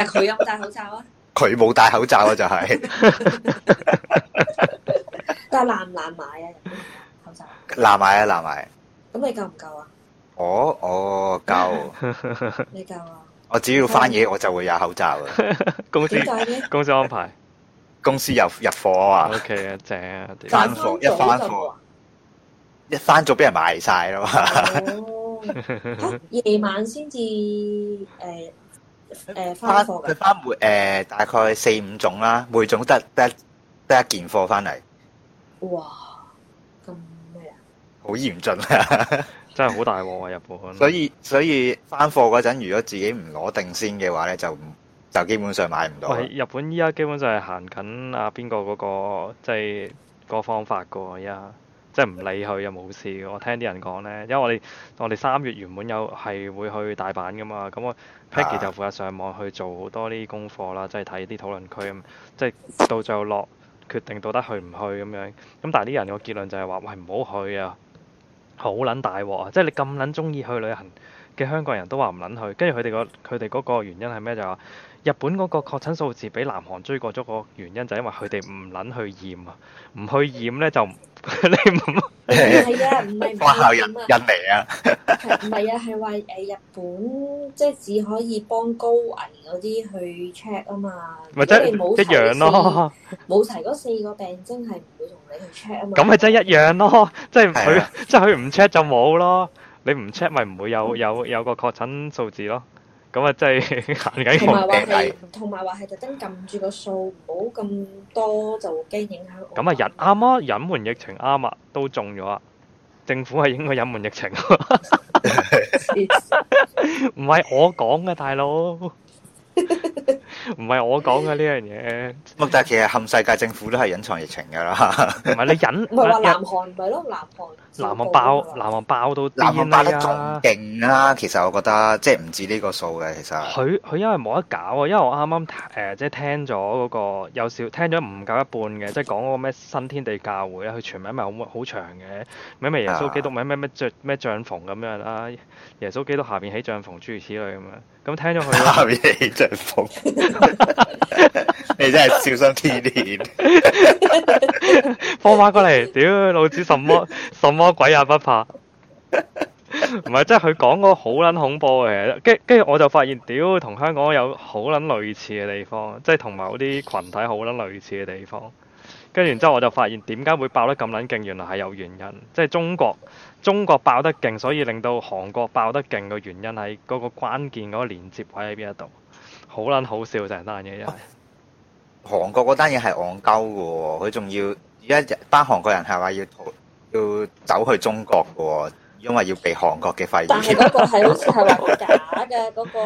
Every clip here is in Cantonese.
但佢有冇戴口罩啊？佢冇戴口罩啊，就係。 但難唔難買啊？口罩難買啊，難買。咁你夠唔夠啊哦？哦，我夠。你夠啊？我只要翻嘢，我就會有口罩啊。 公司公司安排？公司入入貨啊？O K 啊，okay, 正啊，翻貨 一翻貨，一翻咗俾人買晒啦嘛。哦，夜晚先至誒。誒、呃、翻佢翻誒、呃、大概四五種啦，每種得得得一件貨翻嚟。哇，咁咩啊？好嚴嚴峻啊！ 真係好大鑊啊，日本。 所以所以翻貨嗰陣，如果自己唔攞定先嘅話咧，就就基本上買唔到。日本依家基本上係行緊啊，邊個嗰個即係個方法噶喎，依家。即係唔理佢又冇事，我聽啲人講呢，因為我哋我哋三月原本有係會去大阪噶嘛。咁我 Peggy 就負責上網去做好多啲功課啦，即係睇啲討論區，即係到最後落決定到底去唔去咁樣。咁但係啲人個結論就係話：喂唔好去啊，好撚大鑊啊！即係你咁撚中意去旅行嘅香港人都話唔撚去。跟住佢哋個佢哋嗰個原因係咩？就係話日本嗰個確診數字畀南韓追過咗，個原因就係因為佢哋唔撚去驗啊，唔去驗呢，就。你唔係啊，唔係唔係學校人人嚟啊？唔係啊，係話誒日本即係只可以幫高危嗰啲去 check 啊嘛。咪即係冇一樣咯，冇齊嗰四個病症係唔會同你去 check 啊嘛。咁咪真係一樣咯，即係佢即係佢唔 check 就冇咯。你唔 check 咪唔會有有有個確診數字咯。咁啊，真係行緊同同埋話係，同埋話係特登撳住個數，唔好咁多，就驚影響咁啊，人啱啊，隱瞞疫情啱啊，都中咗啊！政府係應該隱瞞疫情，唔係 病 我講嘅，大佬。唔係 我講嘅呢樣嘢，但係其實冚世界政府都係隱藏疫情噶啦， 唔係你隱，唔係話南韓，唔係咯南韓，南韓爆，南韓爆到，南韓爆得仲勁啦，其實我覺得即係唔止呢個數嘅，其實佢佢因為冇得搞啊，因為我啱啱誒即係聽咗嗰個有少聽咗唔夠一半嘅，即係講嗰個咩新天地教會咧，佢全名咪好好長嘅，名咩耶穌基督，名咩咩咩帳咩帳篷咁樣啦，耶穌基督下邊起帳篷，諸如此類咁樣，咁聽咗佢。 你真係笑心天年，放馬過嚟，屌老子什麼什麼鬼也不怕。唔係即係佢講個好撚恐怖嘅，跟跟住我就發現屌同香港有好撚類似嘅地方，即係同埋嗰啲群體好撚類似嘅地方。跟住然之後我就發現點解會爆得咁撚勁，原來係有原因。即係中國中國爆得勁，所以令到韓國爆得勁嘅原因喺嗰個關鍵嗰個連接位喺邊一度。好撚好笑成單嘢，因、啊、韓國嗰單嘢係戇鳩嘅喎，佢仲要而家一班韓國人係話要逃要走去中國嘅喎、哦，因為要俾韓國嘅費。但係嗰係好似係話假嘅嗰 個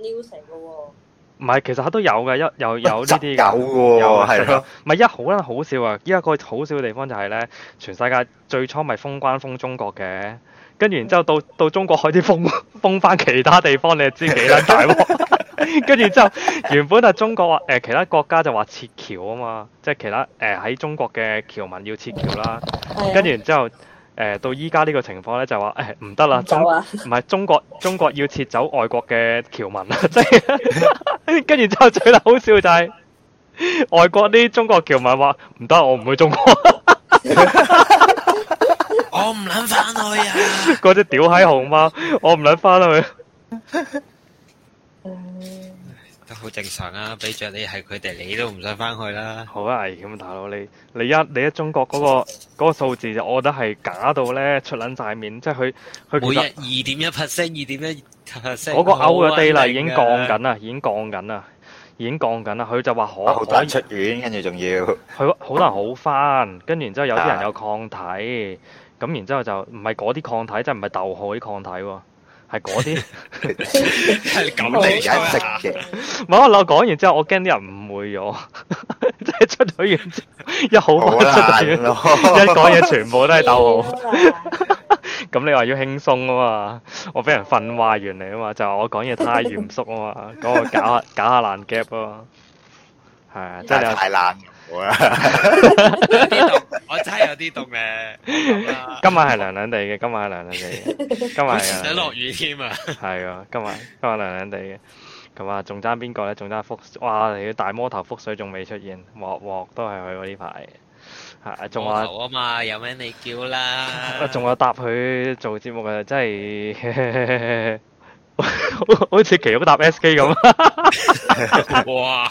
news 嘅喎、哦。唔係，其實都有嘅一又有呢啲嘅。有嘅喎，係咯。咪一好撚好笑啊！依家個好笑嘅地方就係咧，全世界最初咪封關封中國嘅，跟住然之後到到中國開始封封翻其他地方，你就知幾撚大鑊？ 跟住之後，原本啊中國話誒、呃、其他國家就話撤僑啊嘛，即係其他誒喺、呃、中國嘅僑民要撤僑啦。 跟住之後，誒、呃、到依家呢個情況咧就話誒唔得啦，唔、欸、係、啊、中國中國要撤走外國嘅僑民啦。即係， 跟住之後最嬲好笑就係外國啲中國僑民話唔得，我唔去中國。 我唔捻翻去啊！嗰隻 屌閪熊貓，我唔捻翻去。都好正常啊！比着你係佢哋，你都唔使翻去啦。好危險啊，大佬你你一你一中國嗰、嗰個嗰 個數字就，我覺得係假到咧出捻晒面，即係佢佢每日二點一 percent，二點一 percent。我個歐嘅地啦已經降緊啦， 已經降緊啦，已經降緊啦。佢就話可可以出院，跟住仲要佢好 多人好翻，跟住然之後有啲人有抗體，咁、啊、然之後就唔係嗰啲抗體，即係唔係痘海抗體。係嗰啲，係咁嚟而家食嘅。唔好啦，我講完之後，我驚啲人誤會我，即係出到完，一好翻出轉咯，一講嘢全部都係逗號。咁你話要輕鬆啊嘛？我俾人訓話完嚟啊嘛，就話我講嘢太嚴肅啊嘛，咁我搞下搞下爛夾咯。係啊，即係太難。我啊，有啲凍，我真係有啲凍咧。今晚係涼涼地嘅，今晚係涼涼地嘅，今晚啊，想落雨添啊，係啊，今晚今晚涼涼地嘅，咁啊，仲爭邊個咧？仲爭福，哇！你大魔頭福水仲未出現，鑊鑊都係佢呢排，係仲話啊嘛，有咩你叫啦？仲有搭佢做節目啊，真係好似奇咗搭 S K 咁，哇！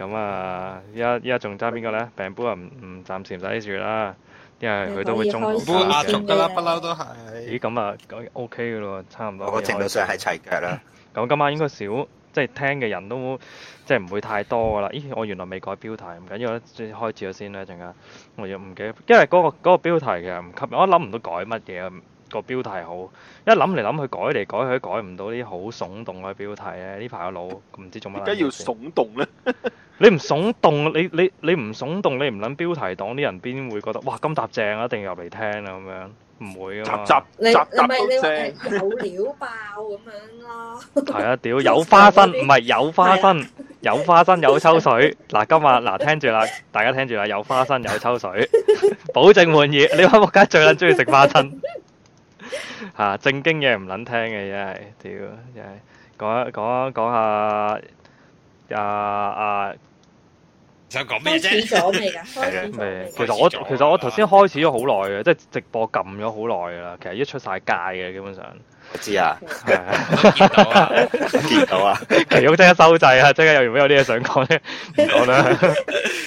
咁啊，依家依家仲揸邊個咧？病煲啊，唔唔，暫時唔使住啦。因為佢都會中煲壓縮噶啦，不嬲都係。咦，咁啊，咁 OK 嘅咯，差唔多。我個程度上係齊腳啦。咁今晚應該少，即係聽嘅人都即係唔會太多噶啦。咦，我原來未改標題，唔緊要啦，開始咗先啦，陣間我又唔記得，因為嗰個嗰個標題其實唔吸引，我諗唔到改乜嘢。個標題好，一諗嚟諗去改嚟改去改唔到啲好聳動嘅標題咧。呢排個腦唔知做乜。而家要聳動咧，你唔聳動，你你你唔聳動，你唔諗標題黨啲人邊會覺得哇咁雜正啊，一定要入嚟聽啊咁樣，唔會啊嘛。雜雜雜雜正，有料爆咁樣咯。係啊，屌有花生，唔係有花生，有花生有抽水。嗱今日嗱聽住啦，大家聽住啦，有花生有抽水，保證滿意。你話木家最捻中意食花生。吓 正經嘢唔捻聽嘅嘢係，屌，真係講一講講下，啊啊！想講咩啫？開始咗未啊？ 其實我其實我頭先開始咗好耐嘅，即係直播撳咗好耐噶啦。其實一出晒界嘅基本上。我知啊，見到見到啊，其實真係收制 了啊，真係有有啲嘢想講咧，唔講啦，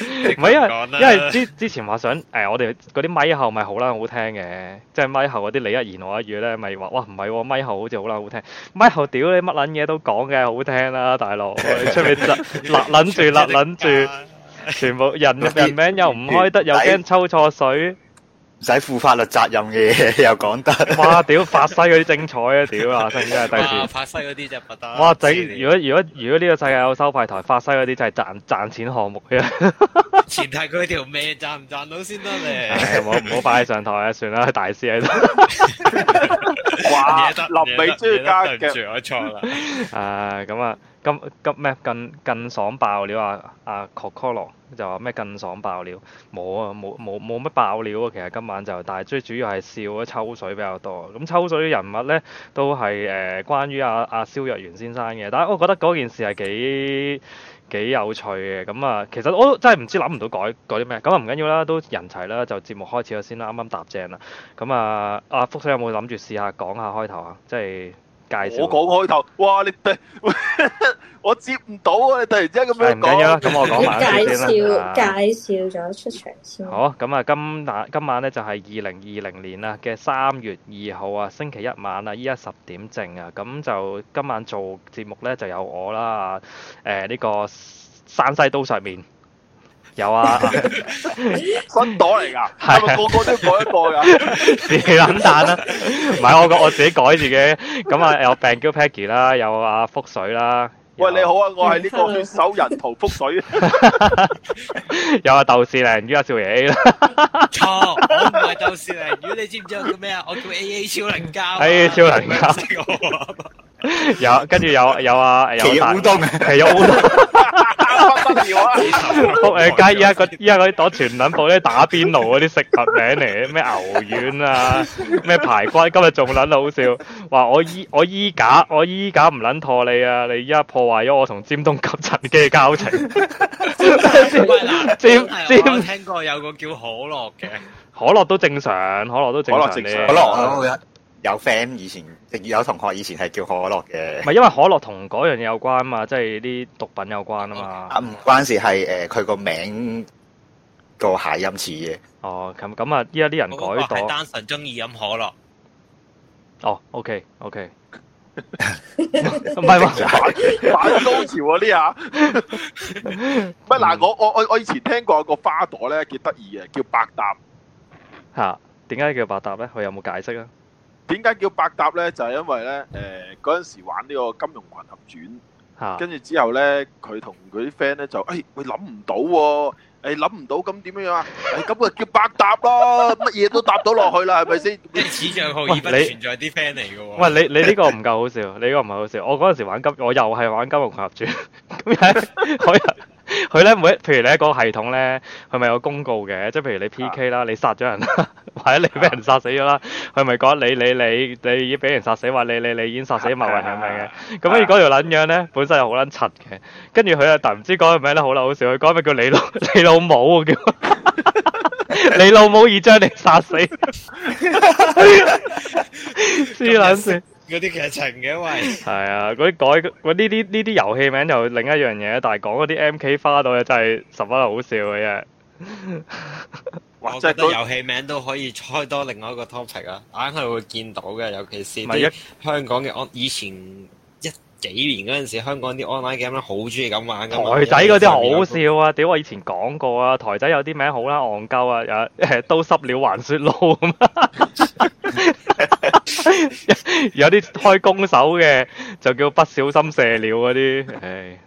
唔係啊，因為之之前話想誒、欸，我哋嗰啲咪後咪好啦，好聽嘅，即係咪後嗰啲你一言我一語咧，咪、就、話、是、哇唔係，咪後、哦、好似好啦，好聽，咪後屌你乜捻嘢都講嘅，好聽啦，大佬，出面立諗住立諗住，全部人人名又唔開得，又驚抽錯水。唔使負法律責任嘅嘢又講得，哇！屌法西嗰啲精彩啊，屌啊！真係第二，法西嗰啲就不得。哇！仔，如果如果如果呢個世界有收費台，法西嗰啲就係賺賺錢項目嘅。前提佢條命賺唔賺到先得咧。唔好唔好擺上台啊！算啦，大師喺度。立美專家嘅，誒咁啊，今今咩？更更爽爆！你話阿 Coco 囉。就話咩更爽爆料？冇啊，冇冇冇乜爆料啊！其實今晚就，但係最主要係笑啊，抽水比較多。咁抽水人物咧，都係誒、呃、關於阿、啊、阿、啊、蕭若元先生嘅。但係我覺得嗰件事係幾幾有趣嘅。咁啊，其實我都真係唔知諗唔到改改啲咩。咁啊，唔緊要啦，都人齊啦，就節目開始咗先啦。啱啱搭正啦。咁啊，阿、啊、福水有冇諗住試下講下開頭啊？即係。介紹我講開頭，哇！你 我接唔到啊！你突然之間咁樣講，哎，介紹介紹咗出場先。好，咁啊今，今晚今晚咧就係二零二零年啊嘅三月二號啊星期一晚啊依家十點正啊，咁就今晚做節目咧就有我啦，誒、呃、呢、這個山西刀削麵。有啊，分朵嚟噶，係咪個個都要改一個噶？你冷淡啦，唔係我個我自己改自己。咁啊有病嬌 Peggy 啦，有阿福水啦。喂，你好啊，我係呢個血手人屠福水。有阿鬥士靈與阿少爺 A 啦，錯，我唔係鬥士靈，你知唔知我叫咩啊？我叫 A A 超能膠，A A 超能膠。 有，跟住有，有啊，有好多，係有好多唔多料啊？仆誒，依家依家嗰啲打全品部啲打邊爐嗰啲食物名嚟，咩牛丸啊，咩排骨，今日仲捻得好笑。話我依我依架我依架唔捻妥你啊！你依家破壞咗我同尖東急層嘅交情。 尖尖,尖聽過有個叫可樂嘅，可樂都正常，可樂都正常，可樂可樂。有 friend 以前有同學以前係叫可樂嘅，唔係因為可樂同嗰樣嘢有關啊嘛，即係啲毒品有關啊嘛。啊、嗯，唔關事係誒，佢、呃、個名個諧音詞嘅哦。咁咁啊，依家啲人改朵、嗯、單純中意飲可樂哦。O K O K，唔係嘛，反高潮啊呢 這下。喂， 嗱，我我我我以前聽過個花朵咧，幾得意嘅，叫白搭吓。點解 叫白搭咧？佢有冇解釋啊？點解叫百搭咧？就係、是、因為咧，誒、呃，嗰陣時玩呢個金融混合轉，跟住之後咧，佢同佢啲 friend 咧就，誒、哎，會諗唔到、啊，誒、哎，諗唔到，咁點樣樣啊？咁、哎、啊叫百搭咯，乜嘢都搭到落去啦，係咪先？即係始終學而唔存在啲 friend 嚟嘅喎。喂，你你呢個唔夠好笑，你呢個唔係好笑。我嗰陣時玩金，我又係玩金融混合轉，咁樣可以。 佢咧，每一譬如你喺個系統咧，佢咪有公告嘅，即係譬如你 PK 啦，啊、你殺咗人啦，或者你俾人殺死咗啦，佢咪講你你你你，你，被你，你，你已經俾人殺死，話你你你已經殺死埋人係咪嘅？咁跟住嗰條卵樣咧，本身又好卵柒嘅，跟住佢啊，突然唔知講句咩咧，好啦，好笑，佢講咩叫你老你老母啊，叫你老母已將你殺死，黐卵線！嗰啲劇情嘅，因為係啊，嗰啲改，嗰啲呢啲遊戲名就另一樣嘢，但係講嗰啲 MK 花到嘅，真係十分好笑嘅嘢。我覺得遊戲名都可以開多另外一個 topic 啊，硬係會見到嘅，尤其是啲香港嘅安以前。幾年嗰陣時，香港啲 online game 咧好中意咁玩，台仔嗰啲好笑啊！屌我以前講過啊，台仔有啲名好啦、啊，戇鳩啊，有、欸、都濕了還雪路咁， 有啲開弓手嘅就叫不小心射了嗰啲，唉、欸，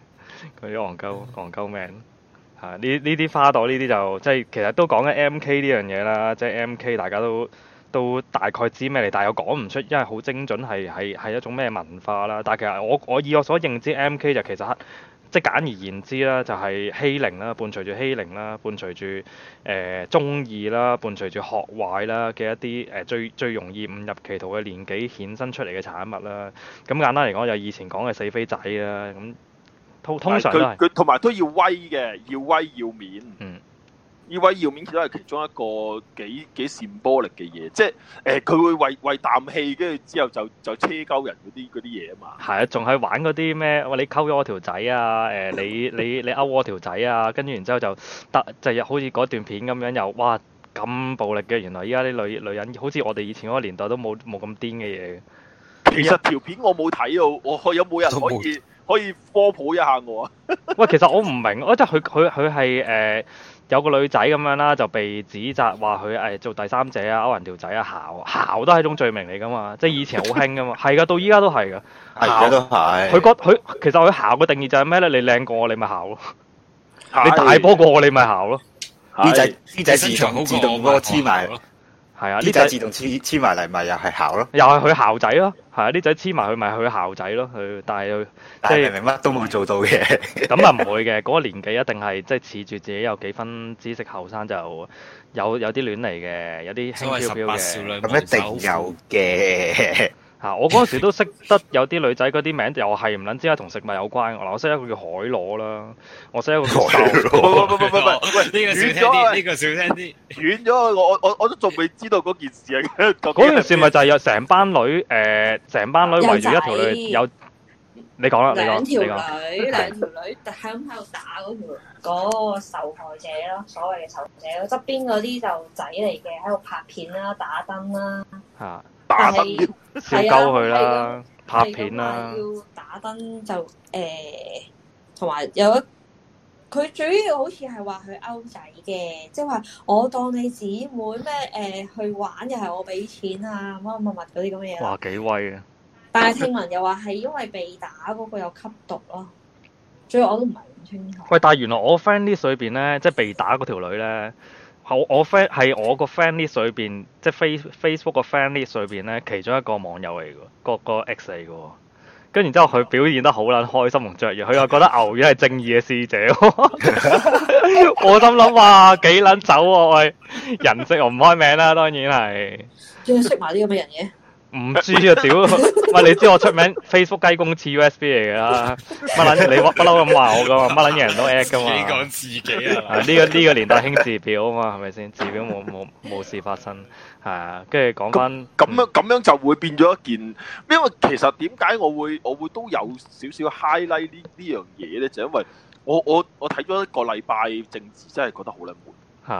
嗰啲戇鳩戇鳩命，嚇呢呢啲花朵呢啲就即係，其實都講緊 MK 呢樣嘢啦，即係 MK 大家都。都大概知咩嚟，但係我講唔出，因為好精準係係係一種咩文化啦。但係其實我我以我所認知 MK 就其實即係簡而言之啦，就係欺凌啦，伴隨住欺凌啦，伴隨住誒中意啦，伴隨住學壞啦嘅一啲誒、呃、最最容易誤入歧途嘅年紀衍生出嚟嘅產物啦。咁簡單嚟講，就以前講嘅死飛仔啦。咁通，通常佢佢同埋都要威嘅，要威要面。嗯呢位要面其都係其中一個幾幾善波力嘅嘢，即係誒佢會為為啖氣，跟住之後就就，就車鳩人嗰啲啲嘢啊嘛。係啊，仲係玩嗰啲咩？哇！你溝咗我條仔啊！誒、呃，你你你勾我條仔啊！跟住然之後就得就係好似嗰段片咁樣，又哇咁暴力嘅！原來依家啲女女人好似我哋以前嗰個年代都冇冇咁癲嘅嘢。其實條片我冇睇啊，我有冇人可以可以，可以科普一下我啊？喂， 其實我唔明我即係佢佢佢係誒。有個女仔咁樣啦，就被指責話佢誒做第三者啊，勾人條仔啊，姣姣都係一種罪名嚟噶嘛，即係以前好興噶嘛，係噶， 到依家都係噶，姣都係。佢覺佢其實佢姣嘅定義就係咩咧？你靚過我，你咪姣咯；是你大波過我，你咪姣咯。呢仔呢仔自動自動波黐埋。 係啊，呢仔，仔自動黐黐埋嚟咪又係姣咯，又係佢姣仔咯，係啊，呢仔黐埋去咪佢姣仔咯，佢但係佢即係明明乜都冇做到嘅， 咁啊唔會嘅，嗰個年紀一定係即係恃住自己有幾分知識，後生就有有啲亂嚟嘅，有啲輕飄飄嘅，咁一定有嘅。 吓！ 我嗰時都識得有啲女仔，嗰啲名又係唔撚知，係同食物有關。嗱，我識得一個叫海螺啦，我識一個叫鮑螺。唔唔唔唔唔，呢個呢個少聽啲。遠咗，我我我都仲未知道嗰件事啊。嗰 件事咪就係有成班女，誒、 呃，成班女圍住仔一條女有。你講啦，兩條女，兩條女，係咁喺度打嗰條個受害者咯，所謂嘅受害者咯，側邊嗰啲就仔嚟嘅，喺度拍片啦，打燈啦，吓，但係勾佢啦，拍片啦，要打燈就誒，同埋有一，佢主要好似係話佢勾仔嘅，即係話我當你姊妹咩誒，去玩又係我俾錢啊，乜乜乜嗰啲咁嘅嘢。哇，幾威啊！但係聽聞又話係因為被打嗰個有吸毒咯，所以我都唔係咁清楚。喂，但係原來我 friend 啲水邊咧，即係被打嗰條女咧，我我 friend 係我個 friend 啲水邊，即係 Face Facebook 個 friend 啲水邊咧，其中一個網友嚟嘅，嗰個、嗰個 X 嚟嘅，跟住之後佢表現得好撚開心同雀躍，佢又覺得牛丸係正義嘅使者。 我心諗啊，幾撚走啊喂，人識我唔開名啦，當然係，仲要識埋啲咁嘅人嘅。唔知啊，屌！喂，你知我出名 Facebook 雞公似 USB 嚟噶啦？乜捻 你不嬲咁話我噶 嘛？乜捻人都 at 噶嘛？自己講自己啊！呢、這個呢、這個年代興字表啊嘛，係咪先？字表冇冇冇事發生係啊？跟住講翻咁樣咁、嗯、樣，樣就會變咗一件，因為其實點解我會我會都有少少 highlight 呢呢樣嘢咧？就因為我我我睇咗一個禮拜政治，真係覺得好冷門。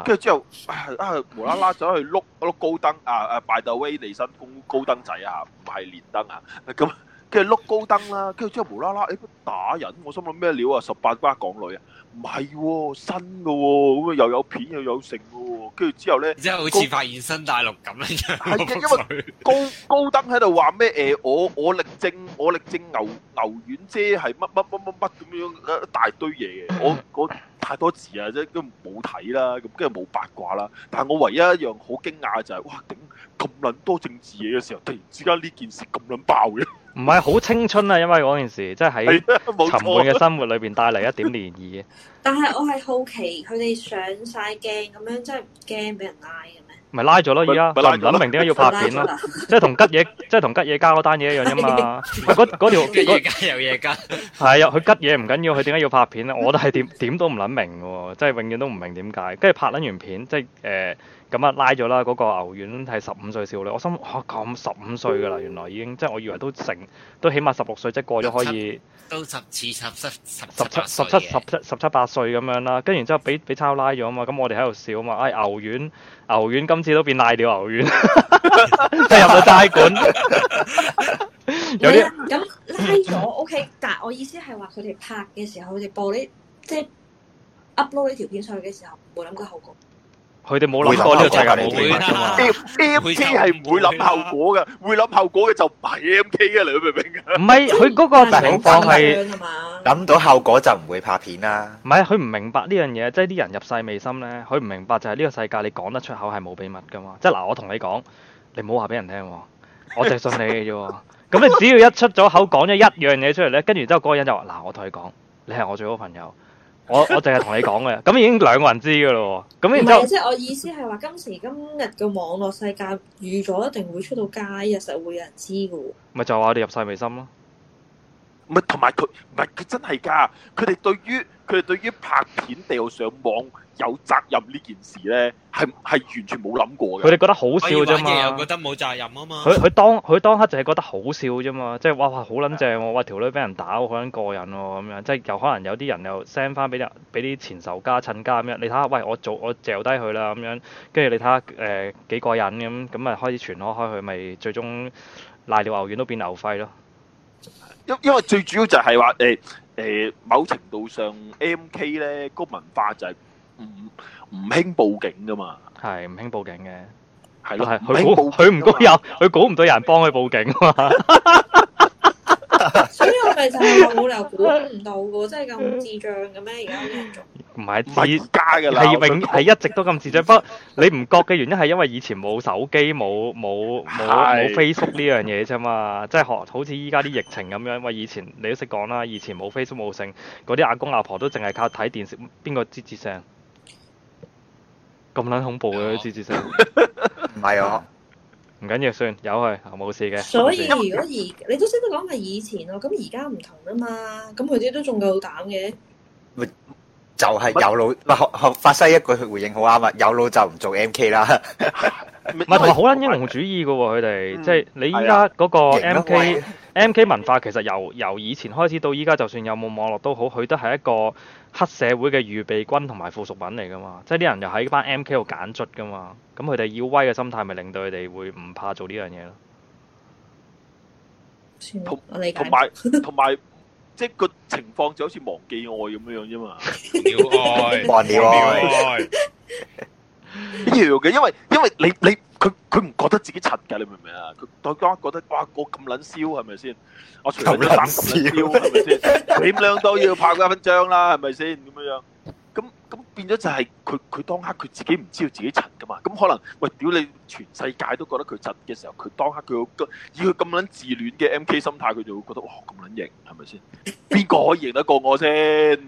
跟住之後，啊、哎、啊無啦啦走去碌碌高登，啊啊拜特威利新高高登仔啊，唔係連登啊，咁跟住碌高登啦，跟住之後無啦啦誒打人，我心諗咩料啊，十八瓜港女啊，唔係喎，新嘅喎、哦，咁啊又有片又有剩嘅喎，跟住之後咧，即係好似發現新大陸咁樣嘅高， 因為高高登喺度話咩誒，我我力正我力正牛牛丸姐係乜乜乜乜乜咁樣一大堆嘢嘅，我。我我太多字啊，即都冇睇啦，咁跟住冇八卦啦。但係我唯一一樣好驚訝就係、是，哇！頂咁撚多政治嘢嘅時候，突然之間呢件事咁撚爆嘅。唔係好青春啊，因為嗰件事即係喺沉悶嘅生活裏邊帶嚟一點漣漪嘅。但係我係好奇，佢哋上晒鏡咁樣，真係唔驚俾人拉。咪拉咗咯，而家唔諗明點解要拍片啦，啊、即係同吉嘢， 即係同吉野家嗰單嘢一樣啫嘛。嗰嗰 條，嗰有嘢加。係啊，佢吉嘢唔緊要，佢點解要拍片咧？我都係點點都唔諗明喎，即係永遠都唔明點解。跟住拍撚完片，即係誒。呃咁啊，拉咗啦！嗰，那個牛丸係十五歲少女，我心嚇咁十五歲噶啦，原來已經即係我以為都成都起碼十六歲，即係過咗可以到十次十七十七十七十七十七八歲咁樣啦。跟然之後俾俾抄拉咗啊嘛，咁我哋喺度笑啊嘛，唉，哎，牛丸牛丸今次都變瀨尿牛丸，即係入到差館。 有啲點咁拉咗 OK，但係我意思係話佢哋拍嘅時候，佢哋播呢即係 upload 呢條片上去嘅時候，冇諗過後果。佢哋冇諗過呢個世界嚟嘅，M M K 係唔會諗後果噶，會諗後果嘅就唔係 M K 啊，你明唔明啊？唔係佢嗰個情況係諗到後果就唔會拍片啦。唔係佢唔明白呢樣嘢，即係啲人入世未深咧，佢唔明白就係呢個世界你講得出口係冇秘密噶嘛。即係嗱，我同你講，你唔好話俾人聽，我淨係信你嘅啫。咁你只要一出咗口講咗一樣嘢出嚟咧，跟住之後嗰個人就話嗱，我同你講，你係我最好朋友。 我我淨係同你講嘅，咁已經兩個人知噶咯，咁然之後即係我意思係話今時今日嘅網絡世界，預咗一定會出到街，其實會有人知嘅。咪就話我哋入世未深咯。唔係同埋佢，唔係佢真係㗎。佢哋對於佢哋對於拍片掉上網有責任呢件事咧，係係完全冇諗過嘅。佢哋 覺得好笑啫嘛。又覺得冇責任啊嘛。佢佢當佢當刻就係覺得好笑啫嘛。即係哇哇好撚正喎，哇，哇，哇條女俾人打喎，好撚過癮喎咁樣。即係有可能有啲人又 send 翻俾啲俾啲前仇家親家咁樣。你睇下，喂我做我掉低佢啦咁樣。跟住你睇下誒幾過癮咁咁咪開始傳開開去，咪最終賴尿牛丸都變牛肺咯。因因為最主要就係話誒誒，某程度上 M K 咧，個文化就係唔唔興報警噶嘛，係唔興報警嘅，係咯係，佢佢唔估有，佢估唔到有人幫佢報警啊嘛。 所以我咪就係冇理由估唔到嘅，真係咁智障嘅咩？而家唔做，唔係智加嘅啦，係永係一直都咁智障。不過你唔覺嘅原因係因為以前冇手機，冇冇冇冇 Facebook 呢樣嘢啫嘛。即係學好似依家啲疫情咁樣。因為以前你都識講啦，以前冇 Facebook 冇盛，嗰啲阿公阿婆都淨係靠睇電視，邊個吱吱聲咁撚恐怖嘅吱吱聲唔係啊。唔緊要，算有係，冇事嘅。所以如果而你都識得講係以前咯，咁而家唔同啊嘛，咁佢啲都仲夠膽嘅。就係有腦，唔係，法西一句回應好啱啊！有腦就唔做 M K 啦。唔係同埋好捻英雄主義噶喎，佢哋即係你依家嗰個 M K M K 文化，其實由由以前開始到依家，就算有冇網絡都好，佢都係一個黑社會嘅預備軍同埋附屬品嚟噶嘛。即係啲人又喺班 M K 度揀卒噶嘛。咁佢哋要威嘅心態，咪令到佢哋會唔怕做呢樣嘢咯？同我理解，同埋同埋，即係個情況就好似忘記愛咁樣樣啫嘛，忘記愛，忘記愛，一樣嘅。因為因為你你佢佢唔覺得自己柒㗎，你明唔明啊？佢佢大家覺得哇，我咁撚燒係咪先？我除咗三燒係咪先？點樣都要拍一張啦，係咪先？咁樣樣。咁變咗就係佢佢當刻佢自己唔知道自己柒噶嘛，咁可能喂屌你全世界都覺得佢窒嘅時候，佢當刻佢好以佢咁撚自戀嘅 M K 心態，佢就會覺得哇咁撚型係咪先？邊個可以贏得過我先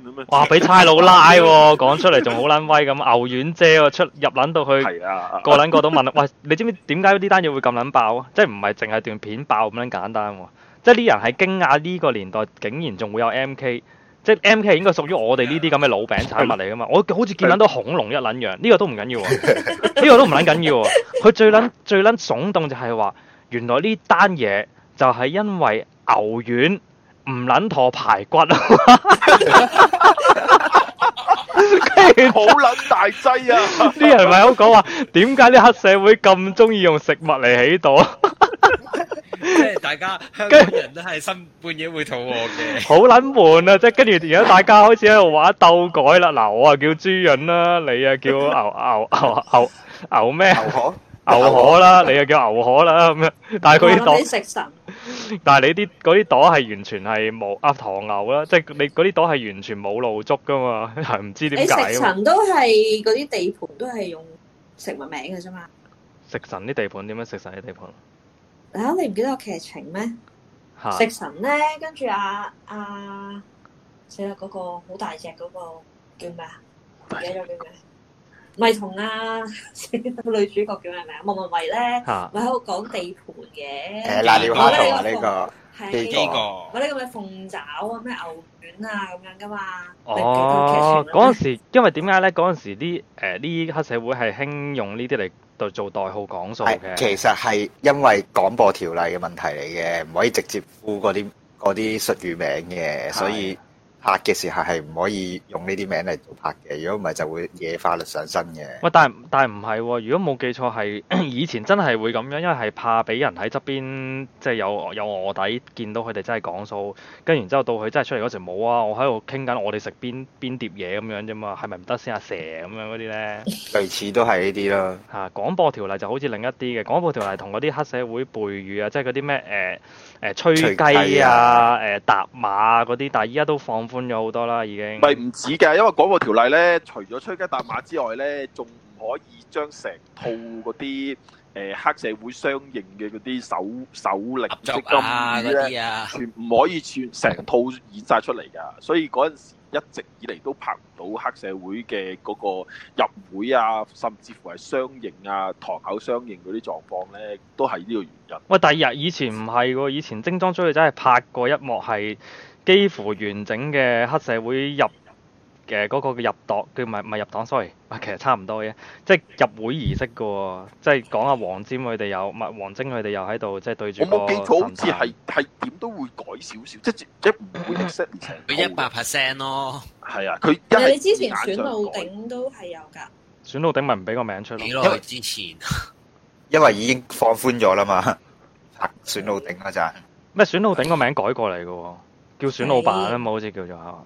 咁啊？哇！俾差佬拉喎，講出嚟仲好撚威咁，牛丸姐喎、啊、出入撚到去，個撚個都問 喂，你知唔知點解呢單嘢會咁撚爆啊？即係唔係淨係段片爆咁撚簡單喎？即係啲人係驚訝呢個年代竟然仲會有 M K。即係 M K 係應該屬於我哋呢啲咁嘅老餅產物嚟噶嘛，我好似見捻到恐龍一捻樣，呢、這個都唔緊要，呢 個都唔捻緊要啊！佢最捻最捻聳動就係話，原來呢單嘢就係因為牛丸唔捻托排骨啊！ 好撚大劑啊！啲人咪好講話，點解啲黑社會咁中意用食物嚟起朵？即係大家香港人都係深半夜會肚餓嘅，好撚悶啊！即係跟住而家大家開始喺度話鬥改啦。嗱，我啊叫豬膶啦，你啊叫牛牛牛牛牛咩？牛河牛河啦，你啊叫牛河啦咁樣。但係佢當。但係你啲嗰啲朵係完全係冇鴨糖牛啦，即係你嗰啲朵係完全冇露足噶嘛，係唔知點解。你食神都係嗰啲地盤，都係用食物名嘅啫嘛。食神啲地盤點樣，食神啲地盤？吓、啊，你唔記得個劇情咩？是食神咧，跟住阿阿死啦嗰個好大隻嗰個叫咩啊？唔、啊那個那個、記得咗叫咩？咪同啊個女主角叫咩名？莫文蔚咧，咪喺度講地盤嘅。誒、呃，瀨尿蝦頭啊，呢個，呢幾個。嗰啲咩鳳爪啊，咩牛丸啊，咁樣噶嘛。哦，其實嗰陣時，因為點解咧？嗰陣時啲誒呢黑社會係興用呢啲嚟做做代號講數嘅。其實係因為廣播條例嘅問題嚟嘅，唔可以直接呼嗰啲嗰啲術語名嘅，所以。拍嘅時候係唔可以用呢啲名嚟做拍嘅，哦，如果唔係就會惹法律上身嘅。喂，但係但係唔係？如果冇記錯，係以前真係會咁樣，因為係怕俾人喺側邊，即、就、係、是、有有卧底見到佢哋真係講數，跟住然之後到佢真係出嚟嗰時冇啊！我喺度傾緊我哋食邊邊碟嘢咁樣啫嘛，係咪唔得先阿蛇咁樣嗰啲咧？ 類似都係呢啲咯。嚇、啊，廣播條例就好似另一啲嘅廣播條例，同嗰啲黑社會背語啊，即係嗰啲咩誒。呃誒、呃、吹雞啊，誒、呃、搭馬嗰、啊、啲，但係依家都放寬咗好多啦，已經。咪唔止嘅，因為嗰個條例咧，除咗吹雞搭馬之外咧，仲唔可以將成套嗰啲誒黑社會相應嘅嗰啲手首領資金啲啊，啊全唔可以全成套演曬出嚟㗎，所以嗰陣時。一直以嚟都拍唔到黑社會嘅嗰個入會啊，甚至乎係相應啊，堂口相應嗰啲狀況咧，都係呢個原因。喂，第二日以前唔係喎，以前《精裝追女仔》真係拍過一幕係幾乎完整嘅黑社會入。嘅嗰個叫入黨，佢咪入黨？sorry，其實差唔多嘅，即係入會儀式嘅喎，即係講下黃占佢哋有，咪黃晶佢哋又喺度，即係對個談談住。我冇記錯，好似係係點都會改少少，即係一唔會 e 佢一百 percent 咯。係 啊，佢一。其實你之前選到頂都係有㗎。選到頂咪唔俾個名出咯。因為之前？因為， 因為已經放寬咗啦嘛。的選到頂㗎咋？咩的選到頂個名改過嚟嘅喎？叫選老闆啊嘛，好似叫做嚇。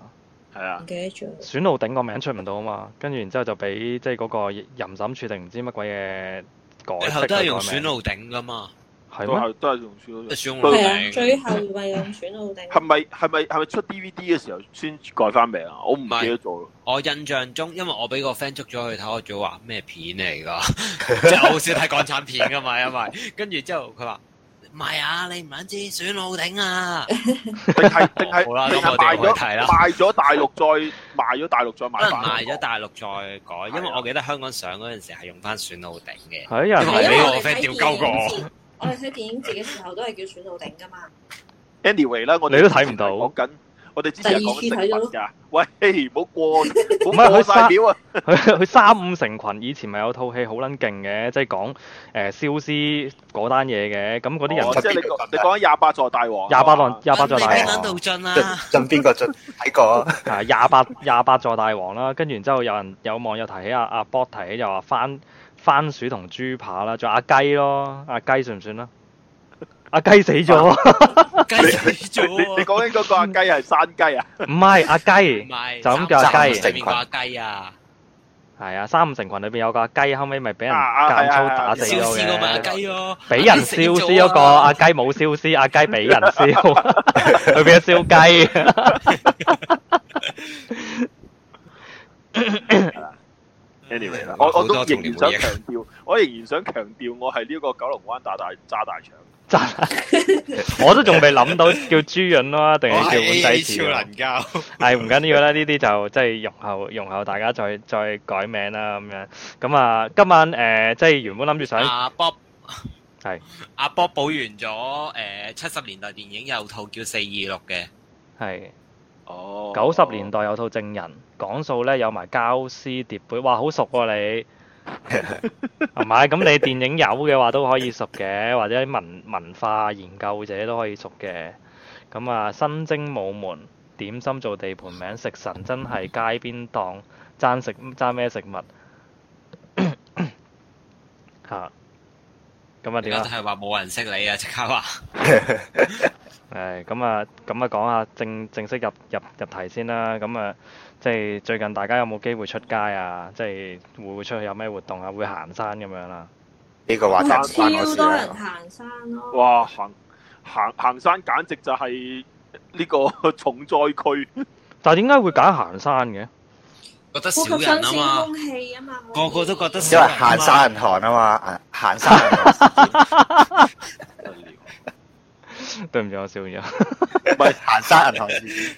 係啊，唔記得咗。選路頂個名出唔到啊嘛，跟住然之後就俾即係嗰個淫審處定唔知乜鬼嘢改。最後都係用選路頂噶嘛，都係都係用選路。係最後係用選路頂。係咪係咪係咪出 DVD 嘅時候先改翻名啊？我唔記得咗。我印象中，因為我俾個 friend 捉咗去睇，我仲話咩片嚟㗎？即係好少睇港產片㗎嘛，因為 跟住之後佢話。唔係啊，你唔肯知選老頂啊？定係定係定係賣咗賣咗大陸再 賣咗大陸再買 賣？可能賣咗大陸再改， 因為我記得香港上嗰陣時係用翻選老頂嘅。係啊、 哎呀，俾為我 friend 屌鳩過我。我哋睇電影節嘅 時候都係叫選老頂噶嘛。Anyway 啦，我哋都睇唔到。我緊。我哋之前第二件睇咯，喂，唔好過，唔好攞啊！佢 三,三五成群，以前咪有套戲好撚勁嘅，即係講誒，燒屍嗰單嘢嘅，咁嗰啲人、哦、即係你講，你講一廿八座大王，廿八座廿八座大王，你講杜俊啦，俊邊個俊？睇過啊，廿八廿八座大王啦，跟住、啊啊、然之後有人有網友提起阿阿博提起就話番番薯同豬扒啦，仲有阿雞咯，阿雞算唔算啦？阿、啊、雞死咗。啊. 雞？你講緊嗰個阿雞係山雞啊？唔係阿雞，唔係就咁叫阿雞成群阿雞啊？係啊，三五成群裏邊有個阿雞，後尾咪俾人劍操打死咯，俾人燒屍嗰個阿雞咯，俾人燒屍嗰個阿雞冇燒屍，阿雞俾人燒，佢俾人燒雞。Anyway 啦，我我都仍然想強調，我仍然想強調，我係呢個九龍灣打大揸大腸。 我都仲未諗到叫朱潤咯，定係叫滿仔 超能膠、 哎？係唔緊要啦，呢啲就即係容後容後，大家再再改名啦咁樣。咁、嗯、啊，今晚誒、呃，即係原本諗住想。阿波，o 係阿波 o 補完咗誒七十年代電影，有套叫四二六嘅係。哦是，九十、oh. 年代有套證人，講數咧有埋膠絲蝶貝，哇，好熟啊你。唔係，咁你電影有嘅話都可以熟嘅，或者文文化研究者都可以熟嘅。咁啊，新精武門點心做地盤名食神真街邊，真係街邊檔爭食爭咩食物吓？咁啊點解真係話冇人識你啊！即刻話。誒，咁啊，咁啊，講下正正式入入入題先啦。咁啊。即係最近大家有冇機會出街啊？即係會唔會出去有咩活動啊？會行山咁樣啦。呢個話題關我事，超多人行山咯、啊。嗯、哇！行行行山，簡直就係呢個重災區。但係點解會揀行山嘅？覺得少人啊嘛。個個都覺得少人啊，因為行山人行啊嘛，行山行、啊！ 對唔住，我笑咗，唔 係行山銀行事件，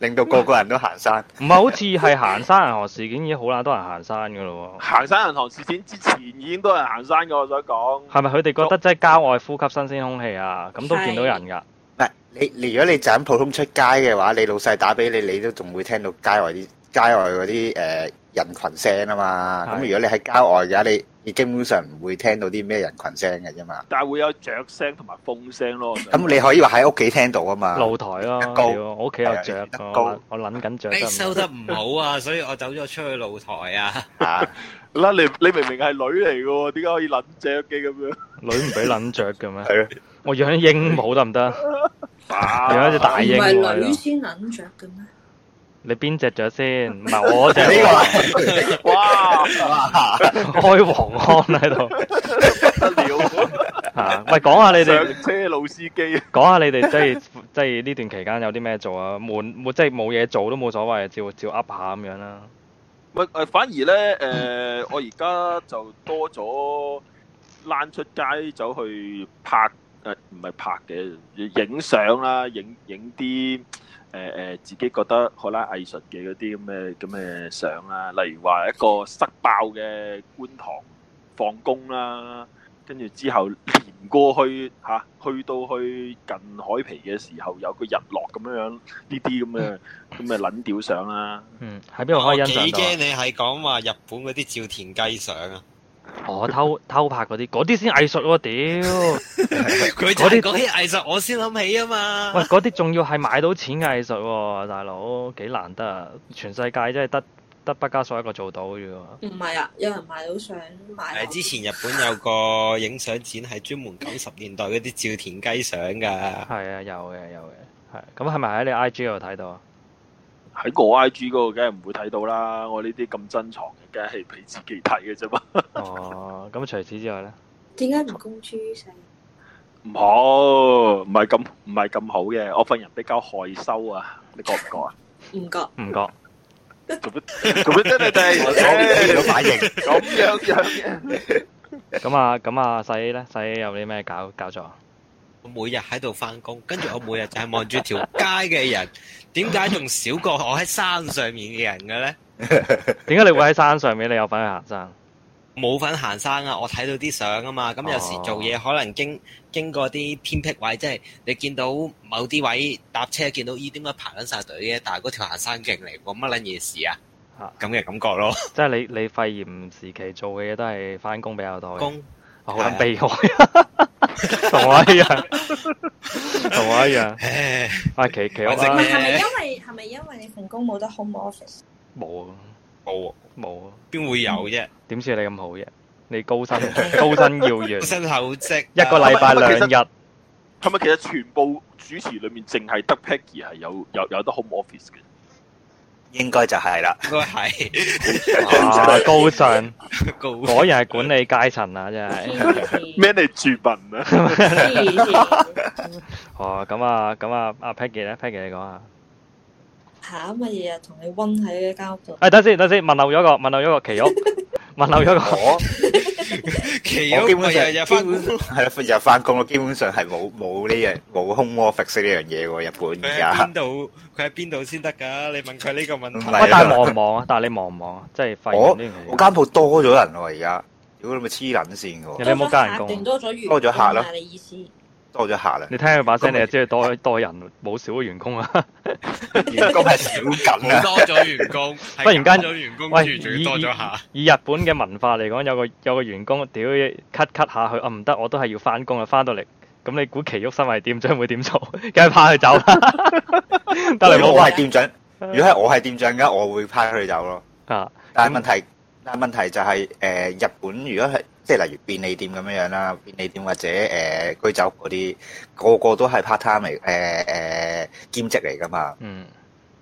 令到個個人都行山，唔 係好似係行山銀行事件已經好啦，多人行山噶咯。行山銀行事件之前已經多人行山噶，我想講。係咪佢哋覺得即係郊外呼吸新鮮空氣啊？咁都見到人噶。係是你，你如果你就咁普通出街嘅話，你老細打俾你，你都仲會聽到街外啲街外嗰啲誒人群聲啊嘛。咁是如果你喺郊外嘅話，你。你基本上唔會聽到啲咩人群聲嘅啫嘛，但係會有雀聲同埋風聲咯。咁你可以話喺屋企聽到啊嘛，露台啦，高我屋企有雀，高我諗緊雀。收得唔好啊，所以我走咗出去露台啊。嗱，你你明明係女嚟嘅，點解可以諗雀嘅咁樣？女唔俾諗雀嘅咩？係啊，我養鸚鵡得唔得？養一隻大鸚鵡，唔係女先諗雀嘅咩？你邊隻咗先？唔係我隻。呢個。 哇！ 開黃腔喺度。不得了。吓，咪講下你哋。上車老司機。講 下你哋即係即係呢段期間有啲咩做啊？冇即係冇嘢做都冇所謂，照照 up 下咁樣啦。咪誒，反而咧誒、呃，我而家就多咗躝出街走去拍誒，唔、呃、係拍嘅影相啦，影影啲。誒誒、呃，自己覺得好啦，藝術嘅嗰啲咁嘅咁嘅相啦，例如話一個塞爆嘅觀塘放工啦、啊，跟住之後連過去嚇、啊，去到去近海皮嘅時候有個日落咁樣樣，呢啲咁嘅咁嘅撚屌相啦。嗯，喺邊度可以欣賞到？我幾驚你係講話日本嗰啲照田雞相啊！我音色、哦、偷偷拍嗰啲，嗰啲先藝術喎，屌！嗰啲講起藝術，我先諗起啊嘛。喂 些，嗰啲仲要係買到錢藝術喎，大佬幾難得啊！全世界真係得得畢加索一個做到啫喎、啊。唔係啊，有人買到相買到。之前日本有個影相展，係專門九十年代嗰啲照田雞相噶。係 啊，有嘅有嘅，係咁係咪喺你 IG 度睇到啊？喺我 I G 嗰個梗係唔會睇到啦，我呢啲咁珍藏嘅梗係俾自己睇嘅啫嘛。哦，咁除此之外咧？點解唔公諸性？唔好，唔係咁，唔係咁好嘅。我份人比較害羞啊，你覺唔覺啊？唔覺，唔覺。 咁樣真係地，咁樣咁樣。咁啊，咁啊，細咧，細有啲咩搞搞錯？我每日喺度翻工，跟住，我每日就係望住條街嘅人，點解仲少過我喺山上面嘅人嘅咧？點解你會喺山上面？你有份行山？冇份行山啊！我睇到啲相啊嘛，咁有時做嘢可能經經過啲偏僻位，即係你到見到某啲位搭車見到咦？點解排緊晒隊嘅？但係嗰條行山徑嚟，冇乜撚嘢事啊？吓咁嘅感覺咯 即，即係你你肺炎時期做嘅嘢都係翻工比較多。工好撚悲哀，同我一樣！同我一樣！唉，阿奇奇吧，我唔係係咪因為係咪因為你份工冇得 home office？冇啊！冇啊！冇啊！邊會有啫？點知你咁好啫？你高薪高薪要月薪酬積一個禮拜兩日係咪？其實全部主持裏面淨係得 Peggy 係有有有得 home office 嘅。應該就係啦，應該係啊，高尚，果然係管理階層啊，真係咩你住笨啊，哦咁啊咁啊阿 Peggy 咧，Peggy 你講下吓，乜嘢啊同你溫喺間屋度，哎等先等先，問候咗一個，問候咗一個奇屋。留咗我， 其他 我基本上係啦，日日翻工咯，基本上係冇冇呢樣冇空窩 flex 呢樣嘢喎，日本而家。佢喺邊度？佢喺邊度先得噶？你問佢呢個問題。但係忙唔忙？忙，忙啊？但係你忙唔忙啊？即係發我我間鋪多咗人喎，而家，如果你咪黐捻線噶你有冇加人工？多咗，啊，多咗客咯，啊。多咗下啦，你聽佢把聲，你就知係多多人，冇少嘅員工啊。員工係少緊，多咗員工，忽然間咗員工，完全仲要多咗下。以日本嘅文化嚟講，有個有個員工，屌，咳咳下去啊，唔得，我都係要翻工啊，翻到嚟，咁你估奇旭身為店長會點做？梗係派佢走啦。得嚟我係店長，如果係我係店長，而家我會派佢走咯。啊，但係問題。但問題就係，誒日本如果係即係例如便利店咁樣樣啦，便利店或者誒居酒屋嗰啲，個個都係 part time，嚟，誒誒兼職嚟噶嘛。嗯。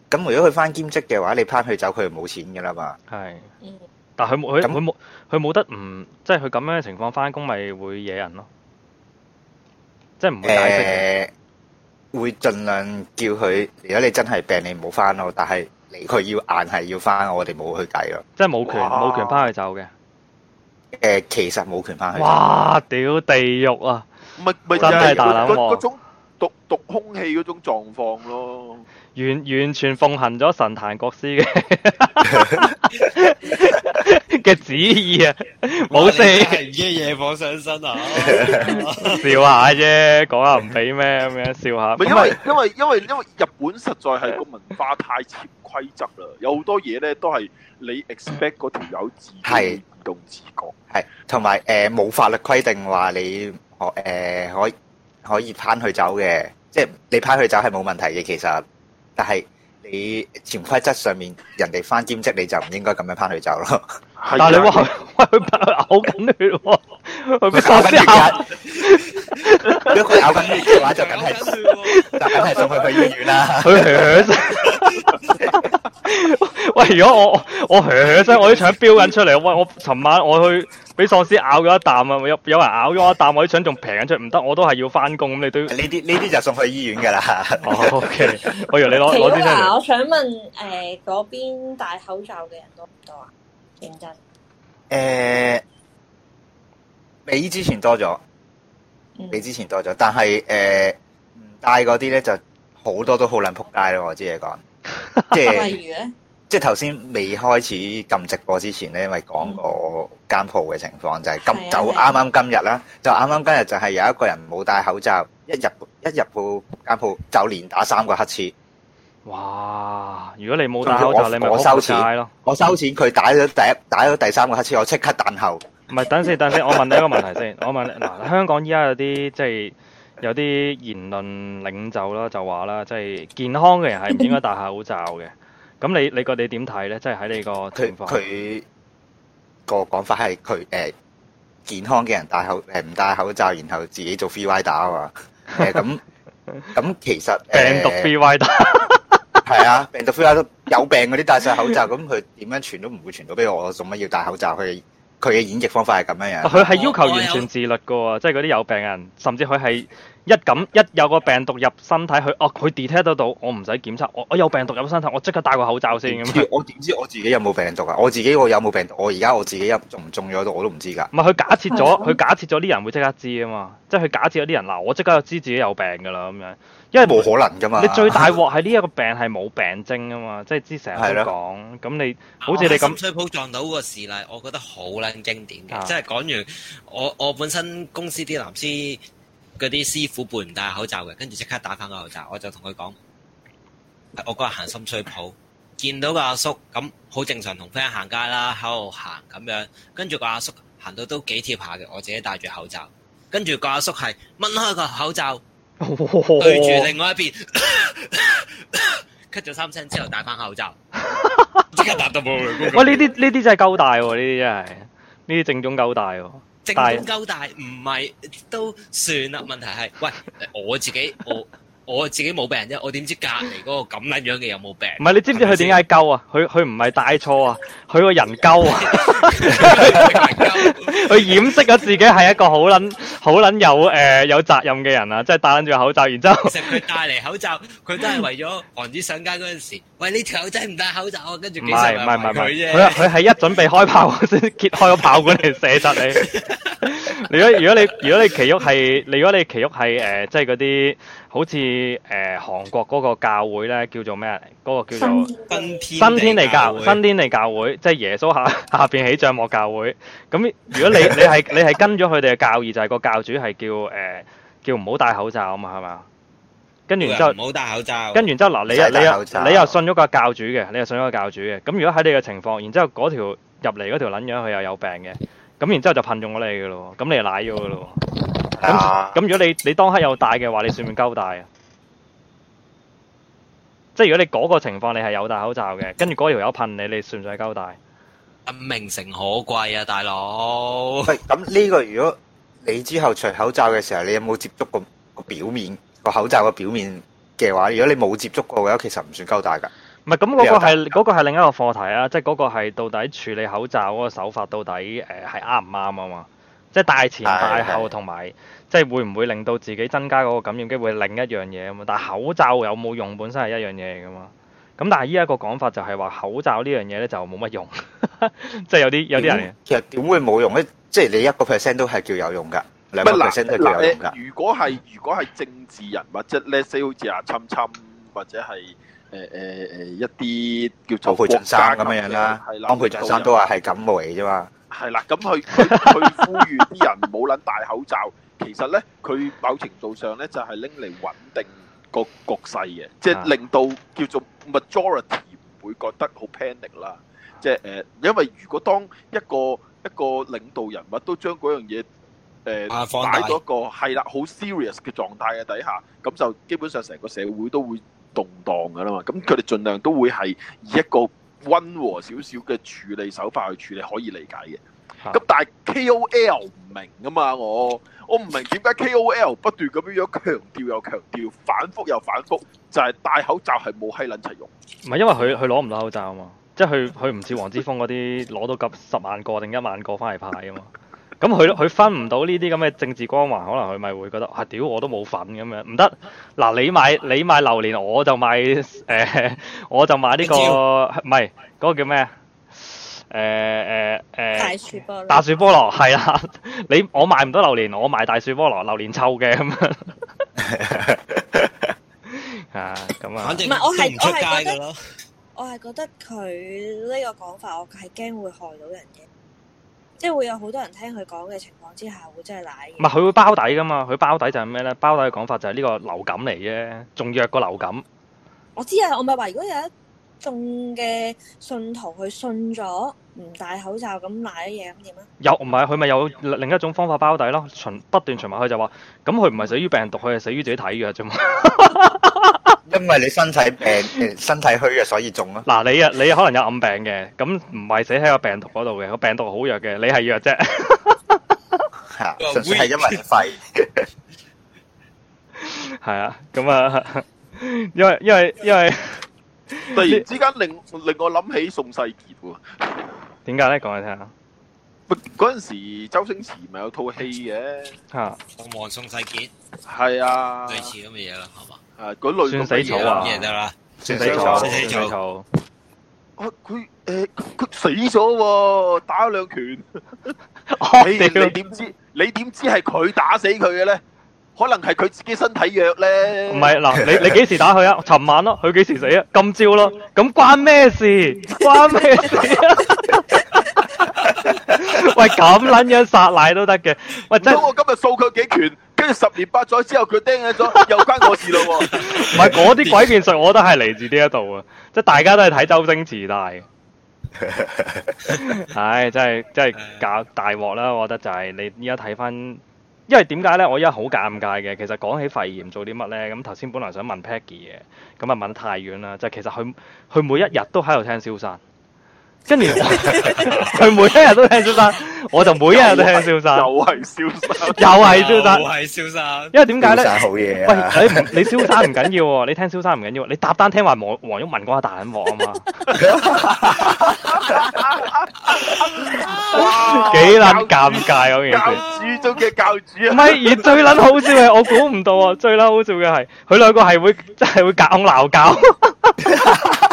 咁如果佢翻兼職嘅話，你拋佢走，佢就冇錢噶啦嘛。係。嗯。但佢冇佢咁佢冇佢冇得唔即係佢咁樣嘅情況翻工咪會惹人咯。即係唔會解釋嘅。會盡量叫佢。如果你真係病，你唔好翻咯。但係。佢要硬係要翻，我哋冇去計咯。即係冇權冇哇權翻去走嘅。誒、呃，其實冇權翻去走。哇！屌地獄啊！咪係真係大冷嗰種毒種毒，毒空氣嗰種狀況咯。 完完全奉行咗神壇國師嘅嘅旨意啊！冇事嘅嘢，放上身啊！笑下啫，講下唔俾咩咁樣笑下。因為因為因為因為日本實在係個文化太潛規則啦，有好多嘢咧都係你 expect 嗰條友自主動自覺係，同埋誒冇法律規定話你可可、呃、可以攤佢走嘅，即係你攤佢走係冇問題嘅，其實。但係你潛規則上面，人哋翻兼職你就唔應該咁樣返去走咯。哎、呀但係你話佢咬緊血，佢咬緊血。如果佢咬緊血嘅話，就梗係就梗係送佢去他醫院啦。 喂，如果我我嘘」，真係我啲腸標緊出嚟，喂！我尋晚我去。俾喪屍咬咗一啖啊！有有人咬咗一啖，我啲腸仲平緊出，唔得，我都係要翻工。咁你都呢啲呢啲就送去醫院噶啦、 哦。OK，我以為你攞攞先。我，我想問誒嗰、呃、邊戴口罩嘅人多唔多啊？認真誒、呃，比之前多咗，比之前多咗。但係誒，唔戴嗰啲咧就好多都好撚撲街咯。我知你講。即係。 即係頭先未開始撳直播之前咧，因為講過間鋪嘅情況就係咁就啱啱今日啦，就啱啱今日就係有一個人冇戴口罩，一入一入鋪間鋪就連打三個乞嗤。哇！如果你冇戴口罩，你咪話我收錢咯。我收錢，佢打咗第一，打咗第三個乞嗤，我即刻彈喉。唔係等先等先，我問你一個問題先。我問你嗱，香港依家有啲即係有啲言論領袖啦，就話啦，即係健康嘅人係唔應該戴口罩嘅。咁你你個你點睇咧？即係喺你個情況佢佢個講法係佢誒健康嘅人戴口誒唔、呃、戴口罩，然後自己做 free rider 啊嘛？誒咁咁其實、呃、病毒 free rider 係 啊，病毒 free rider 有病嗰啲戴晒口罩，咁佢點樣傳都唔會傳到俾我，做乜要戴口罩？佢佢嘅演繹方法係咁樣樣。佢係、哦、要求完全自律㗎喎，即係嗰啲有病人，甚至佢係。一咁一有個病毒入身體，佢哦佢 detect 得到，我唔使檢測。我我有病毒入身體，我即刻戴個口罩先。知對我點知我自己有冇病毒啊？我自己我有冇病毒？我而家我自己入唔中咗都我都唔知㗎。唔係佢假設咗，佢 假設咗啲人會即刻知啊嘛。即係佢假設咗啲人嗱，我即刻就知自己有病㗎啦咁樣，因為冇可能㗎嘛。你最大鑊係呢一個病係冇病徵啊嘛，即係知成日講咁你，好似你咁。深水埗撞到個事例，我覺得好撚經典。即係講完，我我本身公司啲藍絲。嗰啲師傅背唔戴口罩嘅，跟住即刻打翻個口罩。我就同佢講：我嗰日行深水埗，見到個阿叔咁好正常同 friend 行街啦，喺度行咁樣。跟住個阿叔行到都幾貼下嘅，我自己戴住口罩。跟住個阿叔係掹開個口罩，對住另外一邊， 咳咗三聲之後戴翻口罩。即刻答到冇啊！呢啲呢啲真係鳩大喎，呢啲真係呢啲正宗鳩大喎。正宗夠大，唔係都算啦。問題係，喂，我自己我。我自己冇病啫，我點知隔籬嗰個咁樣樣嘅有冇病？唔係，你知唔知佢點解鳩啊？佢佢唔係帶錯啊，佢個人鳩啊，佢 掩飾咗自己係一個好捻好捻有誒、呃、有責任嘅人啊，即、就、係、是、戴捻住口罩，然之後。其實佢戴嚟口罩，佢都係為咗防止上街嗰陣時，喂，你條友仔唔戴口罩啊！跟住唔唔係唔係佢佢係一準備開炮先揭開個炮管嚟射就你。 如果 如果你如果你，如果你奇煜係你如果你奇煜係，誒即係嗰啲好似誒、呃、韓國嗰個教會咧叫做咩？嗰、那個叫做新天地教新天地教會，即係耶穌下下邊起帳幕教會。咁如果你你係你係跟咗佢哋嘅教義，就係、是、個教主係叫誒、呃、叫唔好戴口罩啊嘛，係嘛？跟住之後唔好戴口罩。跟住之後嗱，你你，你，你，你又信咗個教主嘅，你又信咗個教主嘅。咁如果喺你嘅情況，然之後嗰條入嚟嗰條撚樣，佢又有病嘅。咁然之後就噴中我你嘅咯，咁你係賴咗嘅咯。咁咁、啊、如果你你當刻有戴嘅話，你算唔算交帶啊？即係如果你嗰個情況你係有戴口罩嘅，跟住嗰條友噴你，你算唔算交帶？名城可貴啊，大佬。咁呢個如果你之後除口罩嘅時候，你有冇接觸過個表面個口罩個表面嘅話，如果你冇接觸過嘅話，其實唔算交帶嘅。唔係咁，嗰個係嗰個係另一個課題啊！即係嗰個係到底處理口罩嗰個手法到底誒係啱唔啱啊嘛？即係戴前戴後同埋是的，即係會唔會令到自己增加嗰個感染機會？另一樣嘢啊嘛！但係口罩有冇用本身係一樣嘢嚟㗎嘛？咁但係依一個講法就係話口罩呢樣嘢咧就冇乜用， 即係有啲有啲人其實點會冇用咧？即係你一個 percent 都係叫有用㗎，兩個 percent 都係叫有用㗎、呃。如果係如果係政治人物，即係咧，好似阿侵，侵或者係。誒誒誒，一啲叫做安倍晉三咁樣樣啦，安倍晉三都話係感冒嚟啫嘛。係啦，咁佢佢呼籲啲人冇卵戴口罩，其實咧佢某程度上咧就係拎嚟穩定個局勢嘅，即係令到叫做 majority 唔會覺得好 panic 啦。即係誒，因為如果當一個一個領導人物都將嗰樣嘢誒擺咗個，係啦，好 serious 嘅狀態嘅底下，咁就基本上成個社會都會動蕩噶啦嘛，咁佢哋盡量都會係以一個温和少少嘅處理手法去處理，可以理解嘅。咁但係 K O L 唔明啊嘛，我我唔明點解 K O L 不斷咁樣樣強調又強調，反覆又反覆，就係、是、戴口罩係冇係撚齊用？唔係因為佢佢攞唔到口罩啊嘛，即係佢佢唔似黃之鋒嗰啲攞到十萬個定一萬個翻嚟派啊嘛。咁佢佢分唔到呢啲咁嘅政治光環，可能佢咪會覺得，啊，屌我都冇份咁樣，唔得嗱，你買你買榴蓮，我就買誒，我就買呢個唔係嗰個叫咩，誒誒誒，大樹菠蘿大樹菠蘿，係啦，你我買唔到榴蓮，我買大樹菠蘿，榴蓮臭嘅，咁啊咁啊，反正唔係我係唔出街㗎囉。我係我係覺得佢呢個講法，我係驚會害到人嘅。即係會有好多人聽佢講嘅情況之下，會真係賴嘢。唔係佢會包底噶嘛？佢包底就係咩咧？包底嘅講法就係呢個流感嚟啫，仲弱過流感我。我知啊，我咪話如果有一眾嘅信徒佢信咗唔戴口罩咁賴嘢咁點啊？有唔係佢咪有另一種方法包底咯？循不斷循環佢就話，咁佢唔係死於病毒，佢係死於自己睇嘅啫嘛。 因為你身體病，身體虛弱，所以中咯。嗱，你啊，你可能有暗病嘅，咁唔係死喺個病毒嗰度嘅，個病毒好弱嘅，你係弱啫。係啊，純粹係因為肺。係啊，咁啊，因為因為因為突然之間令令我諗起宋世傑喎。點解咧？講嚟聽下。嗰陣時，周星馳咪有套戲嘅。吓。我望宋世傑。係啊。類似咁嘅嘢啦，係嘛。誒，嗰類、啊、算死草啊！算死草，啊算死草，死死草。佢誒，佢、啊呃、死咗喎，啊，打咗兩拳。 你你點知？你點知係佢打死佢嘅咧？可能係佢自己身體弱咧。唔係嗱，你你幾時打佢啊？我尋 晚咯，啊，佢幾時死啊？今朝咯，啊，咁 關咩事？關咩事啊？ 喂，咁捻樣殺奶都得嘅？喂，如果我今日掃佢幾拳，跟住 十年八載之後佢釘起咗，又關我事咯？唔係嗰啲鬼變術，我都係嚟自呢一度啊，即係大家都係睇周星馳大。唉、 哎，真係真係搞大鑊啦！我覺得就係、是、你依家睇翻，因為點解咧？我依家好尷尬嘅，其實講起肺炎做啲乜咧？咁頭先本來想問 Peggy 嘅，咁啊問得太遠啦。就是、其實佢佢每一日都喺度聽消散。跟住，佢每一日都聽蕭生，我就每一日都聽蕭生，又係蕭生，又係蕭生，又係蕭生。因為點解咧？真係好嘢啊！喂，你你蕭生唔緊要喎，你聽蕭生唔緊要。你搭單聽話黃黃毓民講下大狠話啊嘛，幾卵尷尬嗰件事。教主中嘅教主啊！唔係，而最卵好笑嘅，我估唔到啊！最卵好笑嘅係，佢兩個係會真係會夾硬鬧交。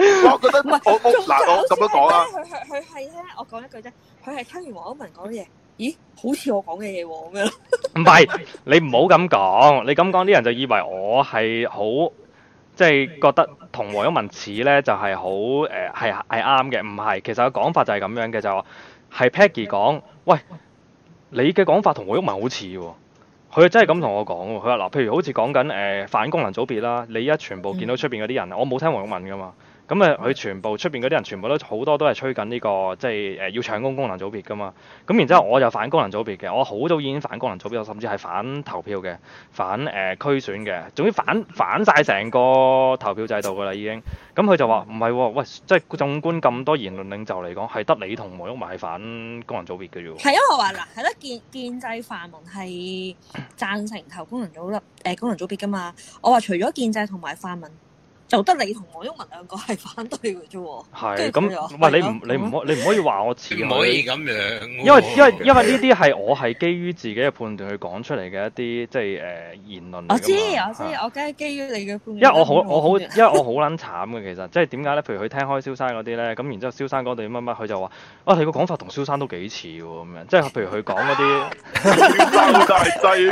我覺得唔喂我我嗱，我咁樣講啦。佢佢佢係咧，我講一句啫。佢係聽完黃永文講嘢，咦？好似我講嘅嘢喎，咁是 樣。唔係，你唔好咁講。你咁講啲人就以為我係好，即、就、係、是、覺得同黃永文似咧，就係好誒，係係啱嘅。唔係，其實個講法就係咁樣嘅，就話、是、係 Peggy 講。喂，你嘅講法同黃永文好似喎。佢真係咁同我講嘅。佢話嗱，譬如好似講緊誒反功能組別啦，你依家全部見到出邊嗰啲人，嗯、我冇聽黃永文㗎嘛。咁誒，佢全部出邊嗰啲人，全部都好多都係吹緊呢、呢個，即係誒要搶攻功能組別噶嘛。咁然之後，我就反功能組別嘅，我好早已經反功能組別，甚至係反投票嘅，反誒區、呃、選嘅，總之反反曬成個投票制度噶啦已經。咁、嗯、佢就話唔係喎，喂，即係綜觀咁多言論領袖嚟講，係得你同毛旭買反功能組別嘅啫。係因為我話嗱，係咯，建建制泛民係贊成投功能組立、呃、功能組別噶嘛。我話除咗建制同埋泛民。就得你同黃雍文兩個係反對嘅啫喎，係咁唔你唔你唔可你唔可以話我似唔可以咁樣，因為因為因為呢啲係我係基於自己嘅判斷去講出嚟嘅一啲即係誒言論。我知我知，我梗係基於你嘅判。因為我好我好，因為我好撚慘嘅其實，即係點解咧？譬如佢聽開蕭生嗰啲咧，咁然之後蕭生講對乜乜，佢就話，哇，你個講法同蕭生都幾似喎咁樣。即係譬如佢講嗰啲周大制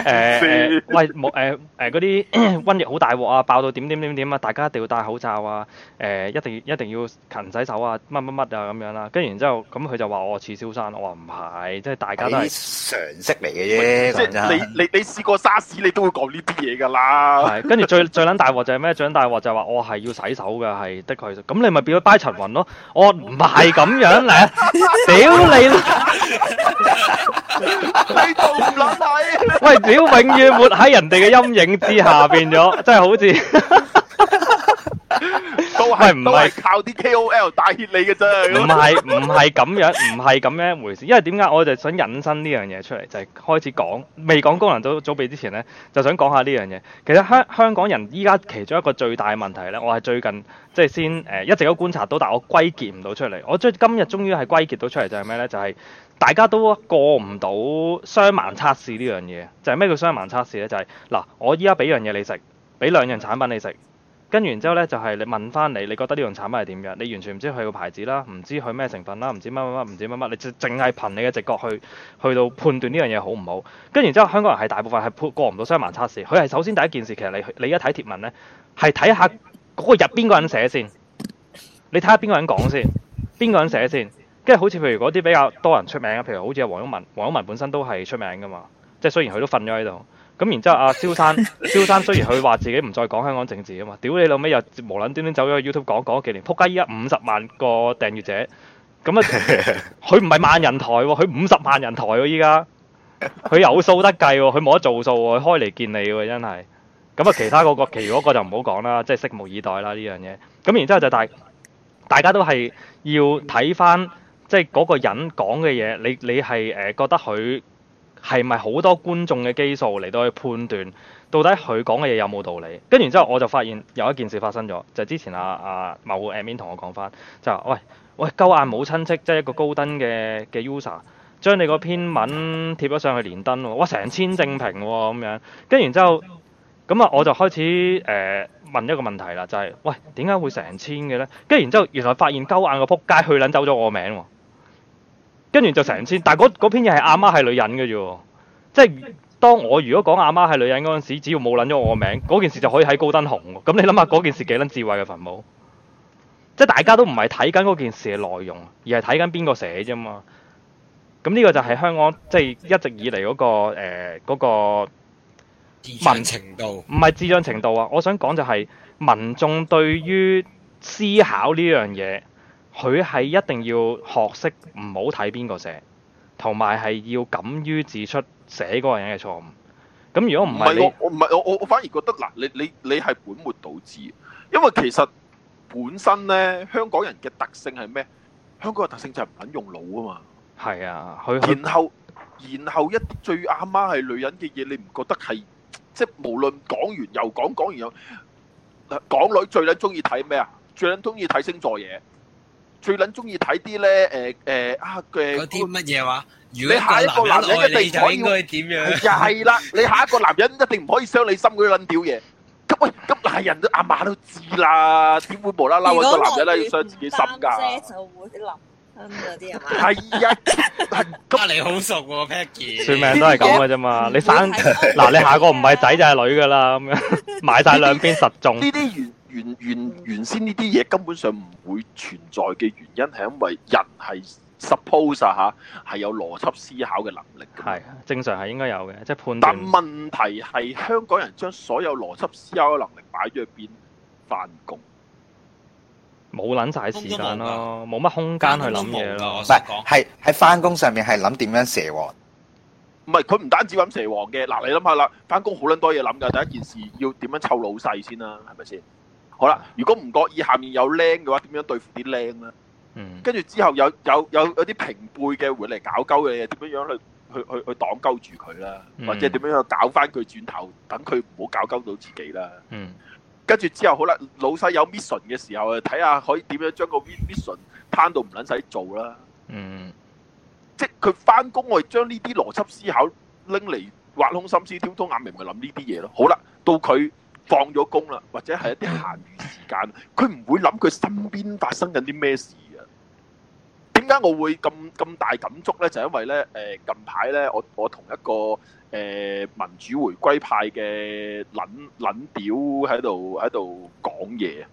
喂冇誒誒嗰啲瘟疫好大鑊啊，爆到點點點點啊，大家一定戴口罩啊，誒、呃、一定要一定要勤洗手啊，乜乜乜啊咁樣啦、啊，跟住然之後咁佢就話我似蕭山，我話唔係，即係大家都係、欸、常識嚟嘅啫。你你你試過沙士，你都會講呢啲嘢㗎啦。係跟住最 最撚大鑊就係咩？最撚大鑊就係話我係要洗手㗎，係的確。咁你咪變咗拜陳雲咯？我唔係咁樣嚟，屌你啦！係偷懶。喂，屌！永遠活喺人哋嘅陰影之下變，變咗真係好似。 都係唔係靠啲 KOL 帶起你嘅啫，唔係唔係咁樣，唔係咁樣一回事。因為點解我就想引申呢樣嘢出嚟，就係、是、開始講未講功能都裝備之前呢，就想講下呢樣嘢。其實香香港人依家，其中一個最大嘅問題呢，我係最近即係、就是、先、誒、呃、一直都觀察到，但係我歸結唔到出嚟。我最今日終於係歸結到出嚟就係、是、咩呢？就係、是、大家都過唔到雙盲測試呢樣嘢。就係、是、咩叫雙盲測試呢？就係、是、嗱，我依家俾樣嘢你食，俾兩樣產品你食。跟完之後咧，就係你問翻你，你覺得呢樣產品係點樣？你完全唔知佢個牌子啦，唔知佢咩成分啦，唔知乜乜乜，唔知乜乜，你就淨係憑你嘅直覺去去到判斷呢樣嘢好唔好？跟完之後，香港人係大部分係過唔到雙盲測試。佢係首先第一件事，其實你你一睇貼文咧，係睇下嗰個入邊個人寫先，你睇下邊個人講先，邊個人寫先。跟住好似譬如嗰啲比較多人出名，譬如好似阿黃毓民，黃毓民本身都係出名噶嘛，即係雖然佢都瞓咗喺度。咁然之後，阿、啊、蕭山，蕭山雖然佢話自己唔再講香港政治啊嘛，屌你老尾又無撚端端走咗去 YouTube 講講幾年，仆街依家五十萬個訂閱者，咁啊，佢唔係萬人台喎，佢五十萬人台喎依家，佢有數得計喎，佢冇得做數喎，開嚟見你喎真係，咁啊其他嗰、嗰個，其餘嗰個就唔好講啦，即係拭目以待啦呢樣嘢。咁然之後就大，大家都係要睇翻即係嗰個人講嘅嘢，你你係誒覺得佢？係咪好多觀眾嘅基數嚟到去判斷到底佢講嘅嘢有冇道理？跟住之後我就發現有一件事發生咗，就係、是、之前阿、啊、阿、啊、某 admin 同我講返，就話：喂喂，鳩眼冇親戚，即係一個高登嘅嘅 user，將你個篇文貼咗上去連登喎，哇成千正評喎咁樣。跟住然之後，咁啊我就開始誒、呃、問一個問題啦，就係、是：喂點解會成千嘅咧？跟住然之後，原來發現鳩眼個撲街，去撚走咗我名喎。跟住就成千，但係嗰篇嘢係阿媽係女人嘅啫，即係當我如果講阿媽係女人嗰陣時，只要冇捻咗我個名，嗰件事就可以喺高登紅。咁你諗下嗰件事幾捻智慧嘅墳墓？即係大家都唔係睇緊嗰件事嘅內容，而係睇緊邊個寫啫嘛。咁呢個就係香港即係一直以嚟嗰、嗰個誒、呃嗰個智障程度，唔係智障程度啊！我想講就係民眾對於思考呢樣嘢。佢係一定要學識唔好睇邊個寫，同埋係要敢於指出寫嗰個人嘅錯誤。咁如果唔係我我唔係我我我反而覺得嗱，你你你係本末倒置。因為其實本身咧，香港人嘅特性係咩？香港嘅特性就係唔肯用腦啊嘛。係啊佢，然後然後一最阿媽係女人嘅嘢，你唔覺得係即係無論講完又講講完又港女最撚中意睇咩啊？最撚中意睇星座嘢。最撚中意睇啲咧，誒誒啊嘅嗰啲乜嘢話？你下一個男人應該係點樣？就係啦，你下一個男人一定唔可以傷你心嗰啲撚屌嘢。咁喂，咁大人都阿媽都知啦，點會無啦啦揾個男人咧要傷自己心㗎？如果我會三姐就會諗嗰啲係嘛？係呀，係。咁你好熟喎，Pat 姐。算命都係咁嘅啫嘛。你生嗱，你下個唔係仔就係女㗎啦。咁樣買晒兩邊實中。原原原先呢啲嘢根本上唔會存在嘅原因係因為人係 suppose 下、啊，係有邏輯思考嘅能力，係正常係應該有嘅，即係判斷。但問題係香港人將所有邏輯思考嘅能力擺咗喺邊？翻工冇撚晒時間咯，冇乜空間去諗嘢咯。唔係係喺翻工上面係諗點樣蛇王？唔係佢唔單止諗蛇王嘅嗱，你諗下啦，翻工好撚多嘢諗噶，第一件事要點樣湊老細先啦、啊，係咪先？好啦，如果唔覺意下面有靚嘅話，點樣對付啲靚咧？嗯，跟住之後有有有有啲平輩嘅會嚟搞鳩嘅嘢，點樣樣去去去去擋鳩住佢啦？或者點樣樣搞翻佢轉頭，等佢唔好搞鳩到自己啦？嗯，跟住之後好啦，老細有 mission 嘅時候，睇下可以點樣將個 mission 攤到唔撚使做啦？嗯，即係佢翻工，我將呢啲邏輯思考拎嚟挖空心思挑通眼眉，咪諗呢啲嘢咯。好啦，到佢。放咗工啦，或者係一啲閒餘時間，佢唔會諗佢身邊發生緊啲咩事啊？點解我會咁咁大感觸咧？就因為咧，誒近排咧，我我同一個誒、呃、民主回歸派嘅撚撚屌喺度喺度講嘢，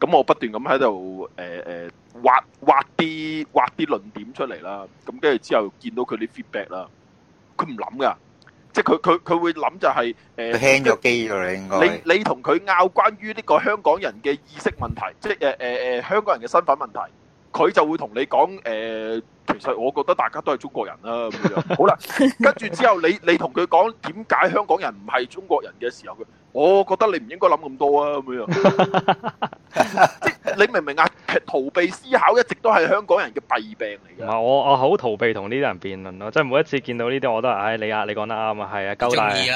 咁我不斷咁喺度誒誒挖挖啲挖啲論點出嚟啦。咁跟住之後見到佢啲 feedback 啦，佢唔諗噶。即係佢佢佢會諗就係誒，輕咗機咗你應該。你你同佢拗關於呢個香港人嘅意識問題，即係誒誒誒香港人嘅身份問題，佢就會同你講誒，其實我覺得大家都係中國人啦。咁樣，好啦，跟住之後你你同佢講點解香港人唔係中國人嘅時候佢。我覺得你唔應該諗咁多啊咁樣，嗯、 即你明唔明啊？逃避思考一直都係香港人嘅弊病嚟嘅。唔係 我我好逃避同呢啲人辯論咯，即係每一次見到呢啲我都係，唉、哎、你啊你講得啱啊，係啊鳩大，係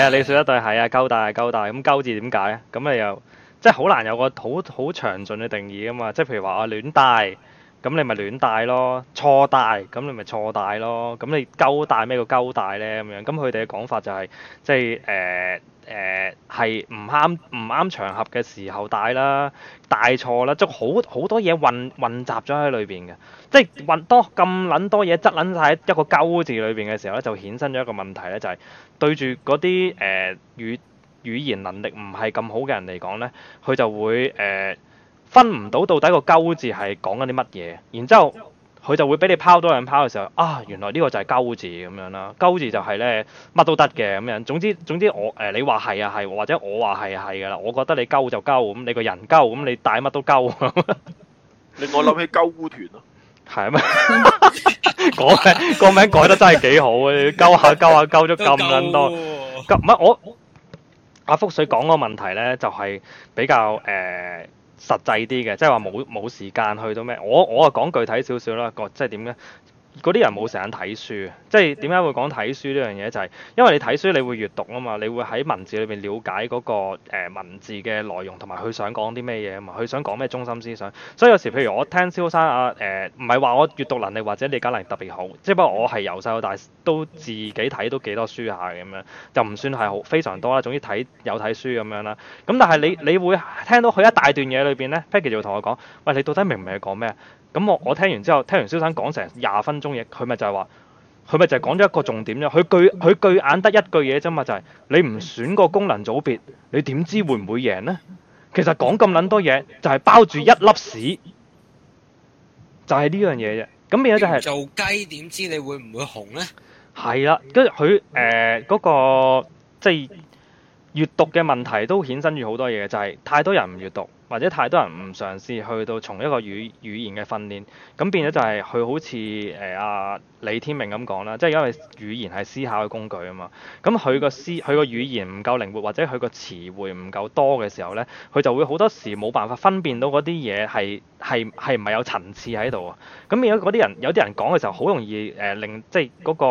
啊你說得對，係啊鳩大鳩大，咁鳩字點解咧？咁你又即係好難有個好好詳盡嘅定義啊嘛，即係譬如話我亂帶。咁你咪亂帶咯，錯帶，咁你咪錯帶咯，咁你鳩帶，咩叫鳩帶咧咁樣，咁佢哋嘅講法就係、是，即係誒誒係唔啱唔啱場合嘅時候帶啦，帶錯啦，即好好多嘢混混雜咗喺裏邊嘅，即係混多咁撚多嘢，質撚曬一個鳩字裏邊嘅時候咧，就衍生咗一個問題咧，就係、是、對住嗰啲誒語語言能力唔係咁好嘅人嚟講咧，佢就會誒。呃分唔到到底個鳩字係講緊啲乜嘢，然之後佢就會俾你拋多兩拋嘅時候，啊，原來呢個就係、是、鳩字咁樣啦。鳩字就係呢乜都得嘅咁樣總。總之總之我誒、呃、你話係啊係，或者我話係係噶啦。我覺得你鳩就鳩，咁你個人鳩，咁你，你帶乜都鳩。你冇諗起鳩污團咯，係、啊、咩？講 名個名改得真係幾好啊！鳩下鳩下鳩咗咁撚多，咁乜我阿福水講嗰個問題咧，就係比較誒。呃實際啲嘅，即係話冇冇時間去到咩？我我啊講具體少少啦，個即係點咧？嗰啲人冇成日睇書，即係點解會講睇書呢樣嘢？就係因為你睇書，你會閱讀啊嘛，你會喺文字裏邊了解嗰個誒文字嘅內容，同埋佢想講啲咩嘢啊嘛，佢想講咩中心思想。所以有時譬如我聽蕭生啊誒，唔係話我閱讀能力或者理解能力特別好，即係不過我係由細到大都自己睇都幾多書下嘅咁樣，就唔算係好非常多啦。總之睇有睇書咁樣啦。咁但係你你會聽到佢一大段嘢裏邊咧，Peggy 就會同我講：喂，你到底明唔明佢講咩？咁我我聽完之後，聽完蕭生講成廿分鐘嘢，佢咪就係話，佢咪就係講咗一個重點啫，佢句佢句眼得一句嘢啫嘛，就係你唔選個功能組別，你點知會唔會贏呢？其實講咁捻多嘢，就係包住一粒屎，就係呢樣嘢啫。咁變咗就係做雞，點知你會唔會紅呢？係啦，跟住佢誒嗰個即係閱讀嘅問題都衍生住好多嘢，就係太多人唔閱讀。或者太多人唔嘗試去到從一個語語言嘅訓練，咁變咗就係佢好似誒阿。欸啊李天命咁講啦，即係因為語言係思考嘅工具啊嘛。咁佢個思佢個語言唔夠靈活，或者佢個詞彙唔夠多嘅時候咧，佢就會好多時冇辦法分辨到嗰啲嘢係係係唔係有層次喺度啊。咁變咗嗰啲人，有啲人講嘅時候好容易誒、呃、令即係、那、嗰個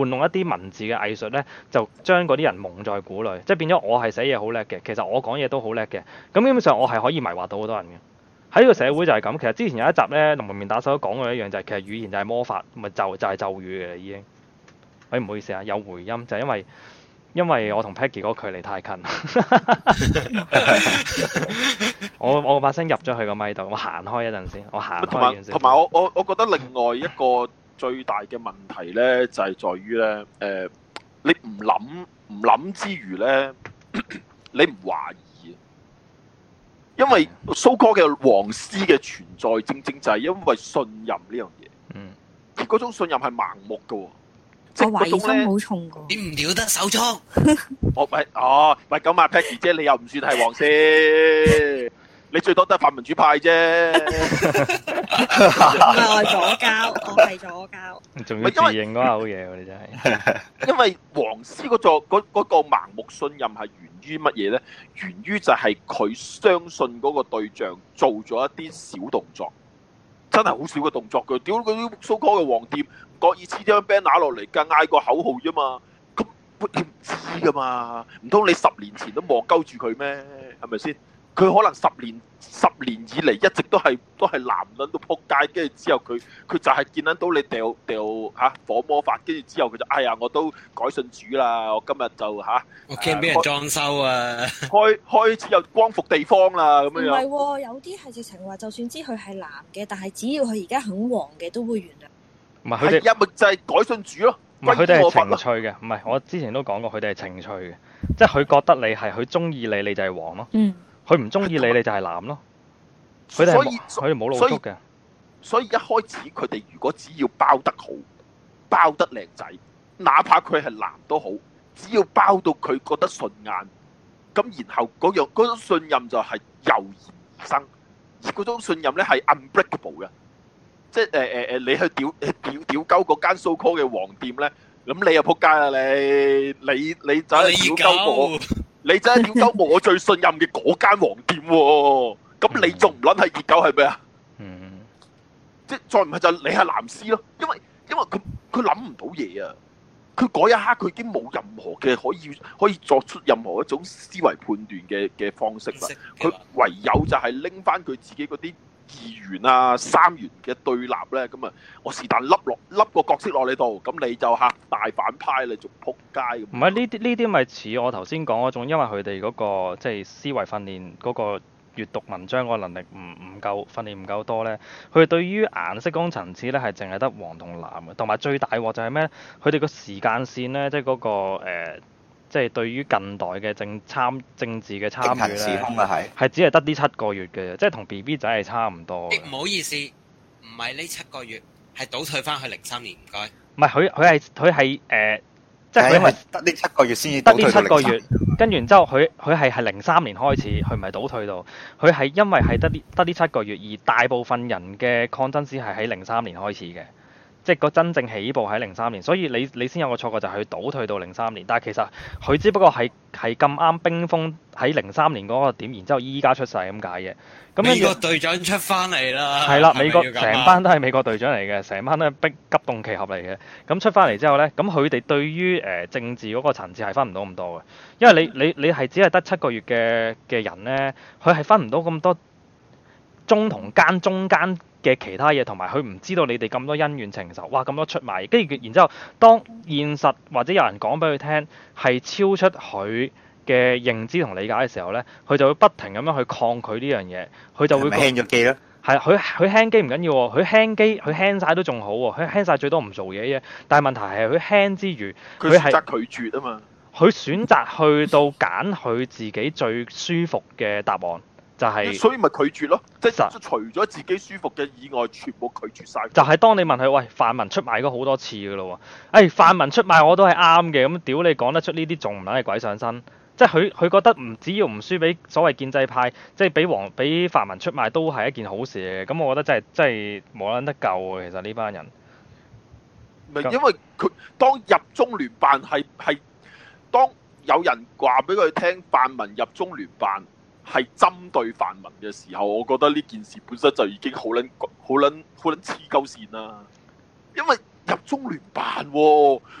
玩弄一啲文字嘅藝術咧，就將嗰啲人蒙在鼓裏。即係變咗我係寫嘢好叻嘅，其實我講嘢都好叻嘅。咁基本上我係可以迷惑到好多人嘅。喺呢個社會就係咁，其實之前有一集咧，林文綿打手都講過一樣，就係其實語言就係魔法，咪咒就係咒語嘅已經。喂，唔好意思啊，有回音，就係因為因為我同 Peggy 嗰距離太近，我我把聲入咗去個咪度，我行開一陣先，我行開一陣先。同埋有我我我覺得另外一個最大嘅問題咧，就係在於咧，誒，你唔諗唔諗之餘咧，你唔懷疑。因為蘇哥嘅黃絲嘅存在，正正就係因為信任呢樣嘢。嗯，而嗰種信任係盲目嘅，即係嗰種咧，你唔了得手足。我咪哦，咪咁啊，Patty 姐，你又唔算係黃絲，你最多都係泛民主派啫。唔係我左膠，我係左膠。仲要自認嗰下好嘢，你真係。因為黃絲嗰座嗰嗰個盲目信任係完。於乜嘢咧？源於就係佢相信嗰個對象做咗一啲小動作，真係好少嘅動作，佢屌佢蘇哥嘅黃店，唔覺意黐張 band 拿落嚟，梗嗌個口號啫嘛。咁你唔知噶嘛？唔通你十年前都望鳩住佢咩？係咪先？佢可能十年十年以嚟一直都係都係男人都仆街，跟住之後佢佢就係見得到你掉掉嚇火魔法，跟住之後佢就哎呀，我都改信主啦。我今日就吓，我驚俾人裝修啊，開呵呵呵開，開，開始有光復地方啦咁樣。唔係喎，有啲係直情話，就算知佢係男嘅，但係只要佢而家肯黃嘅，都會原諒。唔係佢哋一咪就係、是、改信主咯。唔係，佢哋係情趣嘅，唔係我之前都講過，佢哋係情趣嘅，即係佢覺得你係佢中意你，你就係黃咯。嗯。佢唔中意你，你就係男咯。所以，所以，所以，所以一開始佢哋如果只要包得好，包得靚仔，哪怕佢係男都好，只要包到佢覺得順眼，咁然後嗰樣嗰種信任就係油然而生，而嗰種信任咧係 unbreakable 嘅。即係誒誒誒，你去屌屌屌鳩嗰間 so called 嘅黃店咧，咁你又仆街啦你！你你走去屌鳩我。 你真係要走我最信任嘅嗰間黃店喎，咁你仲唔撚係熱狗係咩啊？嗯，即係再唔係就你係藍絲咯，因為因為佢佢諗唔到嘢啊，佢嗰一刻佢已經冇任何嘅可以可以作出任何一種思維判斷嘅嘅方式啦，佢唯有就係拎翻佢自己嗰啲。二元啊，三元嘅對立咧，咁啊，我是但笠落笠個角色落你度，咁你就嚇、啊、大反派，你仲仆街。唔係呢啲呢啲咪似我頭先講嗰種，因為佢哋嗰個即係、即係、思維訓練嗰個閱讀文章嗰個能力唔唔夠訓練唔夠多咧，佢哋對於顏色光層次咧係淨係得黃同藍嘅，同埋最大鑊就係咩？佢哋個時間線咧，即係嗰個、呃即係對於近代嘅政參政治嘅參與咧，係只係得呢七個月嘅，即係同 BB 仔係差唔多。唔好意思，唔係呢七個月係倒退翻去零三年，唔該。唔係佢佢係佢係誒，即係因為得呢七個月先至得呢七個月，跟完之後佢佢係係零三年開始，佢唔係倒退到，佢係因為係得呢得呢七個月，而大部分人嘅抗爭史係喺零三年開始嘅。即係個真正起步喺零三年，所以你你先有個錯覺就係佢倒退到零三年，但係其實佢只不過係係咁啱冰封喺零三年嗰個點，然之後依家出世咁解嘅。咁美國隊長出翻嚟啦，係啦，美國成班都係美國隊長嚟嘅，成班都係逼急凍期合嚟嘅。咁出翻嚟之後呢，咁佢哋對於誒、呃、政治嗰個層次係分唔到咁多嘅，因為你你你係只係得七個月嘅嘅人呢，佢係分唔到咁多中同間中間嘅其他嘢，同埋佢唔知道你哋咁多恩怨情仇，哇咁多出賣，跟住然之後，然後當現實或者有人講俾佢聽，係超出佢嘅認知同理解嘅時候咧，佢就會不停咁樣去抗拒呢樣嘢，佢就會輕咗機啦，係，佢佢輕機唔緊要，佢輕機，佢輕晒都仲好，佢輕晒最多唔做嘢啫。但係問題係佢輕之餘，佢係拒絕啊嘛，佢選擇去到揀佢自己最舒服嘅答案。 就係、是，所以咪拒絕咯。即係除咗自己舒服嘅以外，全部拒絕晒。就係當你問佢喂，泛民出賣咗好多次噶咯喎。誒、哎，泛民出賣我都係啱嘅。咁屌你講得出呢啲，仲唔撚係鬼上身？即係佢佢覺得唔只要唔輸俾所謂建制派，即係俾黃俾泛民出賣都係一件好事嘅。咁我覺得真係真係冇撚得救啊！其實呢班人因為佢當入中聯辦係係當有人話俾佢聽，泛民入中聯辦。係針對泛民嘅時候，我覺得呢件事本身就已經好撚、好撚、好撚黐鳩線啦。因為入中聯辦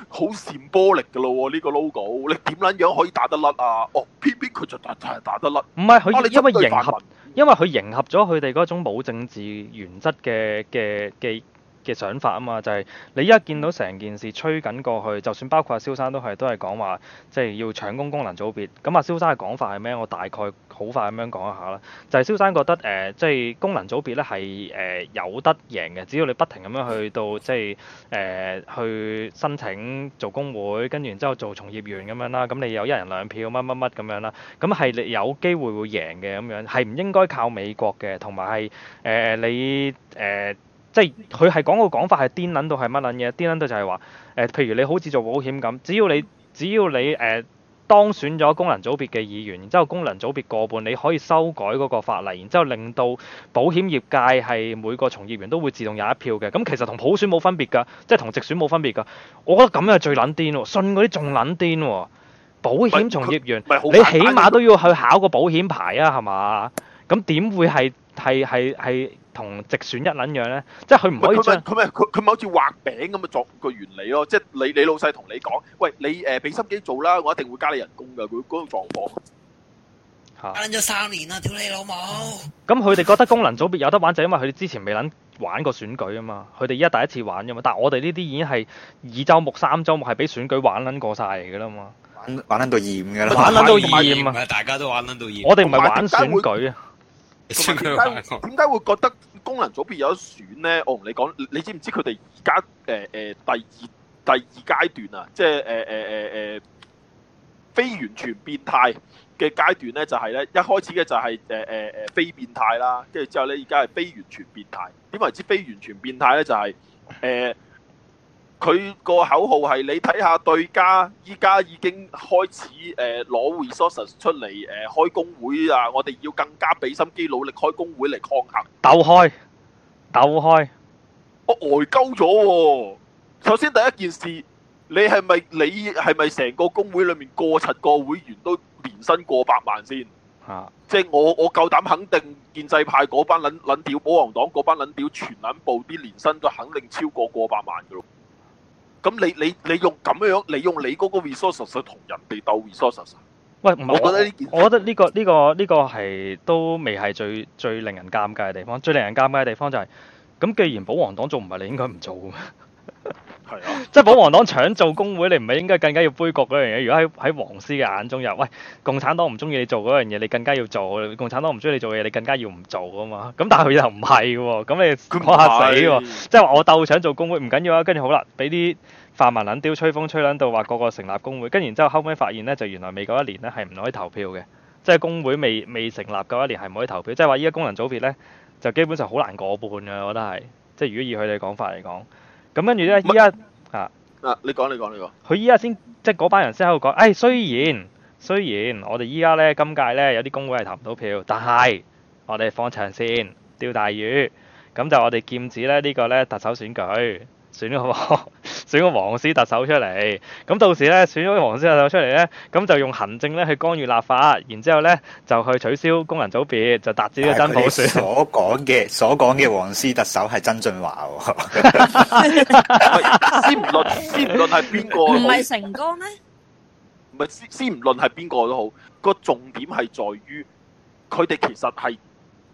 好 symbolic 㗎咯喎，呢、哦這個 logo，你點撚樣可以打得甩啊？哦，偏偏佢就真係打得甩。唔係，佢、啊、因為迎合民，因為佢迎合咗佢哋嗰種冇政治原則嘅嘅嘅。嘅想法啊嘛，就係、是、你依家見到成件事吹緊過去，就算包括阿蕭生都係都係講話，即、就、係、是、要搶工功能組別，咁阿蕭生嘅講法係咩？我大概好快咁樣講一下啦。就係、是、蕭生覺得誒，即、呃、係、就是、功能組別咧係誒有得贏嘅，只要你不停咁樣去到即係誒去申請做工會，跟住然之後做從業員咁樣啦，咁你有一人兩票乜乜乜咁樣啦，咁係你有機會會贏嘅咁樣，係唔應該靠美國嘅，同埋係誒你誒。呃即係佢係講個講法係癲撚到係乜撚嘢？癲撚到就係話、呃、譬如你好似做保險咁，只要你只要你誒、呃、當選咗功能組別嘅議員，然之後功能組別過半，你可以修改嗰個法例，然之後令到保險業界係每個從業員都會自動有一票嘅。咁其實同普選冇分別㗎，即係同直選冇分別㗎。我覺得咁樣係最撚癲喎，信嗰啲仲撚癲喎。保險從業員，你起碼都要去考個保險牌啊，係嘛？咁點會係係係係？同直選一撚樣咧，即係佢唔可以將佢咪佢佢咪好似畫餅咁嘅作個原理咯。即係你你老細同你講，喂，你誒俾、呃、心機做啦，我一定會加你人工㗎。佢嗰種放火嚇玩咗三年啦，屌你老母！咁佢哋覺得功能組別有得玩，就係、因為佢哋之前未撚玩過選舉啊嘛。佢哋依家第一次玩咋嘛。但係我哋呢啲已經係二週目、三週目係俾選舉玩撚過晒嚟㗎啦嘛。玩玩撚到厭㗎啦，玩撚到厭啊！大家都玩撚到厭。我哋唔係玩選舉啊。點解點解會覺得功能組別有得選咧？我同你講，你知唔知佢哋而家誒誒第二第二階段啊，即係誒誒誒誒非完全變態嘅階段咧，就係咧一開始嘅就係誒誒誒非變態啦，跟住之後咧而家係非完全變態。點為之非完全變態咧？就係、是、誒。呃佢個口號係你睇下，對家依家已經開始誒攞 resources 出嚟誒開工會啊！我哋要更加俾心機努力開工會嚟抗衡鬥開鬥開，我呆鳩咗喎。首先第一件事，你係咪你係咪成個工會裡面過七個會員都年薪過百萬先？嚇，即係我我夠膽肯定，建制派嗰班撚撚屌保皇黨嗰班撚屌，全撚部啲年薪都肯定超過過百萬㗎咯。咁你你你用咁樣，你用你嗰個 resource 去同人哋鬥 resource 啊？喂，唔係，我覺得呢件，我覺得呢個呢個呢個係都未係最最令人尷尬嘅地方。最令人尷尬嘅地方就係，咁既然保皇黨做唔係，你應該唔做 即係保皇黨搶做工會，你唔係應該更加要杯葛嗰樣嘢？如果喺喺黃絲嘅眼中入，喂，共產黨唔中意你做嗰樣嘢，你更加要做；共產黨唔中意你做嘢，你更加要唔做啊嘛。咁但係佢又唔係，咁你講下死喎！ 即係話我鬥搶做工會唔緊要啊，跟住好啦，俾啲泛民捻屌吹風吹，吹捻到話個個成立工會，跟然之後後尾發現呢，就原來未夠一年呢係唔可以投票嘅，即係工會未未成立夠一年係唔可以投票。即係話依家工人組別呢，就基本上好難過半嘅，我覺得係，即係如果以佢哋講法嚟講。咁跟住咧，依家咩在啊，啊，你講你講你講。佢依家先即係嗰班人先喺度講，哎，雖然雖然我哋依家咧今屆咧有啲工會係投唔到票，但係我哋放長線釣大魚，咁就我哋劍指咧呢個咧特首選舉。選咗選個黃絲特首出嚟，咁到時咧選咗個黃絲特首出嚟咧，咁就用行政咧去干預立法，然之後咧就去取消工人組別，就達至呢個真普選。所講嘅所講嘅黃絲特首係曾俊華，先唔論先唔論係邊個，唔係成哥咩？唔係先先唔論係邊個都好，個重點係在於佢哋其實係。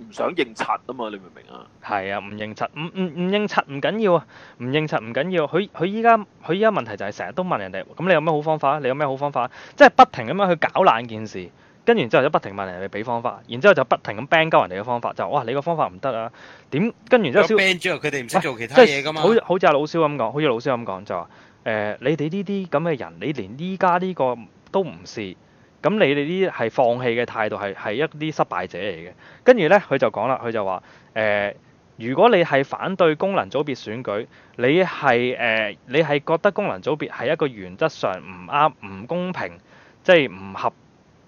唔想認賊啊嘛，你明唔明啊？係啊，唔認賊，唔唔唔認賊唔緊要啊，唔認賊唔緊要。佢佢依家佢依家問題就係成日都問人哋，咁你有咩好方法？你有咩好方法？即係不停咁樣去搞爛件事，跟住然之後就不停問人哋俾方法，然之後就不停咁 ban 鳩人哋嘅方法，就哇你個方法唔得啊，點跟完之後燒 b 佢哋唔識做其他嘢噶，好似阿老蕭咁講，好似老蕭咁講就話誒，你哋呢啲咁嘅人，你連呢家呢個都唔試。咁你哋呢啲係放棄嘅態度，係係一啲失敗者嚟嘅，跟住呢，佢就講啦，佢就話誒、呃，如果你係反對功能組別選舉，你係誒、呃、你係覺得功能組別係一個原則上唔啱、唔公平，即係唔合誒、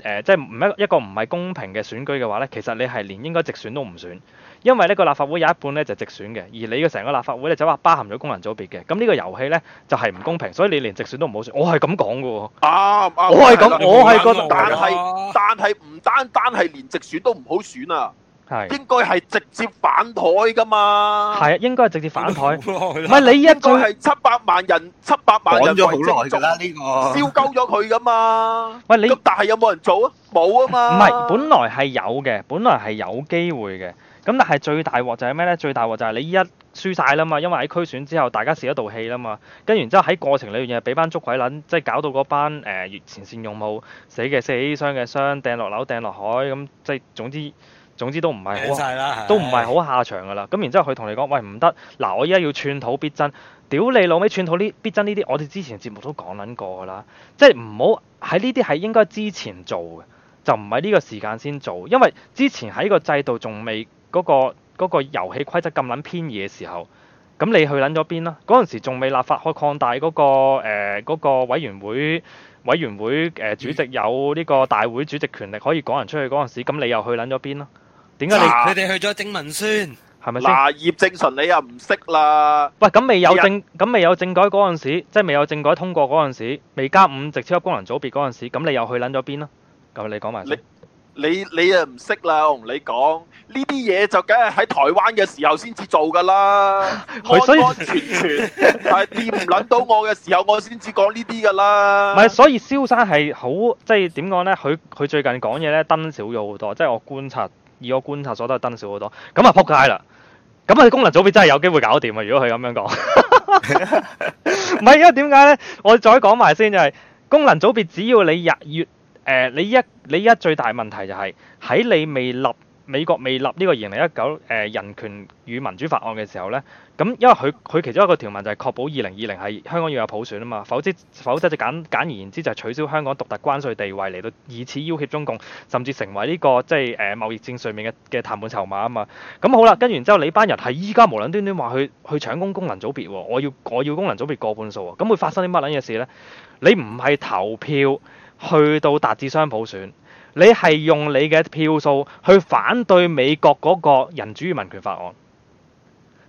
呃，即係唔一一個唔係公平嘅選舉嘅話呢，其實你係連應該直選都唔選。因為呢個立法會有一半咧就直選嘅，而你嘅成個立法會咧就話包含咗工人組別嘅，咁呢個遊戲咧就係唔公平，所以你連直選都唔好選。我係咁講㗎喎，我係咁，我係覺得，但係但係唔單單係連直選都唔好選啊，係應該係直接反台㗎嘛。係啊，應該係直接反台。唔係你一個係七百萬人，七百萬人為積足啦，呢個燒鳩咗佢㗎嘛。喂，你但係有冇人做啊？冇啊嘛。唔係，本來係有嘅，本來係有機會嘅。咁但係最大鑊就係咩呢？最大鑊就係你依家輸晒啦嘛，因為喺區選之後，大家泄一道氣啦嘛。跟完之後喺過程裡邊又俾班捉鬼撚，即係搞到嗰班誒前線用武死嘅死、傷嘅傷，掟落樓、掟落海咁，即係總之總之都唔係好，都唔係好下場噶啦。咁然之後佢同你講：喂，唔得！嗱，我依家要寸土必爭，屌你老味寸土呢必爭呢啲，我哋之前節目都講撚過噶啦，即係唔好喺呢啲係應該之前做嘅，就唔係呢個時間先做，因為之前喺個制度仲未。嗰、那個嗰、那個遊戲規則咁撚偏異嘅時候，咁你去撚咗邊啦？嗰陣時仲未立法，可擴大嗰、那個誒、呃那個、委員會委員會誒、呃、主席有呢個大會主席權力可以趕人出去嗰陣時，咁你又去撚咗邊啦？點解你你哋去咗整文宣係咪先？嗱、啊吧啊，葉正淳你又唔識啦？喂，咁未有政咁、呃、未有政改嗰陣時，即係未有政改通過嗰陣時，未加五席超級功能組別嗰陣時，咁你又去撚咗邊啦？咁你講埋先。你你又唔識啦！我同你講，呢啲嘢就梗係喺台灣嘅時候先至做噶啦， 所以 安安全全。係掂唔撚到我嘅時候，我先至講呢啲噶啦。唔係，所以蕭生係好即係點講咧？佢佢最近講嘢咧，燈少咗好多。即係我觀察，而我觀察所得，燈少好多。咁啊，撲街啦！咁啊，功能組別真係有機會搞掂啊！如果佢咁樣講， 唔係啊？因為點解咧？我再講埋先就係、是、功能組別，只要你日月。誒、呃，你一你一最大問題就係、是、喺你未立美國未立呢個2019、呃《二零一九誒人權與民主法案》嘅時候呢。咁因為佢佢其中一個條文就係確保二零二零係香港要有普選啊嘛，否則否則就簡簡而言之就係取消香港獨特關稅地位嚟到以此要挾中共，甚至成為呢、這個即係誒、呃、貿易戰上面嘅嘅談判籌碼啊嘛。咁好啦，跟完之後你班人係依家無論端端話去去搶攻功能組別喎、哦，我要我要功能組別過半數啊、哦，咁會發生啲乜撚嘢事呢？你唔係投票。去到達至雙普選，你係用你嘅票數去反對美國嗰個人主與民權法案。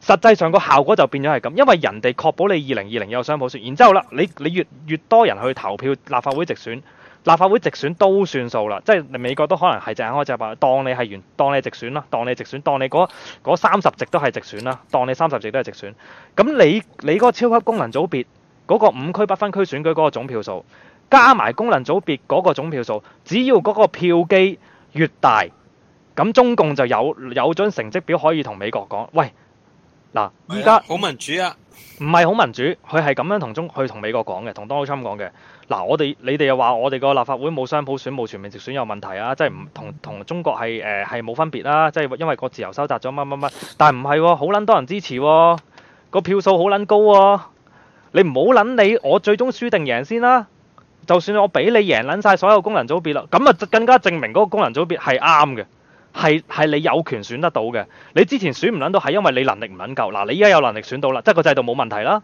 實際上個效果就變咗係咁，因為人哋確保你二零二零有雙普選，然之後啦，你你越越多人去投票立法會直選，立法會直選都算數啦，即係美國都可能係隻眼開隻眼閉，當你係完當你直選啦，當你，當你直選，當你嗰三十席都係直選啦，當你三十席都係直選。咁你席都直選當你嗰個超級功能組別嗰個五區不分區選舉嗰個總票數。加埋功能組別嗰個總票數，只要嗰個票機越大，咁中共就有有張成績表可以同美國講。喂，嗱，依家好民主啊，唔係好民主，佢係咁樣同中去同美國講嘅，同 Donald Trump 講嘅嗱。我哋你哋又話我哋個立法會冇雙普選冇全面直選有問題啊，即係唔同同中國係誒係冇分別啦、啊，即係因為個自由收窄咗乜乜乜。但係唔係好捻多人支持、啊，個票數好捻高、啊。你唔好捻你，我最終輸定贏先啦。就算我俾你贏撚晒所有功能組別啦，咁啊就更加證明嗰個功能組別係啱嘅，係係你有權選得到嘅。你之前選唔撚到係因為你能力唔撚夠，嗱你依家有能力選到啦，即係個制度冇問題啦，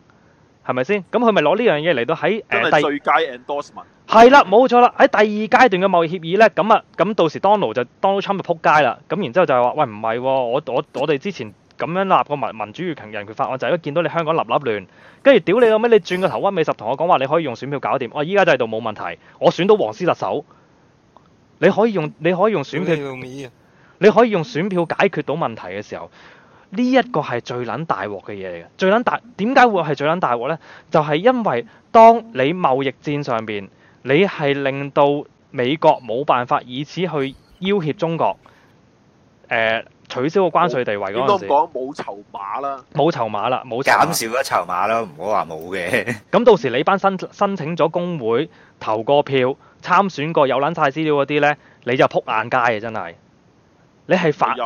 係咪先？咁佢咪攞呢樣嘢嚟到喺誒最佳 endorsement，第，係啦，冇錯啦。喺第二階段嘅貿易協議咧，咁啊咁到時 Donald 就 Donald Trump 就撲街啦。咁然之後就係話喂唔係，我我我哋之前。咁樣立個民民主與強人權法案，就係、是、一見到你香港立立亂，跟住屌你個咩？你轉個頭屈美十同我講話，你可以用選票搞掂。我依家都喺度冇問題，我選到黃絲特首。你可以用，你可以用選票，你，你可以用選票解決到問題嘅時候，呢一個係最撚大鑊嘅嘢嚟嘅。最撚大點解會係最撚大鑊呢？就係、是、因為當你貿易戰上邊，你係令到美國冇辦法以此去要挾中國。呃取消個關稅地位嗰陣都講冇籌碼啦，冇籌碼啦，冇減少咗籌碼啦，唔好話冇嘅。咁到時你班申申請咗工會投個票參選過有攋晒資料嗰啲呢，你就撲爛街啊！真係，你係犯又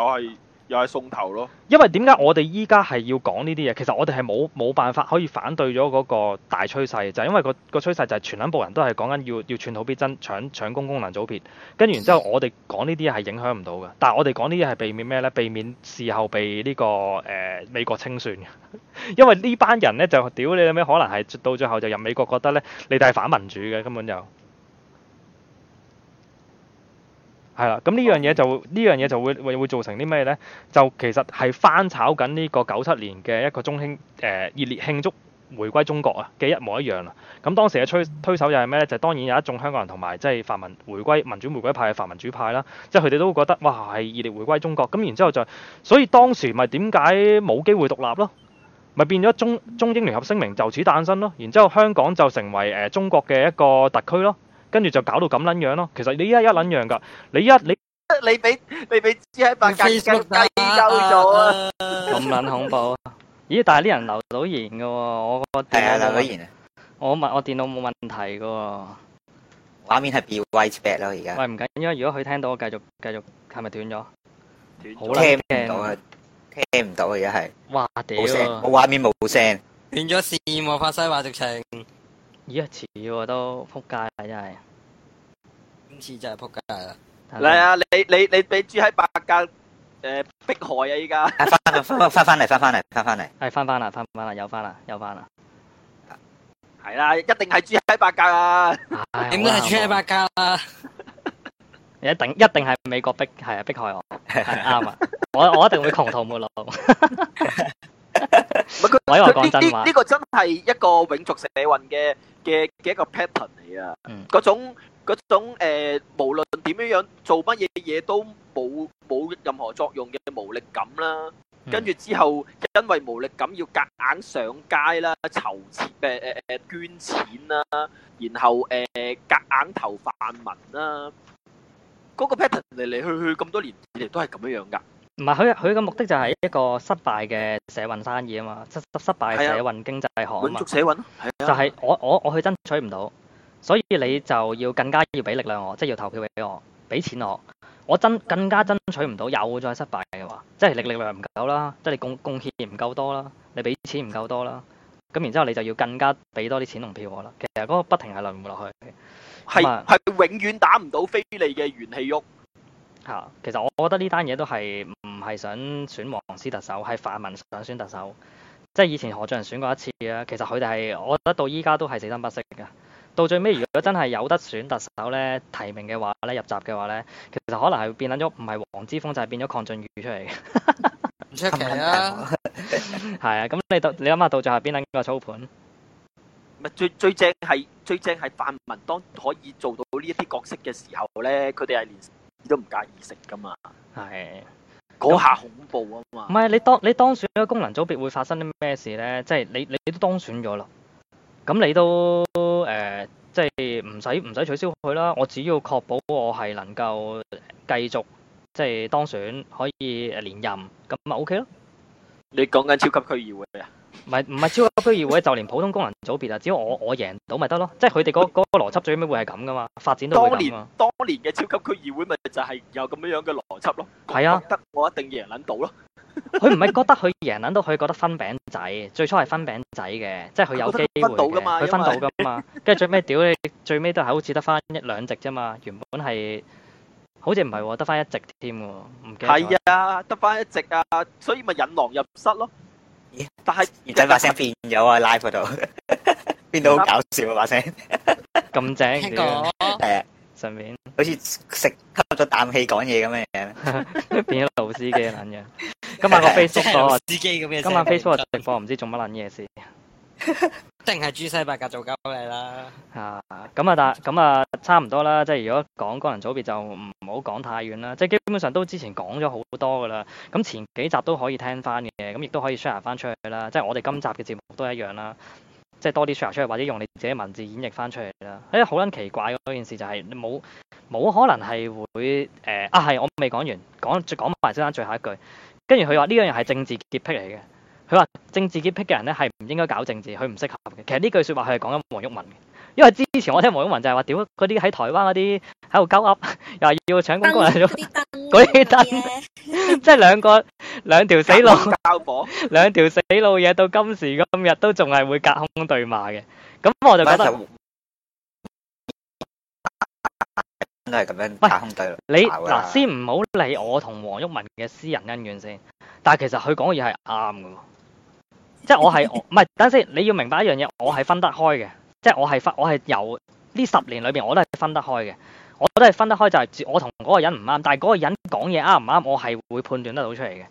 就送頭咯，因為點解我哋依家係要講呢啲嘢？其實我哋係冇冇辦法可以反對咗嗰個大趨勢，就係、因為、嗰個個趨勢就係全撚部人都係講緊要要寸土必爭、搶搶攻、功，功能組別。跟住然之後，我哋講呢啲嘢係影響唔到嘅，但係我哋講呢啲係避免咩呢？避免事後被呢、呢個誒、呃、美國清算 因為呢班人呢，就屌你有咩可能係到最後就入美國覺得呢，你哋係反民主嘅，根本就。係啦，咁呢樣嘢就呢樣嘢就會就會,會造成啲咩呢？就其實係翻炒緊呢個九七年嘅一個中興，誒、呃、熱烈慶祝回歸中國啊嘅一模一樣啦。咁當時嘅推推手又係咩呢？就是、當然有一眾香港人同埋即係泛民回歸民主回歸派嘅泛民主派啦，即係佢哋都覺得哇係熱烈回歸中國。咁然之後就，所以當時咪點解冇機會獨立咯？咪變咗中中英聯合聲明就此誕生咯。然之後香港就成為誒、呃、中國嘅一個特區咯。跟住就搞到咁撚樣咯，其實你依家一撚樣噶，你一你你俾你俾只喺白格嘅計鳩咗啊，咁撚恐怖！咦，但係啲人留到言嘅喎，我係啊留到言啊，我麥我電腦冇問題嘅喎，畫面係被毀滅咯而家。喂，唔緊要，如果佢聽到我，繼續繼續係咪斷咗？好聽唔到啊，聽唔到啊，而家係哇屌啊，我畫面冇聲，斷咗線喎，發西話直情。依一次喎都扑街啦，真係，今次真係扑街啦。嚟啊，你你你你住喺八甲誒迫害啊！依家翻翻翻翻翻嚟，翻翻嚟，翻翻嚟，係翻翻啦，翻翻啦，又翻啦，又翻啦，係啦，一定係住喺八甲啊，點都係住喺八甲啦，一定一定係美國逼係啊迫害我，係啱啊，我我一定會窮途末路。唔好話講真話，呢個真係一個永續社運嘅。嘅嘅一個 pattern 嚟啊，嗰種嗰種誒，無論點樣樣做乜嘢嘢都冇冇任何作用嘅無力感啦，跟住之後因為無力感要夾硬上街啦，籌錢誒誒誒捐錢啦，然後誒夾硬投泛民啦，嗰個 pattern 嚟嚟去去咁多年嚟都係咁樣樣㗎。唔係佢，佢個目的就係一個失敗嘅社運生意啊嘛，失失敗社運經濟學啊嘛，社運就係我我我去爭取唔到，所以你就要更加要俾力量我，即係要投票俾我，俾錢我，我爭更加爭取唔到，又再失敗嘅話，即係力力量唔夠啦，即係你貢貢獻唔夠多啦，你俾錢唔夠多啦，咁然之後你就要更加俾多啲錢同票我啦。其實嗰個不停係輪唔落去，係係是麼永遠打唔到非你嘅元氣喐。嚇，其實我覺得呢單嘢都係係想選黃絲特首，係泛民想選特首，即係以前何俊仁選過一次啊。其實佢哋係我覺得到依家都係死心不息嘅。到最尾，如果真係有得選特首咧提名嘅話咧入閘嘅話咧，其實可能係變撚咗唔係黃之鋒，就係、是、變咗鄺俊宇出嚟嘅。唔出奇，奇啊， 啊，係 啊。咁你你諗下到最後邊撚個操盤？唔 最最正係最正係泛民當可以做到呢一啲角色嘅時候咧，佢哋係連都唔介意食噶嘛。係對手。嗰下恐怖啊嘛！唔係你當你當選咗功能組別會發生啲咩事咧？即係你你都當選咗啦，咁你都誒即係唔使唔使取消佢啦。我只要確保我係能夠繼續即係當選，可以連任咁咪 OK 咯。你講緊超級區議會啊？ 唔係唔係超級區議會，就連普通工人組別啊！只要我我贏到咪得咯，即係佢哋嗰嗰個邏輯，那個、最尾會係咁噶嘛？發展到咁啊嘛！當年當年嘅超級區議會咪就係有咁樣樣嘅邏輯咯。係啊，得我一定贏捻到咯。佢唔係覺得佢贏捻到，佢覺得分餅仔。最初係分餅仔嘅，即係佢有機會嘅。佢分到噶嘛？跟住因為 最尾屌你，最尾都係好似得翻一兩席啫嘛。原本係好似唔係喎，得翻一席添喎。唔記得咗。係啊，得翻一席啊，所以咪引狼入室咯。把耳 Yeah, Bye. 仔把聲變咗啊 ，live 嗰度變到好搞笑啊把聲咁正，係啊，順便好似食吸咗啖氣講嘢咁嘅嘢， 變咗老司機嘅捻嘢。今晚個 Facebook 司機咁嘅，今晚 Facebook 直播唔 知做乜捻嘢先。定係 朱西八格做鳩你啦。啊，咁啊，但、啊、咁啊，差唔多啦。即係如果講功能組別就唔好講太遠啦。即係基本上都之前講咗好多噶啦。咁前幾集都可以聽翻嘅，咁亦都可以 share 翻出去啦。即係我哋今集嘅節目都一樣啦。即係多啲 share 出去，或者用你自己文字演繹翻出嚟啦。誒、欸，好撚奇怪嗰件事就係你冇冇可能係會誒、呃、啊係我未講完，講講埋先生最後一句。跟住佢話呢樣嘢係政治潔癖嚟嘅。佢話政治潔癖嘅人咧係唔應該搞政治，佢唔適合嘅。其實呢句説話佢係講緊黃毓民嘅，因為之前我聽黃毓民就係話：屌嗰啲喺台灣嗰啲喺度鳩噏，又話要搶公公搶公公，嗰啲燈，即係兩個兩條死路，兩條死路嘢到今時今日都仲係會隔空對罵嘅。咁我就覺得都係咁樣隔空對罵。你嗱先唔好理我同黃毓民嘅私人恩怨先，但係其實佢講嘅嘢係啱嘅。即係我係唔係等先，你要明白一樣嘢，我係分得開嘅。即係我係分，我係由呢十年裏邊我都係分得開嘅。我覺得係分得開就係我同嗰個人唔啱，但係嗰個人講嘢啱唔啱，我係會判斷得到出嚟嘅。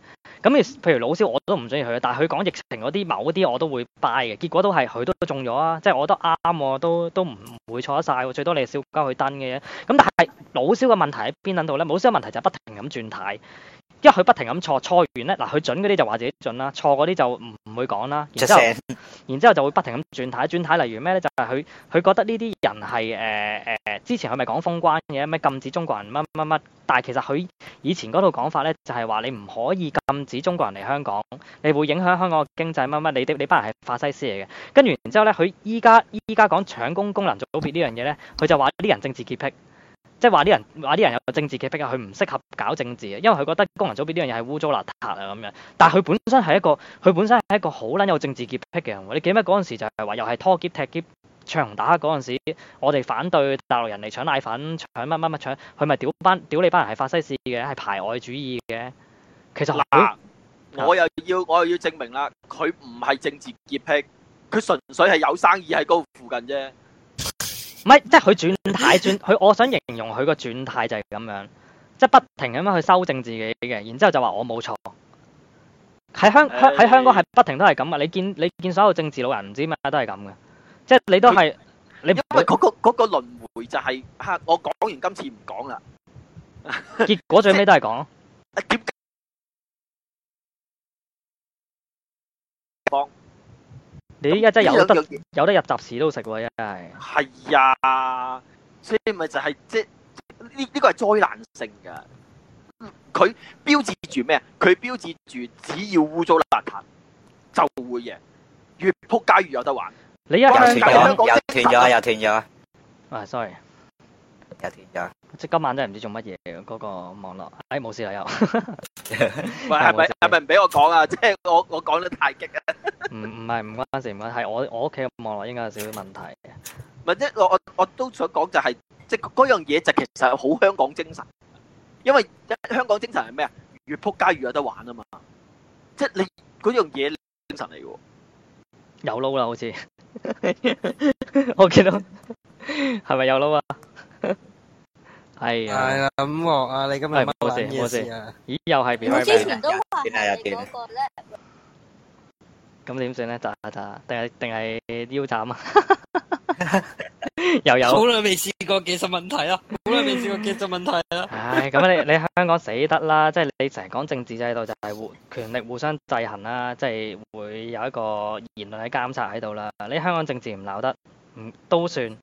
咁譬如老蕭，我都唔中意佢，但係佢講疫情嗰啲某啲我都會 buy 嘅，結果都係佢都中咗啊！即係我都啱喎，都都唔會錯得晒。最多你小去少交佢登嘅啫。咁但係老蕭嘅問題喺邊度咧？老蕭嘅問題就不停咁轉態。因為佢不停咁錯，錯完咧嗱，佢準嗰啲就話自己準啦，錯嗰啲就唔唔會講啦。然之後， 然之後就會不停咁轉態轉態。例如咩咧？就係佢佢覺得呢啲人係誒誒之前佢咪講封關嘅咩禁止中國人乜乜乜，但係其實佢以前嗰套講法咧就係、是、話你唔可以禁止中國人嚟香港，你會影響香港嘅經濟乜乜。你啲你班人係法西斯嚟嘅。跟住然之後咧，佢依家依家講搶攻功，功能組別呢樣嘢咧，佢就話啲人政治潔癖。即係話啲人話啲、就是、人有政治潔癖啊，佢唔適合搞政治啊，因為佢覺得工人組別呢樣嘢係污糟邋遢啊咁樣。但係佢本身係一個佢本身係一個好撚有政治潔癖嘅人。你記唔記得嗰陣時就係話又係拖喼踢喼長打嗰陣時，我哋反對大陸人嚟搶奶粉、搶乜乜乜、搶，佢咪屌班屌你班人係法西斯嘅，係排外主義嘅。其實嗱，我又要我又要證明啦，佢唔係政治潔癖，佢純粹係有生意喺嗰附近啫。唔係，即係佢轉態轉佢，我想形容佢個轉態就係咁樣，即係不停咁樣去修正自己嘅，然之後就話我冇錯。喺香喺香港係不停都係咁啊！你見你見所有政治老人唔知咩都係咁嘅，即係你都係他你。因為嗰個嗰個輪迴就係嚇，我講完今次唔講啦。 結果最尾都係講。啊你依家真係有得有得入集市都食喎，真係。係啊，所以咪就係即呢呢個係災難性噶。佢標誌住咩啊？佢標誌住只要污糟邋遢就會贏，越撲街越有得玩。你一個又斷咗，又斷咗，又、啊、斷咗。啊，sorry，又斷咗。即今晚真係唔知做乜嘢嗰個網絡，哎冇事啦又， 喂係咪係咪唔俾我講啊？即係我我講得太激啊！唔唔係唔關事唔關，係我我屋企網絡應該有少少問題。唔係即我我我都想講就係，即嗰樣嘢就其實係好香港精神，因為香港精神係咩啊？越撲街越有得玩啊嘛！即你嗰樣嘢精神嚟嘅，有撈啦好似， 我見到係咪 有撈啊？ 係啊，咁忙、哎哎、呀啊！你今日冇事冇事啊事？咦，又係變咩變噶？變下又變是。咁點算咧？睇下定係定係腰慘啊！ 又有。好耐未試過技術問題啊！好耐未試過技術問題啊！唉、 哎，咁你你香港死得啦，即係你成日講政治制度就係互權力互相制衡啦，即係會有一個言論喺監察喺度啦。你香港政治唔鬧得，唔都算。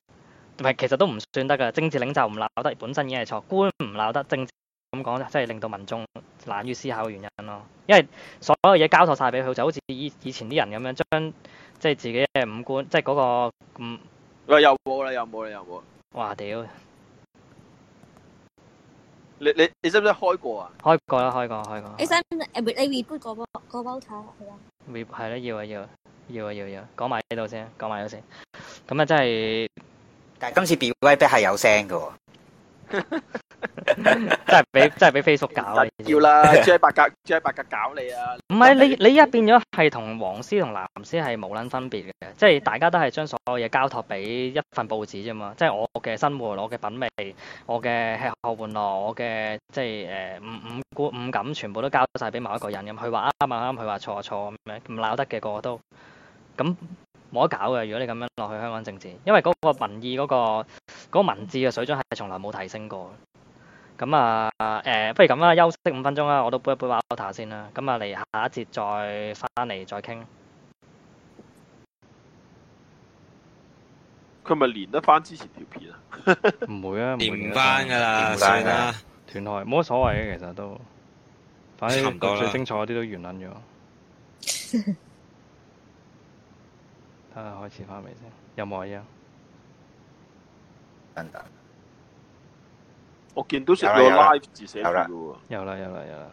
唔係，其實都唔算得噶。政治領袖唔鬧得，本身已經係錯。官唔鬧得，政治咁講，真係令到民眾懶於思考嘅原因咯。因為所有嘢交託曬俾佢，就好似以以前啲人咁樣，將即係自己嘅五官，即係嗰個嗯。喂，又冇啦，又冇啦，又冇。哇屌！你你你知唔知開過啊？開過啦，開過，開過。阿生誒，唔係你 report 個包個包彩係嘛？report 係啦，要啊，要啊，要啊，要要。講埋呢度先，講埋呢度先。咁啊，真係～但係今次 B We Back 係有聲嘅喎，真係俾真係俾 Facebook 搞，要啦，J 八格 J 八格搞你啊！唔係你你而家變咗係同黃絲同藍絲係冇撚分別嘅，即係大家都係將所有嘢交託俾一份報紙啫嘛，即係我嘅生活、我嘅品味、我嘅吃喝玩樂、我嘅即係誒五五觀五感全部都交曬俾某一個人咁，佢話啱啱啱佢話錯錯咁樣唔鬧得嘅個個都咁。冇得搞嘅，如果你咁樣落去香港政治，因為嗰個民意嗰、個嗰個文字嘅水準係從來冇提升過。咁啊誒、欸，不如咁啦，休息五分鐘啦，我都杯一杯 water 先啦。咁啊，嚟下一節再翻嚟再傾。佢咪連得翻之前條片啊？唔 會啊，會連唔翻㗎啦，算啦，斷開冇乜所謂嘅，其實都。反正最清楚嗰啲都完渾咗。 睇下開始翻未先？有冇啊？有，等等，我見到成個 live 字寫嚟嘅喎，有啦有啦有啦，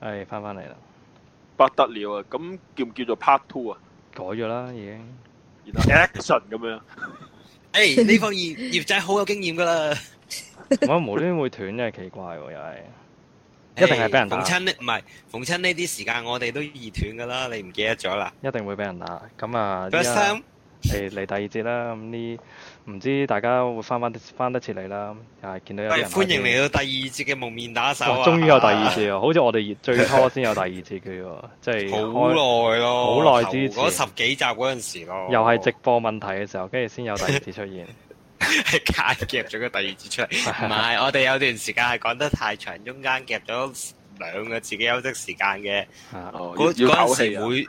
係翻翻嚟啦！不得了啊！咁叫唔叫做 part two 啊？改咗啦，已經 action 咁樣。哎，呢個葉葉仔好有經驗噶啦！我無端端會斷真係奇怪喎，又係。一定係俾人打。逢親呢，唔係逢親呢啲時間，我哋都易斷噶啦，你唔記得咗啦。一定會俾人打。咁啊，嗰三嚟嚟第二節啦。咁呢，唔知大家會翻翻翻得切嚟啦。又係，見到有人打。歡迎嚟到第二節嘅蒙面打手。終於有第二節啊！好似我哋最最初先有第二節嘅喎，即係好耐咯，好耐之前十幾集嗰陣時咯，又係直播問題嘅時候，跟住先有第二次出現。 係夾夾咗個第二節出嚟，唔係我哋有段時間係講得太長，中間夾咗兩個自己休息時間嘅。陣時會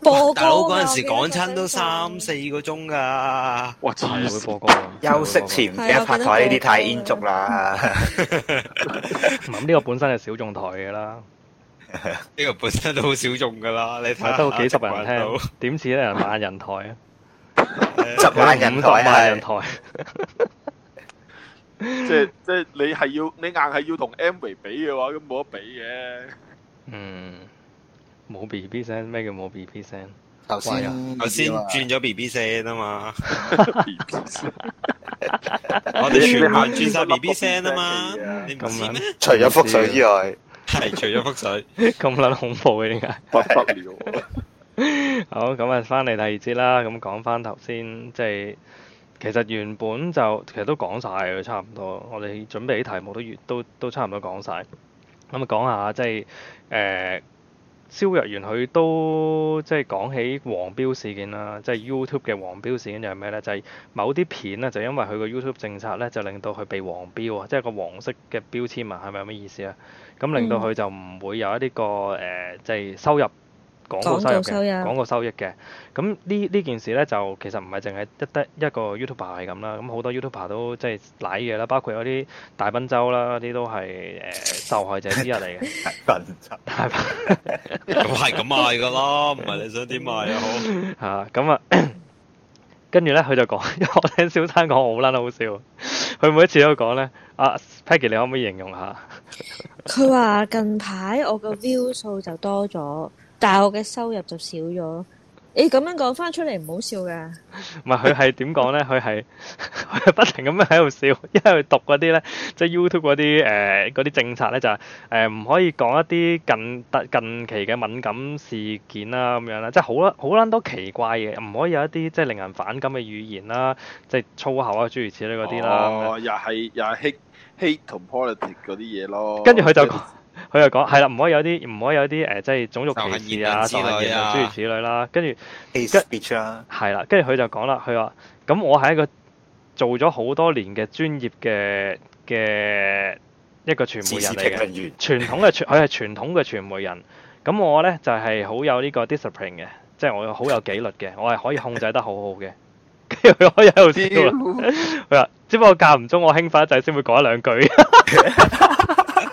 播歌，大佬嗰陣時講親都三四個鐘噶。哇，真係會播歌休息前拍台呢啲太煙足啦。咁呢個本身係小眾台嘅啦，呢個本身都好小眾噶啦。你睇都幾十人聽，點似得人萬人台啊？十萬人台啊，即係即係你係要你硬係要同 Amway 比嘅話，咁冇得比嘅。嗯，冇 B B 聲，咩叫冇 B B 聲？頭先頭先轉咗 B B 聲啊嘛，我哋全盤轉晒 B B 聲啊嘛，你唔知咩？除咗覆水之外，係除咗覆水咁捻恐怖嘅，點解？不得了。 好，咁啊，翻嚟第二節啦。咁講翻頭先，即係其實原本就其實都講晒，佢差唔多。我哋準備啲題目都都都差唔多講晒。咁啊，講下即係誒，蕭若元佢都即係講起黃標事件啦。即係 YouTube 嘅黃標事件就係咩呢？就係某啲片呢，就因為佢個 YouTube 政策呢，就令到佢被黃標啊，即係個黃色嘅標籤啊，係咪有咩意思啊？咁令到佢就唔會有一啲個誒，即係收入。講個收入，講個收益嘅，咁呢呢件事咧就其實唔係淨係一得一個 YouTuber 係咁啦，咁好多 YouTuber 都即係瀨嘢啦，包括有啲大賓州啦，啲都係誒受害者之一嚟嘅。賓州係咁係咁賣噶咯，唔係你想點賣又好。吓咁啊，跟住咧佢就講，我聽小生講好 fun 好笑。佢每一次都講咧，阿 Peggy 你可唔可以形容下？佢話近排我個 view 數就多咗。大學嘅收入就少咗。你、欸、咁樣講翻出嚟唔好笑噶。唔係佢係點講咧？佢係不停咁樣喺度笑，因為佢讀嗰啲咧，即、就、係、是、YouTube 嗰啲誒嗰、呃、啲政策咧，就係誒唔可以講一啲近近，近期嘅敏感事件啦、啊，咁樣啦，即係好啦，好卵多奇怪嘅，唔可以有一啲即係令人反感嘅語言啦、啊，即係粗口啊，諸如此類嗰啲啦。又係又係 hate hate 同 politics 嗰啲嘢咯。跟住佢就。 佢就講係啦，唔可以有啲，唔可以有啲誒、呃，即係種族歧視啊之類嘅諸如此類啦、啊。跟住，係啦 A speech，跟住佢就講啦，佢話咁我係一個做咗好多年嘅專業嘅嘅一個傳媒人嚟嘅，傳統嘅傳，佢係傳統嘅傳媒人。咁我咧就係、是、好有呢個 discipline 嘅，即、就、係、是、我好有紀律嘅， 我係可以控制得好好嘅。跟住佢我有啲，佢話 只不過間唔中我興奮一仔先會講一兩句。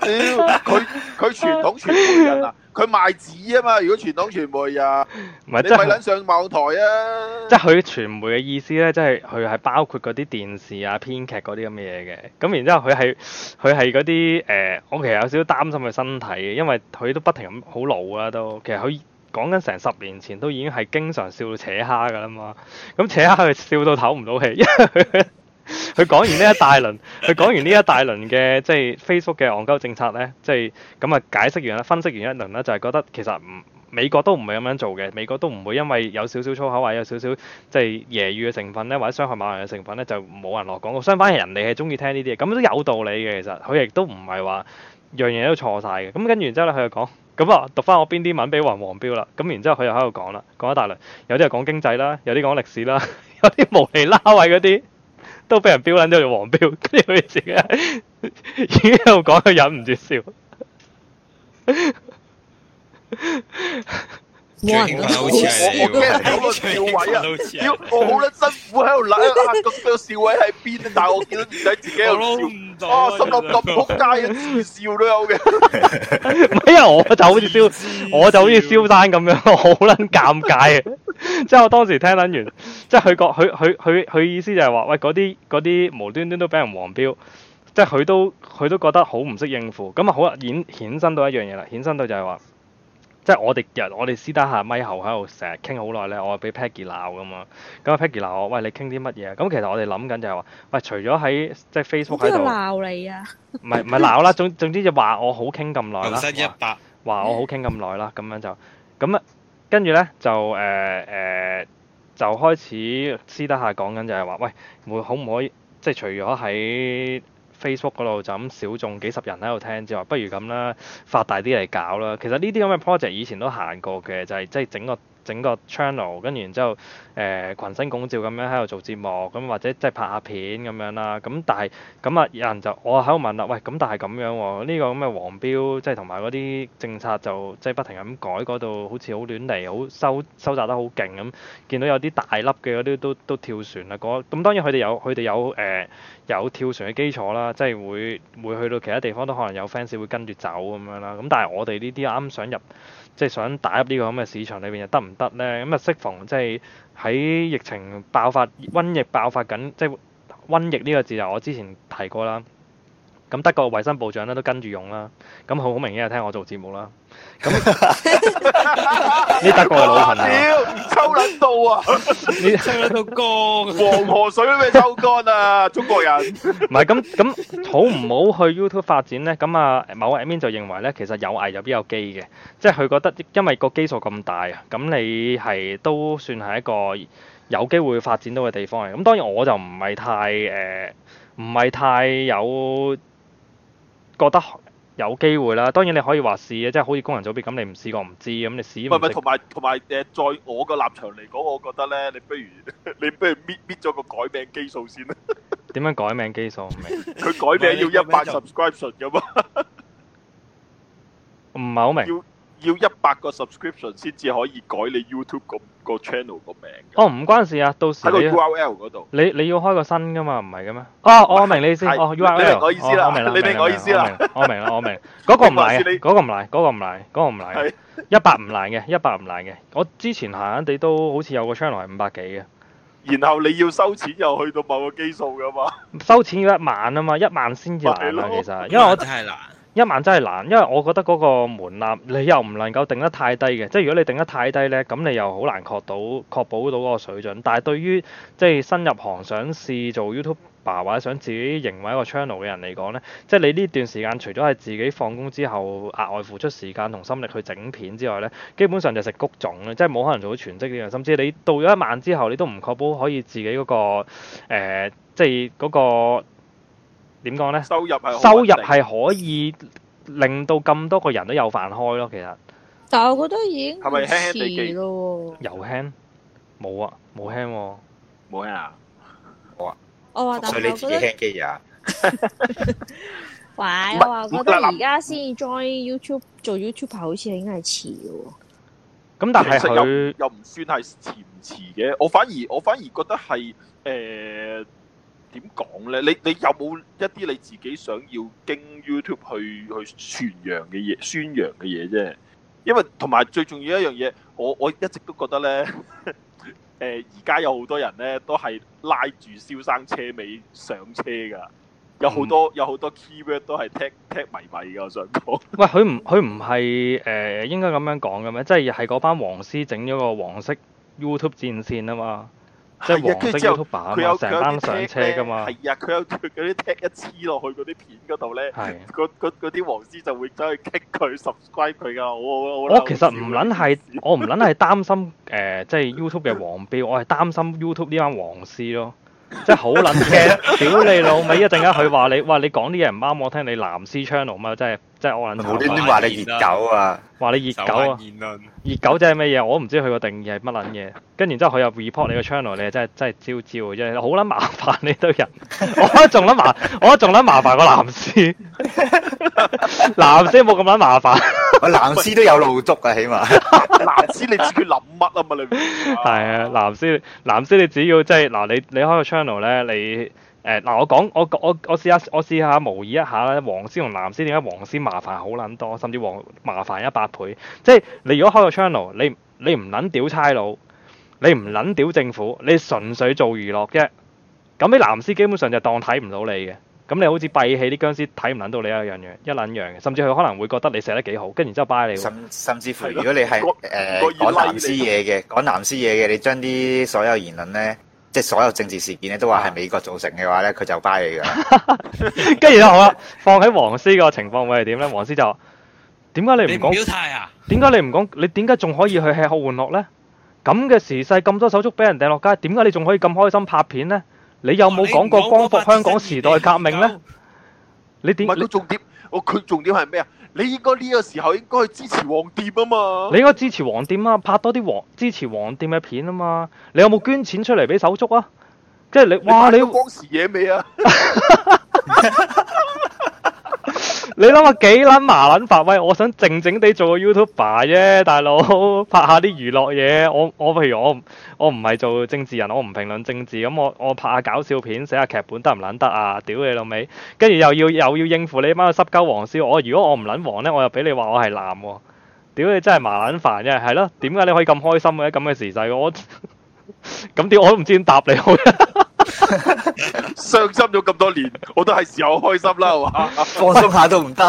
佢佢 傳統傳媒人啊，佢賣紙啊嘛。如果傳統傳媒啊，唔係、即係、你咪撚上網台啊。即係佢傳媒嘅意思咧，即係佢係包括嗰啲電視啊、編劇嗰啲咁嘅嘢嘅。咁然之後佢係佢係嗰啲誒，我其實有少少擔心佢身體嘅，因為佢都不停咁好老啊。都。其實佢講緊成十年前都已經係經常笑到扯蝦㗎喇嘛。咁扯蝦佢笑到唞唔到氣。因為 佢講 完呢一大輪，佢講完呢一大輪嘅即係 Facebook 嘅戇鳩政策呢，即係咁啊，解釋完啦，分析完一輪呢，就係覺得其實唔美國都唔會咁樣做嘅，美國都唔會因為有少少粗口或有少少即係揶揄嘅成分呢，或者傷害罵人嘅成分呢，就冇人落講。相反人哋係中意聽呢啲嘢，咁都有道理嘅。其實佢亦都唔係話樣樣都錯晒嘅。咁跟住之後呢，佢就講咁啊，讀翻我邊啲文俾黃黃標啦。咁然之後佢又喺度講啦，講一大輪，有啲係講經濟啦，有啲講歷史啦，有啲無厘啦位嗰啲。都俾人標撚咗做黃標，跟住佢自己喺已經喺度講，佢忍唔住笑。好哇我好驚嚟到個笑位啊！屌，我好捻辛苦喺度諗啊，咁，那個笑位喺邊啊？但係我見到女仔自己又笑唔到，哇，心諗咁撲街嘅笑都有嘅。哎呀，我就好似笑，笑，笑，我就好似蕭生咁樣，好捻尷尬嘅。 即係我當時聽捻完，即係佢個佢佢佢佢意思就係、是、話，喂，嗰啲嗰啲無端端都俾人黃標，即係佢都佢都覺得好唔識應付，咁啊好啊衍衍生到一樣嘢啦，衍生到就係話。即係我哋日我哋私底下咪後喺度成日傾好耐咧，我俾 Peggy 鬧咁嘛，咁啊 Peggy 鬧我，喂你傾啲乜嘢？咁其實我哋諗緊就係話，喂除咗喺即係 Facebook 喺度鬧你啊，唔係唔係鬧啦， 總總之就話我好傾咁耐啦，話我好傾咁耐啦，咁樣就咁啊，跟住咧就誒誒、呃呃、就開始私底下講緊就係話，喂會可唔可以即係除咗喺 Facebook 嗰度就咁小眾幾十人喺度聽，之後，不如咁啦，發大啲嚟搞啦。其實呢啲咁嘅 project 以前都行過嘅，就係即係整個。整個 channel 跟住然之後，誒羣星拱照咁樣喺度做節目，咁或者即係拍下片咁樣啦。咁但係咁啊，有人就我喺度問啦，喂，咁但係咁樣喎、啊？呢、這個咁嘅黃標，即係同埋嗰啲政策就即係、就是、不停咁改，嗰度好似好亂嚟，好收收窄得好勁咁。見到有啲大粒嘅嗰啲都都跳船啦嗰。咁、那個、當然佢哋有佢哋有誒、呃、有跳船嘅基礎啦，即、就、係、是、會會去到其他地方都可能有 fans 會跟住走咁樣啦。咁但係我哋呢啲啱想入。即係想打入呢個咁嘅市場裏邊又得唔得咧？咁啊，適逢即係喺疫情爆發、瘟疫爆發緊，即係瘟疫呢個字啊，我之前提過啦。咁德國衞生部長咧都跟住用啦，咁好明顯係聽我做節目啦。咁呢德國嘅老朋友，抽冷刀啊！你唱到乾，黃河水都未抽乾啊？中國人唔係咁咁好唔好去 YouTube 發展咧？咁啊，某 admin 就認為咧，其實有危就比較機嘅，即係佢覺得因為個基數咁大啊，咁你係都算係一個有機會發展到嘅地方嚟。咁當然我就唔係太誒，唔係太有。覺得有機會啦，當然你可以話試嘅，即係好似工人組別咁，你唔試過唔知咁，你試唔？唔係唔係，同埋同埋誒，在我個立場嚟講，我覺得咧，你不如你不如搣搣咗個改名基數先啦。點樣改名基數？唔明。佢改名要一百 subscription 噶嘛？唔係好明。要一百個 subscription 先至可以改你 YouTube 個 channel 個名。哦，唔關事啊，到時喺 URL 嗰度。你你要開個新噶嘛？唔係噶咩？哦，我明你意思。哦，URL，我明啦，你明我意思啦。我明啦，我明。嗰個唔嚟，嗰個唔嚟，嗰個唔嚟，嗰個唔嚟。一百唔難嘅，一百唔難嘅。我之前閒閒地都好似有個 channel 係五百幾嘅。然後你要收錢又去到某個基數噶嘛？收錢要一萬啊嘛，一萬先至難其實。因為我太難。一萬真係難，因為我覺得嗰個門檻你又唔能夠定得太低嘅，即係如果你定得太低呢，咁你又好難確到確保到嗰個水準。但係對於即係新入行想試做 YouTuber 或者想自己營運一個 channel 嘅人嚟講呢，即係你呢段時間除咗係自己放工之後額外付出時間同心力去整片之外呢，基本上就食谷種啦，即係冇可能做到全職呢樣。甚至你到咗一萬之後，你都唔確保可以自己嗰個即係嗰個。呃點講咧？收入係可以令到咁多個人都有飯開咯，其實。但係我覺得已經係咪輕咯。又輕？冇啊，冇輕，冇輕啊。我話，所以你自己輕機呀？喂，我話覺得而家先 join YouTube 做 YouTuber，好似係應該係遲嘅。咁但係佢又唔算係遲唔遲嘅，我反而我反而覺得係誒。點講咧？你你有冇一啲你自己想要經 YouTube 去去傳揚嘅嘢、宣揚嘅嘢啫？因為同埋最重要一樣嘢，我我一直都覺得咧，誒而家有好多人咧都係拉住蕭生車尾上車㗎，有好多、嗯、有好多 keyword 都係踢踢迷迷㗎。我想講，喂，佢唔佢唔係誒應該咁樣講嘅咩？即係係嗰班黃絲整咗個黃色 YouTube 戰線啊嘛。即係黃色 YouTube 佢有成班上,上車噶嘛，係啊，佢有佢嗰啲 tag 一黐落去嗰啲片嗰度咧，嗰嗰啲黃絲就會走去踢佢 subscribe 佢噶，我我我我其實唔撚係，我唔撚係擔心誒，即係 YouTube 嘅黃標，我係擔心 YouTube 呢班黃絲咯。 即係好撚聽，屌你老味！一陣間佢話你，哇你講啲嘢唔啱我聽，你藍絲 channel 咪真係真係我撚，無端端話你熱狗啊，話你熱狗啊，熱狗即係咩嘢？我唔知佢個定義係乜撚嘢。跟然之後佢又 report 你個 channel，你真係真係招招，真係好撚麻煩呢堆人。我仲諗麻煩，我仲諗麻煩個藍絲，藍絲冇咁撚麻煩。藍絲都有露足嘅啊，起碼 藍絲你知佢諗乜啊嘛？你係啊，藍絲藍絲你只要即係嗱，你你開個 channel 咧，你誒嗱，我講我我我試下我試下模擬一下咧，黃絲同藍絲點解黃絲麻煩好捻多，甚至黃麻煩一百倍，即係你如果開個 channel，你你唔捻屌差佬，你唔捻屌政府，你純粹做娛樂啫，咁你藍絲基本上就當睇唔到你嘅。咁你好似閉氣，啲殭屍睇唔撚到你一樣嘅，一撚樣嘅，甚至佢可能會覺得你寫得幾好，跟然之後巴你。甚甚至乎，如果你係誒講南斯嘢嘅，講南斯嘢嘅，你將啲所有言論咧，即係所有政治事件咧，都話係美國造成嘅話咧，佢就巴你㗎喇。跟住咧，好啦，放喺黃絲個情況會係點咧？黃絲就點解你唔講表態啊？點解你唔講？你點解仲可以去吃喝玩樂咧？咁嘅時勢咁多手足俾人掟落街，點解你仲可以咁開心拍片咧？你有冇講過光復香港時代革命呢？你點？唔重點，佢重點係咩啊？你應該呢個時候應該去支持黃店啊嘛。你應該支持黃店啊，拍多啲黃支持黃店嘅片啊嘛。你有冇捐錢出嚟俾手足啊？即係你哇！你光時野味啊！ 你諗下幾撚麻撚煩喂！我想靜靜地做個 YouTuber 啫，大佬拍下啲娛樂嘢。我我譬如我我唔係做政治人，我唔評論政治，咁我我拍下搞笑片，寫下劇本得唔撚得啊？屌你老味，跟住又要又要應付你啲乜濕鳩黃少。我如果我唔撚黃呢，我又俾你話我係藍喎。屌你真係麻撚煩啫，係咯？點解你可以咁開心嘅？咁嘅時勢我咁屌 我都唔知點答你好 傷心咗咁多年，我都係時候開心啦，係嘛？放鬆下都唔得，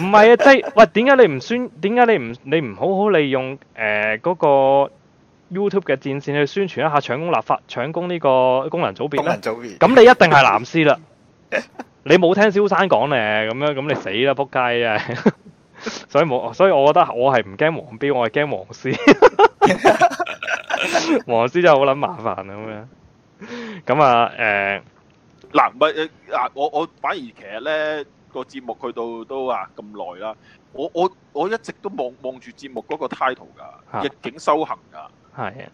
唔係啊？即係喂，點解你唔宣？點解你唔你唔好好利用誒嗰個 YouTube 嘅戰線去宣傳一下搶攻立法、搶攻呢個功能組別咧？功能組別，咁你一定係藍絲啦！你冇聽蕭生講咧，咁樣咁你死啦扑街啊！所以我所以我覺得我係唔驚黃標，我係驚黃絲，黃絲真係好捻麻煩啊咁樣。咁、uh, 啊，誒，嗱，唔係，嗱，我我反而其實咧、呢個節目去到都啊咁耐啦，我我我一直都望望住節目嗰個態度㗎，逆境修行㗎，係、啊、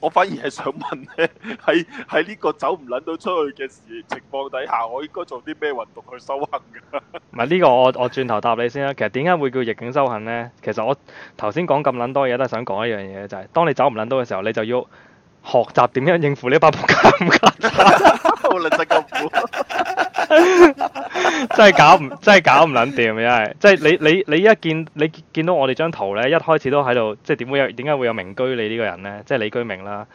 我反而係想問咧，喺喺呢個走唔撚到出去嘅時情況底下，我應該做啲咩運動去修行㗎？唔係呢個我，我我轉頭答你先啦。其實點解會叫逆境修行咧？其實我頭先講咁撚多嘢，都係想講一樣嘢，就係、是、當你走唔撚到嘅時候，你就要。學習點樣應付呢把咁夾叉，無論食夠真係搞唔真係搞唔捻掂因真係。即係你你你一見你見到我哋張圖咧，一開始都喺度，即係點會有點解會有名居你呢個人咧？即係李居明啦，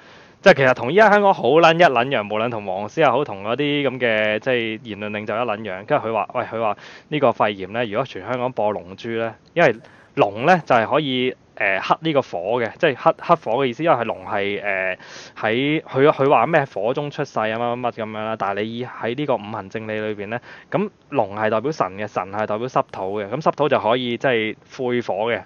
即係其實同依家香港好捻一捻樣，無論同黃師又好，同嗰啲咁嘅即係言論領袖一捻樣。跟住佢話：喂，佢話呢個肺炎咧，如果全香港播龍珠咧，因為龍咧就係可以。誒剋呢個火嘅，即係剋剋火嘅意思，因為係龍係誒喺佢，佢話咩火中出世啊乜乜乜咁樣啦。但係你喺呢個五行正理裏邊咧，咁龍係代表神嘅，神係代表濕土嘅，咁濕土就可以即係晦火嘅。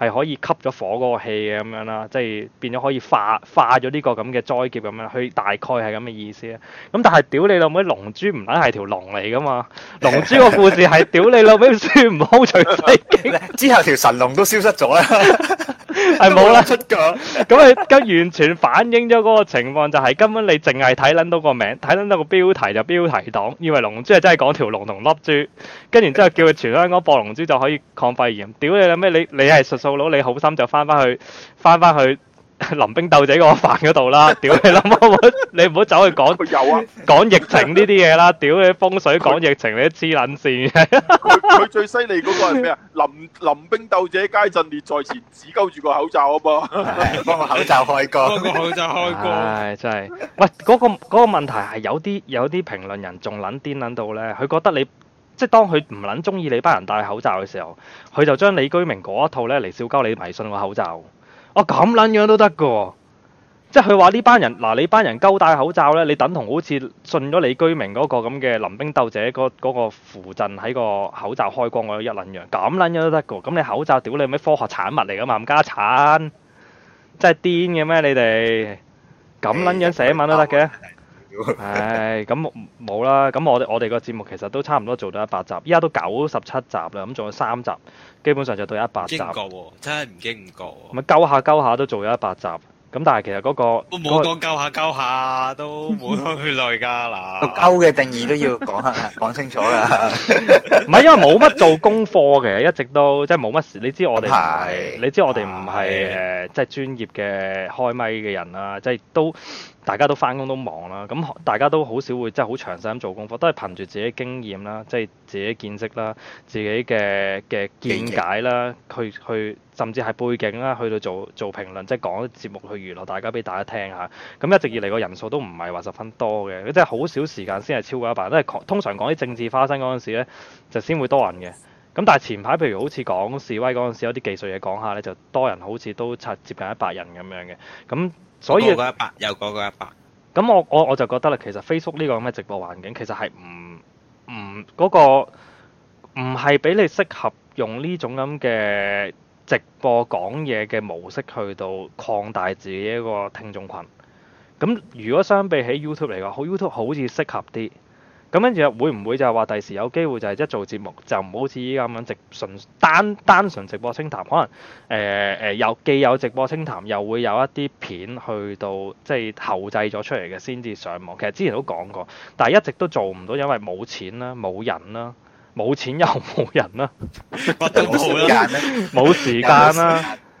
係可以吸咗火嗰個氣嘅咁樣啦，即係變咗可以化化咗呢個咁嘅災劫咁樣，佢大概係咁嘅意思啦。咁但係屌你老母，龍珠唔單係條龍嚟㗎嘛，龍珠個故事係屌你老母，孫悟空除低之後條神龍都消失咗啦。 係冇啦， 出噶。咁佢咁完全反映咗嗰個情況，就係根本你淨係睇捻到個名，睇捻到個標題就標題黨，以為龍珠係真係講條龍同粒珠，跟然之後叫佢全香港播龍珠就可以抗肺炎。屌你諗咩？你你係術數佬，你好心就翻翻去翻翻去。臨兵鬥者，我犯嗰度啦！屌你，諗唔好，你唔好走去講講疫情呢啲嘢啦！屌你風水講疫情，你都黐撚線！佢最犀利嗰個係咩啊？臨臨兵鬥者，皆陣列在前，只勾住個口罩啊！幫個口罩開光，幫個口罩開光，唉真係。喂，嗰個嗰個問題係有啲有啲評論人仲撚癲撚到咧，佢覺得你即係當佢唔撚中意你班人戴口罩嘅時候，佢就將李居明嗰一套咧嚟笑鳩你迷信個口罩。哦，咁撚樣都得噶？即係佢話呢班人嗱，啊，你班人鳩戴口罩咧，你等同好似信咗你居民嗰個咁嘅臨兵鬥者嗰嗰，那個符鎮喺個口罩開光，我有一撚樣，這樣，咁撚樣都得噶，咁你口罩屌你咩科學產物嚟噶嘛，冚家產，真係癲嘅咩你哋，咁撚樣，樣寫文都得嘅。唉，咁冇、 哎、啦。咁我我哋個節目其實都差唔多做到一百集，依家都九十七集啦。咁、嗯、仲有三集，基本上就到一百集。經真係唔經唔覺。咪鳩下鳩下都做咗一百集。咁但係其實嗰、那個我冇講鳩下鳩下都冇乜血淚噶啦。 鳩嘅定義都要講下講 清楚噶。唔 係因為冇乜做功課，嘅，一直都即係冇乜事。你知我哋係，嗯、你知我哋唔係誒，嗯嗯、即係專業嘅開咪嘅人啦，即、就、係、是、都。都大家都返工都忙啦，咁大家都好少會即係好詳細咁做功課，都係憑住自己經驗啦，即係自己見識啦，自己嘅嘅見解啦，去去甚至係背景啦，去到做做評論，即係講啲節目去娛樂大家俾大家聽下。咁一直以嚟個人數都唔係話十分多嘅，即係好少時間先係超過一百，都係通常講啲政治花生嗰陣時咧，就先會多人嘅。咁但係前排譬如好似講示威嗰陣時，有啲技術嘢講下咧，就多人好似都差接近一百人咁樣嘅。咁所以嗰個一百又嗰個一百，咁我我我就覺得啦，其實 Facebook 呢個咁嘅直播環境其實係唔唔嗰個唔係俾你適合用呢種咁嘅直播講嘢嘅模式去到擴大自己一個聽眾群。咁如果相比起 YouTube 嚟講，好 YouTube 好似適合啲。咁跟住會唔會就係話第時有機會就係一做節目就唔好似依家咁樣直純單單純直播清談，可能誒誒又既有直播清談，又會有一啲片去到即係後製咗出嚟嘅先至上網。其實之前都講過，但係一直都做唔到，因為冇錢啦、啊，冇人啦、啊，冇錢又冇人啦、啊，冇 時間啦。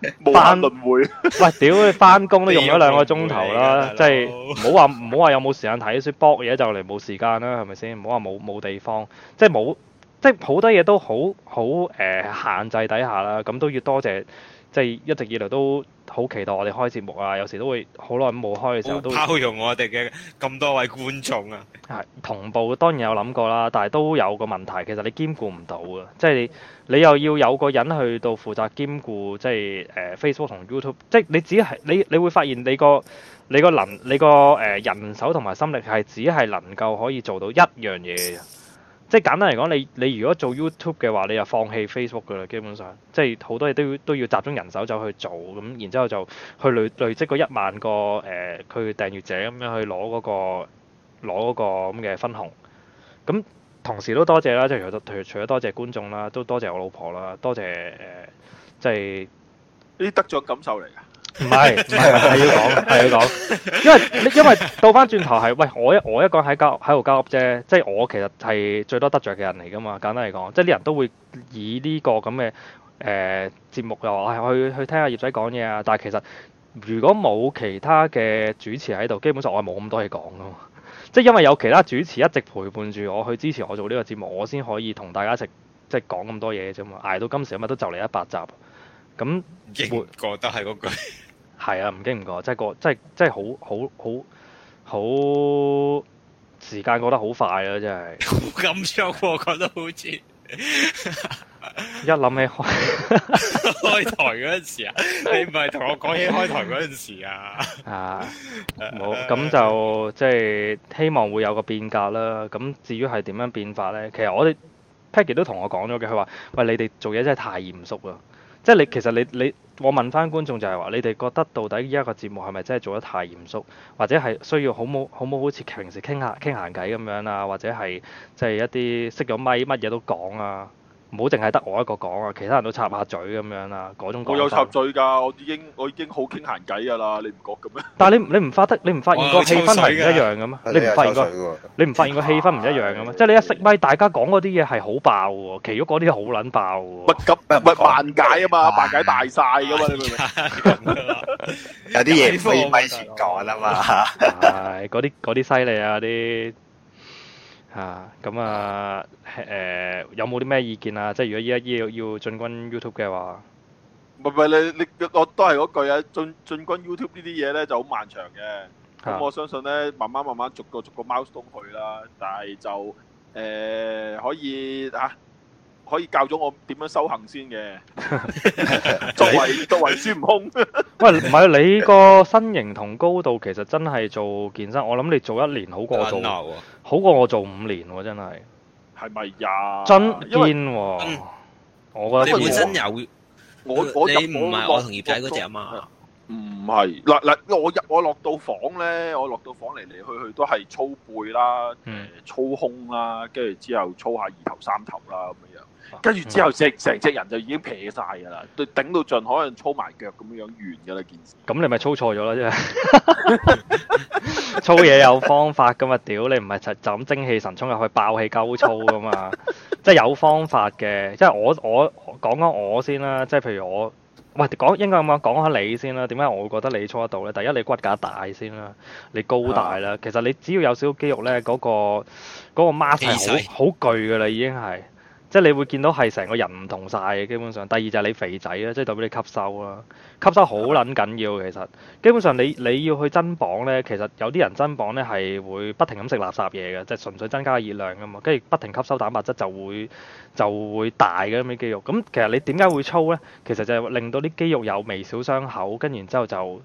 翻輪上限會， 喂，屌！翻工都用咗兩個鐘頭啦，啊、即係唔好話唔好話有冇時間睇，所以搏嘢就嚟冇時間啦，係咪先？唔好話冇冇地方，即係冇，即係好多嘢都好好誒限制底下啦，咁都要多謝。即係一直以來都好期待我哋開節目啊！有時都會好耐冇開嘅時候，都會包容我哋嘅咁多位觀眾啊。係同步當然有諗過啦，但係都有個問題，其實你兼顧唔到啊。即係你，你又要有個人去到負責兼顧，即係誒、呃、Facebook 同 YouTube，即係你只係你你會發現你個你個能你個誒、呃、人手同埋心力係只係能夠可以做到一樣嘢。即係簡單嚟講，你你如果做 YouTube 嘅話，你又放棄 Facebook 噶啦，基本上即係好多嘢都要都要集中人手走去做咁，然之後就去累累積嗰一萬個誒佢訂閱者咁，那個、樣去攞嗰個攞嗰個咁嘅分紅。咁同時都多謝啦，即係除咗多謝觀眾啦，都多謝我老婆啦，多謝誒即係呢啲得獎感受嚟㗎。唔係，唔係， 係要講，係要講，因為因為倒翻轉頭係，喂，我一我一個人喺交喺度交屋啫，即係我其實係最多得着嘅人嚟噶嘛，簡單嚟講，即係啲人都會以呢個咁嘅誒節目嘅話，去去聽下葉仔講嘢啊，但係其實如果冇其他嘅主持喺度，基本上我係冇咁多嘢講噶嘛，即係因為有其他主持一直陪伴住我去支持我做呢個節目，我先可以同大家一齊即係講咁多嘢嘅啫嘛，挨到今時今日都就嚟一百集，咁亦會覺得係嗰句。係啊，唔經唔覺，即係個，即係即係好好好好，時間過得好快啊，真係。好感喎，我覺得好似一諗起開台嗰陣時啊，你唔係同我講起開台嗰陣時啊？啊，冇，咁就即係希望會有個變革啦。咁至於係點樣變化咧？其實我哋 Peggy 都同我講咗嘅，佢話喂，你哋做嘢真係太嚴肅啦。即係你其實你你我問翻觀眾，就係話你哋覺得到底依家個節目係咪真係做得太嚴肅，或者係需要好冇好冇好似平時傾下傾下閒偈咁樣啊，或者係即係一啲熄咗咪乜嘢都講啊？唔好淨係得我一個講啊，其他人都插下嘴咁樣啦，嗰種我有插嘴㗎，我已經我已經好傾閒偈㗎啦，你唔覺嘅咩？但係你你唔發得，你唔發現個氣氛係唔一樣嘅咩？你唔發現個你唔發現個氣氛唔一樣嘅咩？即係你一熄咪，大家講嗰啲嘢係好爆喎，其中嗰啲好撚爆喎。物急物萬解啊嘛，萬解大晒㗎嘛，你明唔明？有啲嘢非麥全講啦嘛，係嗰啲嗰啲犀利啊啲。嚇咁啊誒、嗯啊呃、有冇啲咩意見啊？即係如果依家要要進軍 YouTube 嘅話，唔係唔係你你我都係嗰句啊！進進軍 YouTube 呢啲嘢咧就好漫長嘅。咁我相信咧，慢慢慢慢逐個逐個 mouse 通佢啦。但係就誒、呃、可以嚇。啊。可以教咗我點樣修行先嘅，作為作為孫悟空。喂，唔係你個身形同高度其實真係做健身，我諗你做一年好過做，好過我做五年喎！真係係咪呀？真堅喎！我覺得你本身有，我我你唔係我同葉仔嗰隻啊嘛？唔係嗱嗱，我入我落到房咧，我落到房嚟嚟去去都係操背啦，誒操胸啦，跟住之後操下二頭三頭啦咁嘅樣。跟住之後，成成隻人就已經攣晒㗎啦，對頂到盡，可能操埋腳咁樣樣完㗎啦件事。咁、嗯、你咪操錯咗啦即啫！ 操嘢有方法噶嘛，屌你唔係就就咁精氣神衝入去爆氣鳩操噶嘛？ 即係有方法嘅。即係我我講緊我先啦，即係譬如我喂講應該咁樣講，講下你先啦。點解我會覺得你操得到咧？第一你骨架大先啦，你高大啦。啊、其實你只要有少少肌肉咧，嗰、那個嗰、那個 muscle 好好巨㗎啦，已經係。嗯嗯即係你會見到係成個人唔同晒嘅，基本上。第二就係你肥仔咧，即係代表你吸收啦，吸收好撚緊要其實。基本上你你要去增磅呢，其實有啲人增磅呢係會不停咁食垃圾嘢嘅，即係純粹增加熱量㗎嘛，跟住不停吸收蛋白質就會就會大嘅咁嘅肌肉。咁其實你點解會粗呢？其實就係令到啲肌肉有微小傷口，跟然之後就。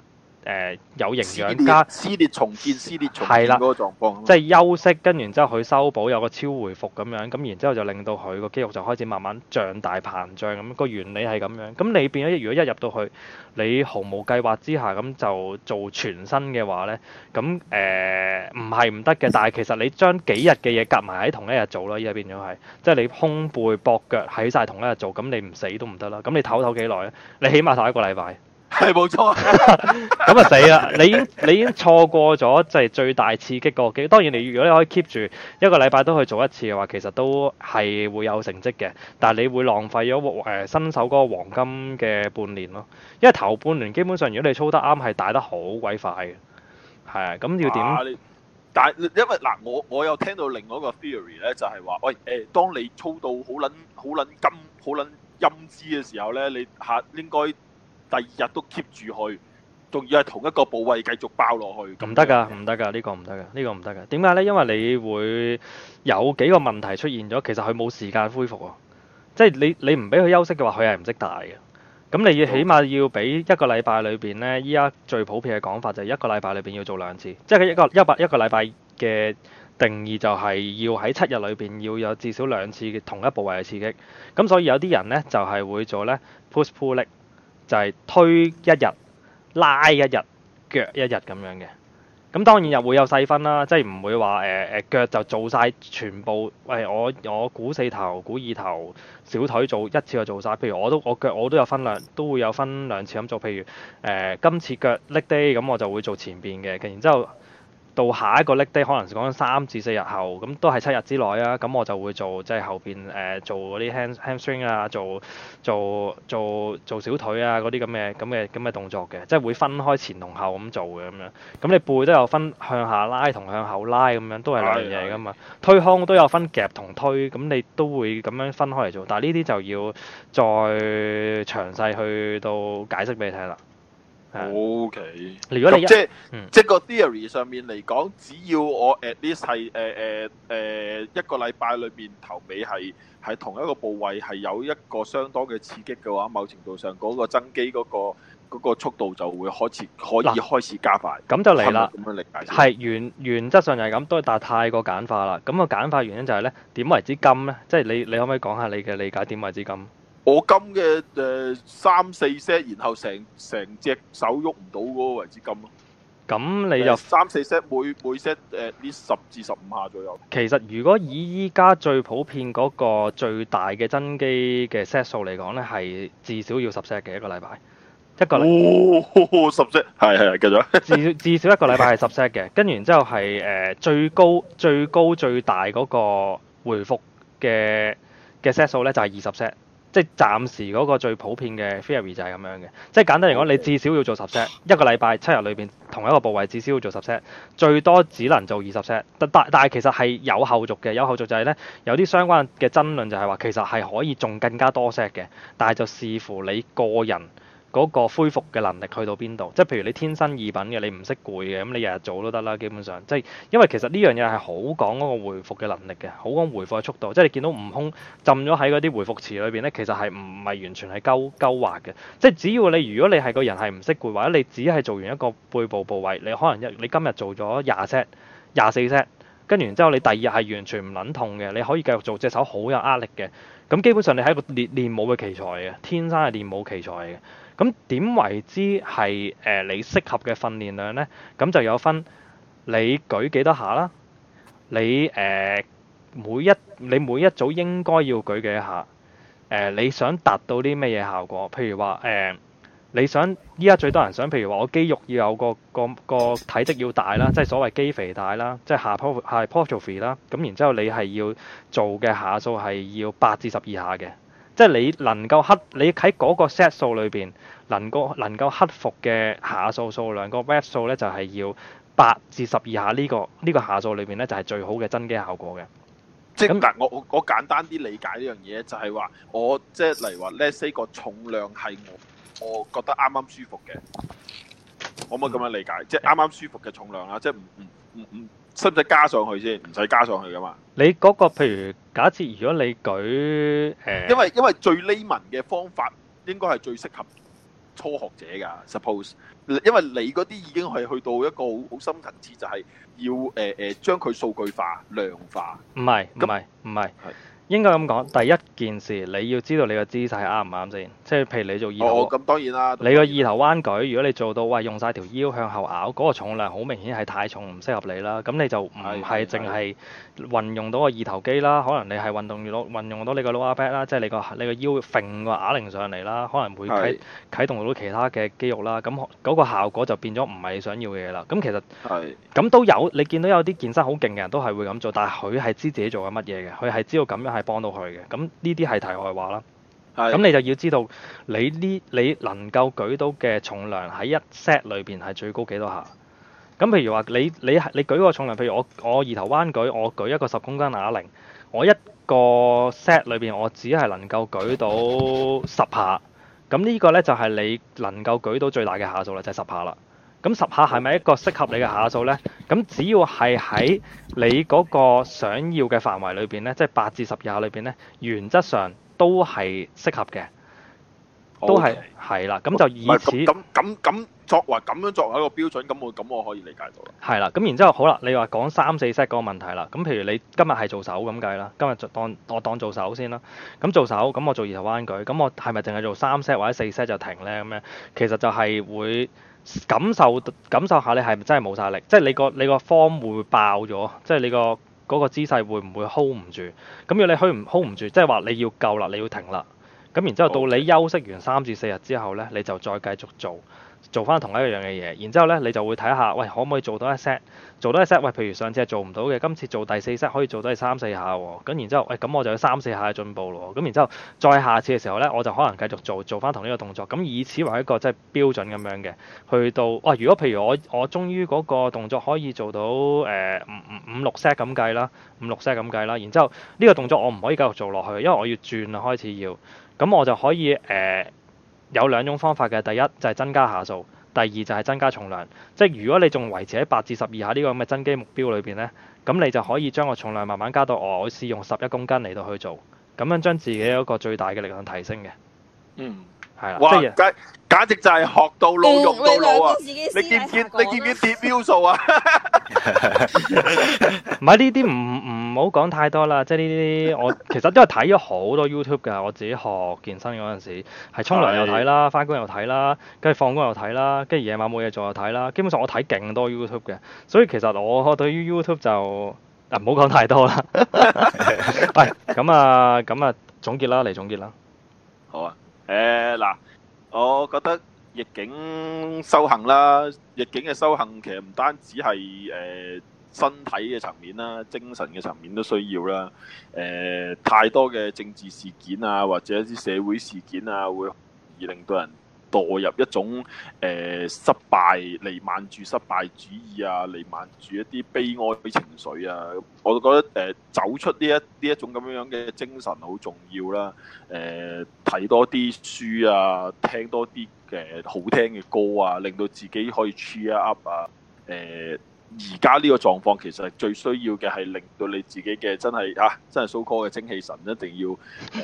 誒、呃、有營養加撕裂重建、撕裂重建嗰個狀況，即係休息，跟完之後佢修補，有個超回復咁樣，咁然之後就令到佢個肌肉就開始慢慢脹大、膨脹咁。個原理係咁樣。咁你變咗，如果一入到去，你毫無計劃之下咁就做全身嘅話咧，咁誒唔係唔得嘅。但係其實你將幾日嘅嘢夾埋喺同一日做咯，依家變咗係，即係你胸背膊腳喺晒同一日做，咁你唔死都唔得啦。咁你唞唞幾耐咧？你起碼唞一個禮拜。係冇錯，咁啊死啦！你已經你已經錯過咗即係最大刺激個機。當然你如果你可以 keep 住一個禮拜都去做一次嘅話，其實都係會有成績嘅。但係你會浪費咗誒新手嗰個黃金嘅半年咯。因為頭半年基本上，如果你操得啱，係大得好鬼快嘅。係咁要點、啊？但係因為嗱，我我有聽到另外一個 theory 咧，就係話喂，誒、呃，當你操到好捻好捻金好捻陰質嘅時候咧，你下你應該。第二日都 keep 住去，仲要係同一個部位繼續包落去，唔得噶，唔得噶，呢個唔得噶，呢個唔得噶。點解呢？因為你會有幾個問題出現咗，其實佢冇時間恢復啊。即係你你唔俾佢休息嘅話，佢係唔識大嘅。咁你要起碼要俾一個禮拜裏邊呢。依家最普遍嘅講法就係一個禮拜裏邊要做兩次，即係一個一百一個禮拜嘅定義就係要喺七日裏邊要有至少兩次同一部位嘅刺激。咁所以有啲人呢，就係會做呢。push pull 就係推一日、拉一日、腳一日咁樣嘅，咁當然又會有細分啦，即係唔會話誒誒腳就做晒全部，誒、呃、我我股四頭、股二頭、小腿做一次就做晒。譬如我都我腳我都有分兩，都會有分兩次咁做。譬如誒、呃、今次腳 leg day 咁我就會做前邊嘅，然之後。到下一個 leg day，可能係講三至四日後，咁都係七日之內啊。咁我就會做即係、就是、後邊誒、呃，做嗰啲 ham hamstring 啊，做做做做小腿啊嗰啲咁嘅咁嘅咁嘅動作嘅，即係會分開前同後咁做嘅咁樣。咁你背都有分向下拉同向後拉咁樣，都係兩樣嘢噶嘛。哎哎推胸都有分夾同推，咁你都會咁樣分開嚟做。但係呢啲就要再詳細去到解釋俾你睇啦。OK. 如果你即即個 theory 上面嚟講，只要我 at least 係誒誒誒一個禮拜裏邊頭尾係係同一個部位係有一個相當嘅刺激嘅話，某程度上嗰個增肌嗰個嗰個速度就會開始可以開始加快。咁就嚟啦。咁嘅理解係原原則上就係咁，都但係太過簡化啦。咁個簡化原因就係咧，點為之金咧？即係你你可唔可以講下你嘅理解點為之金？我金嘅誒三四 set，然後成成隻手喐唔到嗰個為止撳咯。咁你就三四 set 每每 set 誒呢十至十五下左右。其實如果以依家最普遍嗰個最大嘅增肌嘅 set 數嚟講咧，係至少要十 set 嘅一個禮拜一個。哦，十 set 係係繼續。至 至少一個禮拜係十 set 嘅，跟完之後係誒、呃、最高最高最大嗰個回復嘅嘅 set 數咧，就係二十 set。即係暫時嗰個最普遍嘅 theory 就係咁樣嘅，即係簡單嚟講，你至少要做十 set Okay. 一個禮拜七日裏邊同一個部位至少要做十 set，最多只能做二十 set 但，但但但係其實係有後續嘅，有後續就係咧，有啲相關嘅爭論就係話其實係可以仲更加多 set 嘅，但係就視乎你個人。嗰個恢復嘅能力去到邊度？即係譬如你天生異品嘅，你唔識攰嘅，咁你日日做都得啦。基本上，即係因為其實呢樣嘢係好講嗰個恢復嘅能力嘅，好講回復嘅速度。即係你見到悟空浸咗喺嗰啲恢復池裏邊咧，其實係唔係完全係勾勾滑嘅。即係只要你，如果你係個人係唔識攰，或者你只係做完一個背部部位，你可能一你今日做咗廿 set、廿四 set，跟住之後你第二日係完全唔撚痛嘅，你可以繼續做隻手好有壓力嘅。咁基本上你係一個練練武嘅奇才嘅，天生係練武奇才嘅。咁點為之係誒你適合嘅訓練量呢？咁就有分你舉幾多下啦，你誒、呃、每一你每一組應該要舉幾下？誒、呃、你想達到啲咩嘢效果？譬如話誒、呃、你想依家最多人想，譬如話我肌肉要有個個個體積要大啦，即係所謂肌肥大啦，即係 hypertrophy 啦。咁然之後你係要做嘅下數係要八至十二下嘅。即係你能夠克，你喺嗰個 set 數裏邊，能夠能夠克服嘅下數數量、，嗯這個 weight 數咧，就係要八至十二下呢個呢個下數裏邊咧，就係最好嘅增肌效果嘅。即係咁但我我我簡單啲理解呢樣嘢，就係、是、話我即係例如話 Let's say, 個重量係我，我覺得啱啱舒服嘅。嗯、可唔可以咁樣理解？嗯、即係啱啱舒服嘅重量啦，即係唔唔唔唔。嗯嗯嗯嗯使唔使加上去先？唔使加上去噶嘛。你嗰個譬如假設，如果你舉誒、呃，因為因為最 layman 嘅方法，應該係最適合初學者噶。Suppose，因為你嗰啲已經係去到一個好深層次，就係、是、要誒誒、呃呃、將佢數據化、量化。唔係唔係唔係。那應該咁講，第一件事你要知道你個姿勢啱唔啱先。即係譬如你做二頭，哦，咁當然啦。你個二頭彎舉，如果你做到，喂，用晒條腰向後拗，嗰個重量好明顯係太重，唔適合你啦。咁你就唔係淨係。運用到個二頭肌啦，可能你係運動員攞運用到你個 lower back 啦，即係你個你個腰揈個啞鈴上嚟啦，可能會啟啟動到其他嘅肌肉啦，咁嗰是的 個效果就變咗唔係你想要嘅嘢啦。咁其實咁是的 都有，你見到有啲健身好勁嘅人都係會咁做，但係佢係知自己做緊乜嘢嘅，佢係知道咁樣係幫到佢嘅。咁呢啲係題外話啦。咁是的 你就要知道你呢，你能夠舉到嘅重量喺一 set 裏邊係最高幾多下？咁譬如話，你你係你舉個重量，譬如我我二頭彎舉，我舉一個十公斤啞鈴，我一個 set 裏邊我只係能夠舉到十下，咁呢個呢，就係你能夠舉到最大嘅下數啦，就係、是、十下啦。咁十下係咪一個適合你嘅下數呢？咁只要係喺你嗰個想要嘅範圍裏邊呢，即係八至十二下裏邊呢，原則上都係適合嘅，都係係啦。咁 Okay. 就以此咁咁。作為咁樣作為一個標準，咁我咁我可以理解到啦。係啦，咁然之後好啦，你話講三四 set 嗰個問題啦。咁譬如你今日係做手咁計啦，今日當我當做手先啦。咁做手咁我做二頭彎舉，咁我係咪淨係做三 set 或者四 set 就停呢？咁樣其實就係會感受感受下你係咪真係冇晒力，即係你個你個方會爆咗，即係你個嗰個姿勢會唔會 hold 唔住？咁如果你 hold 唔 hold 唔住，即係話你要夠啦，你要停啦。咁然之後到你休息完三至四日之後呢，你就再繼續做。做翻同一一樣嘅嘢，然之後咧你就會睇下，喂，可唔可以做到一 set？做到一 set，喂，譬如上次係做唔到嘅，今次做第四 set 可以做到係三四下喎、哦。咁然之後，喂、哎，咁我就有三四下嘅進步咯。咁然之後，再下次嘅時候咧，我就可能繼續做，做翻同呢個動作。咁以此為一個即係標準咁樣嘅，去到，喂、啊，如果譬如我我終於嗰個動作可以做到誒五五六 set 咁計啦，五六 set 咁計啦。然之後呢、這個動作我唔可以繼續做落去，因為我要轉啦，開始要。咁我就可以誒。呃有兩種方法嘅，第一就係增加下數，第二就係增加重量。即係如果你仲維持喺八至十二下呢個咁嘅增肌目標裏邊呢，咁你就可以將個重量慢慢加到我試用十一公斤嚟到去做，咁樣將自己一個最大嘅力量提升嘅。嗯。係啊，哇！簡直就係學到老，用到老啊！你，你見唔見？你見唔見達標數啊？唔係呢啲，唔唔好講太多啦。即係呢啲，我其實都係睇咗好多 YouTube 噶。我自己學健身嗰陣時，係沖涼又睇啦，翻工的又睇啦，跟住放工又睇啦，跟住夜晚冇嘢做又睇啦。基本上我睇勁多 YouTube 嘅，所以其實我對於 YouTube 就唔好講太多啦。係咁啊，咁啊，總結啦，嚟總結啦，好啊。誒，嗱、uh,，我覺得逆境修行啦，逆境嘅修行其實唔單止係誒、呃、身體嘅層面啦，精神嘅層面都需要啦。誒、呃，太多嘅政治事件啊，或者啲社會事件啊，會而令到人，墮入一種誒、呃、失敗、瀰漫住失敗主義啊，瀰漫住一啲悲哀嘅情緒啊，我就覺得誒、呃、走出呢一呢一種咁樣嘅精神好重要啦。誒、呃、睇多啲書啊，聽多啲嘅、呃、好聽嘅歌啊，令到自己可以 cheer up 啊，誒、呃。而家呢個狀況其實最需要嘅係令到你自己嘅真係嚇、啊、真係 so call 嘅精氣神，一定要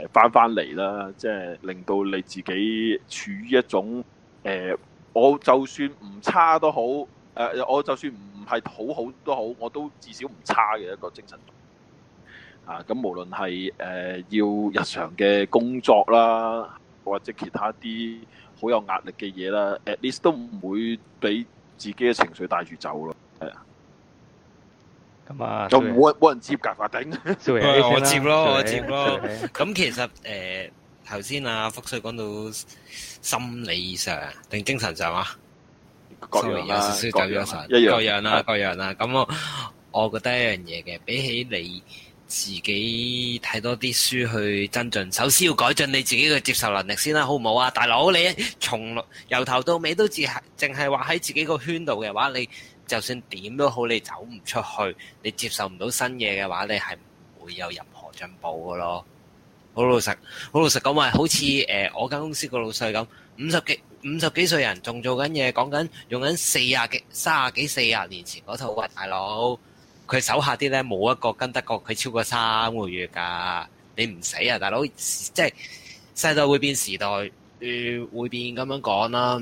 誒翻翻嚟啦。即係令到你自己處於一種誒、呃、我就算唔差都好誒、呃、我就算唔係好好都好，我都至少唔差嘅一個精神。啊，咁無論係誒要日常嘅工作啦，或者其他啲好有壓力嘅嘢啦，at least 都唔會俾自己嘅情緒帶住走咯。咁就冇人冇人接，架化頂。我接咯，我接咯。咁其實誒，頭先阿福瑞講到心理上定精神上啊，各樣有少少走咗神，各樣啦，各樣啦。咁我我覺得一樣嘢嘅，比起你自己睇多啲書去增進，首先要改進你自己嘅接受能力先啦，好唔好啊，大佬？你從由頭到尾都只係淨係話喺自己個圈度嘅話，你。就算點都好，你走唔出去，你接受唔到新嘢嘅話，你係唔會有任何進步嘅咯。好老實，好老實咁話，好似誒、呃、我間公司個老細咁，五十幾五十幾歲人仲做緊嘢，講緊用緊四十幾、三十幾、四十年前嗰套話，大佬佢手下啲咧冇一個跟得過佢超過三個月㗎。你唔死啊，大佬！即係世代會變，時代、呃、會變咁樣講啦、啊。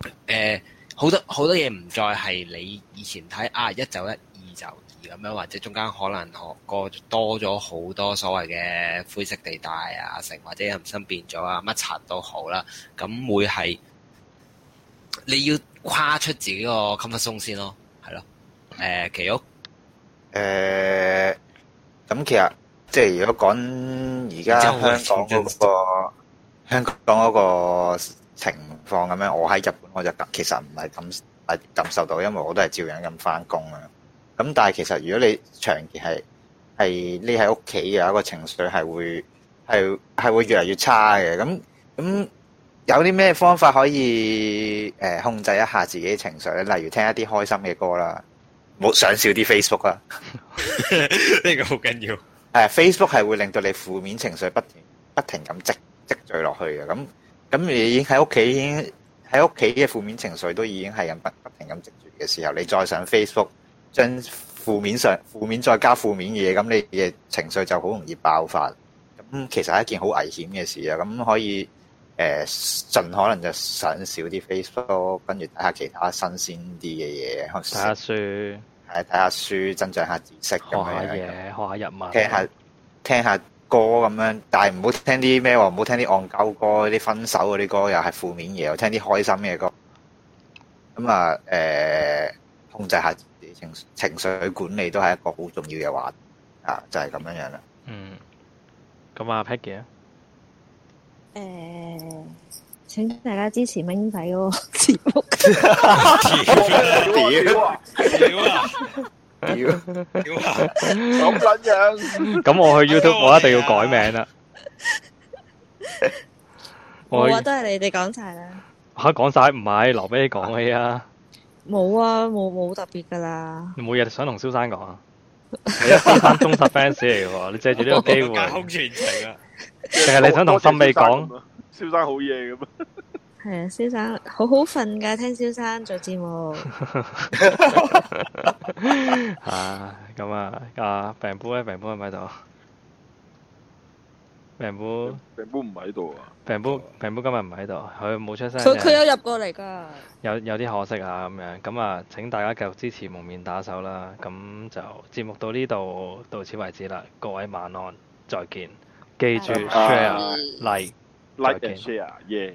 誒、呃。好多好多嘢唔再係你以前睇啊，一就一二就二咁樣，或者中間可能學過多咗好多所謂嘅灰色地帶啊，成或者人生變咗啊，乜柒都好啦。咁會係你要跨出自己個 comfort zone 先咯，係咯。誒、呃，奇玉，誒、呃，咁、嗯、其實即係如果講而家香港嗰、那個、香港嗰、那個。情況咁樣，我喺日本我就其實唔係咁係感受到，因為我都係照樣咁翻工啊。咁但係其實如果你長期係係匿喺屋企嘅一個情緒，係會係係會越嚟越差嘅。咁咁有啲咩方法可以誒、呃、控制一下自己嘅情緒咧？例如聽一啲開心嘅歌啦，冇上少啲 Facebook 啦。呢 個好緊要。誒，Facebook 係會令到你負面情緒不停不停咁積積聚落去嘅。咁咁你喺屋企，喺屋企嘅負面情緒都已經係咁不不停咁積住嘅時候，你再上 Facebook 將負面上負面再加負面嘅嘢，咁你嘅情緒就好容易爆發。咁其實係一件好危險嘅事啊！咁可以誒、呃、盡可能就上少啲 Facebook 囉，跟住睇下其他新鮮啲嘅嘢。睇下書，係睇下書，增長下知識，學下嘢，樣學下日文，聽下聽下。聽歌咁樣，但係唔好聽啲咩，唔好聽啲戇鳩歌，啲分手嗰啲歌、歌，又係負面嘢，又聽啲開心嘅歌。咁啊，誒，控制下自己情情緒管理都係一個好重要嘅，話啊，就係、是、咁樣樣啦。嗯，咁啊，Peter，誒，請大家支持蚊仔個節目。 屌，咁緊樣？咁我去 YouTube 我一定要改名啦！我都係你哋講曬啦嚇，講曬唔係留俾你講起啊！冇啊，冇冇特別噶啦！你冇嘢想同蕭生講啊？你係蕭生忠實 fans 嚟喎，你借住呢個機會，架空全程啊！定係你想同心美講？蕭生好嘢咁啊！係啊，先生好好瞓噶，聽先生做節目。啊，咁啊、yeah.，啊，病波咧，病波喺唔喺度？病波病波唔喺度啊！病波病波今日唔喺度，佢冇出聲。佢有入過嚟噶。有有啲可惜啊，咁樣咁啊，請大家繼續支持蒙面打手啦。咁、嗯、就節目到呢度，到此為止啦。各位晚安，再見。記住、yeah. uh, like, like, share like like share yeah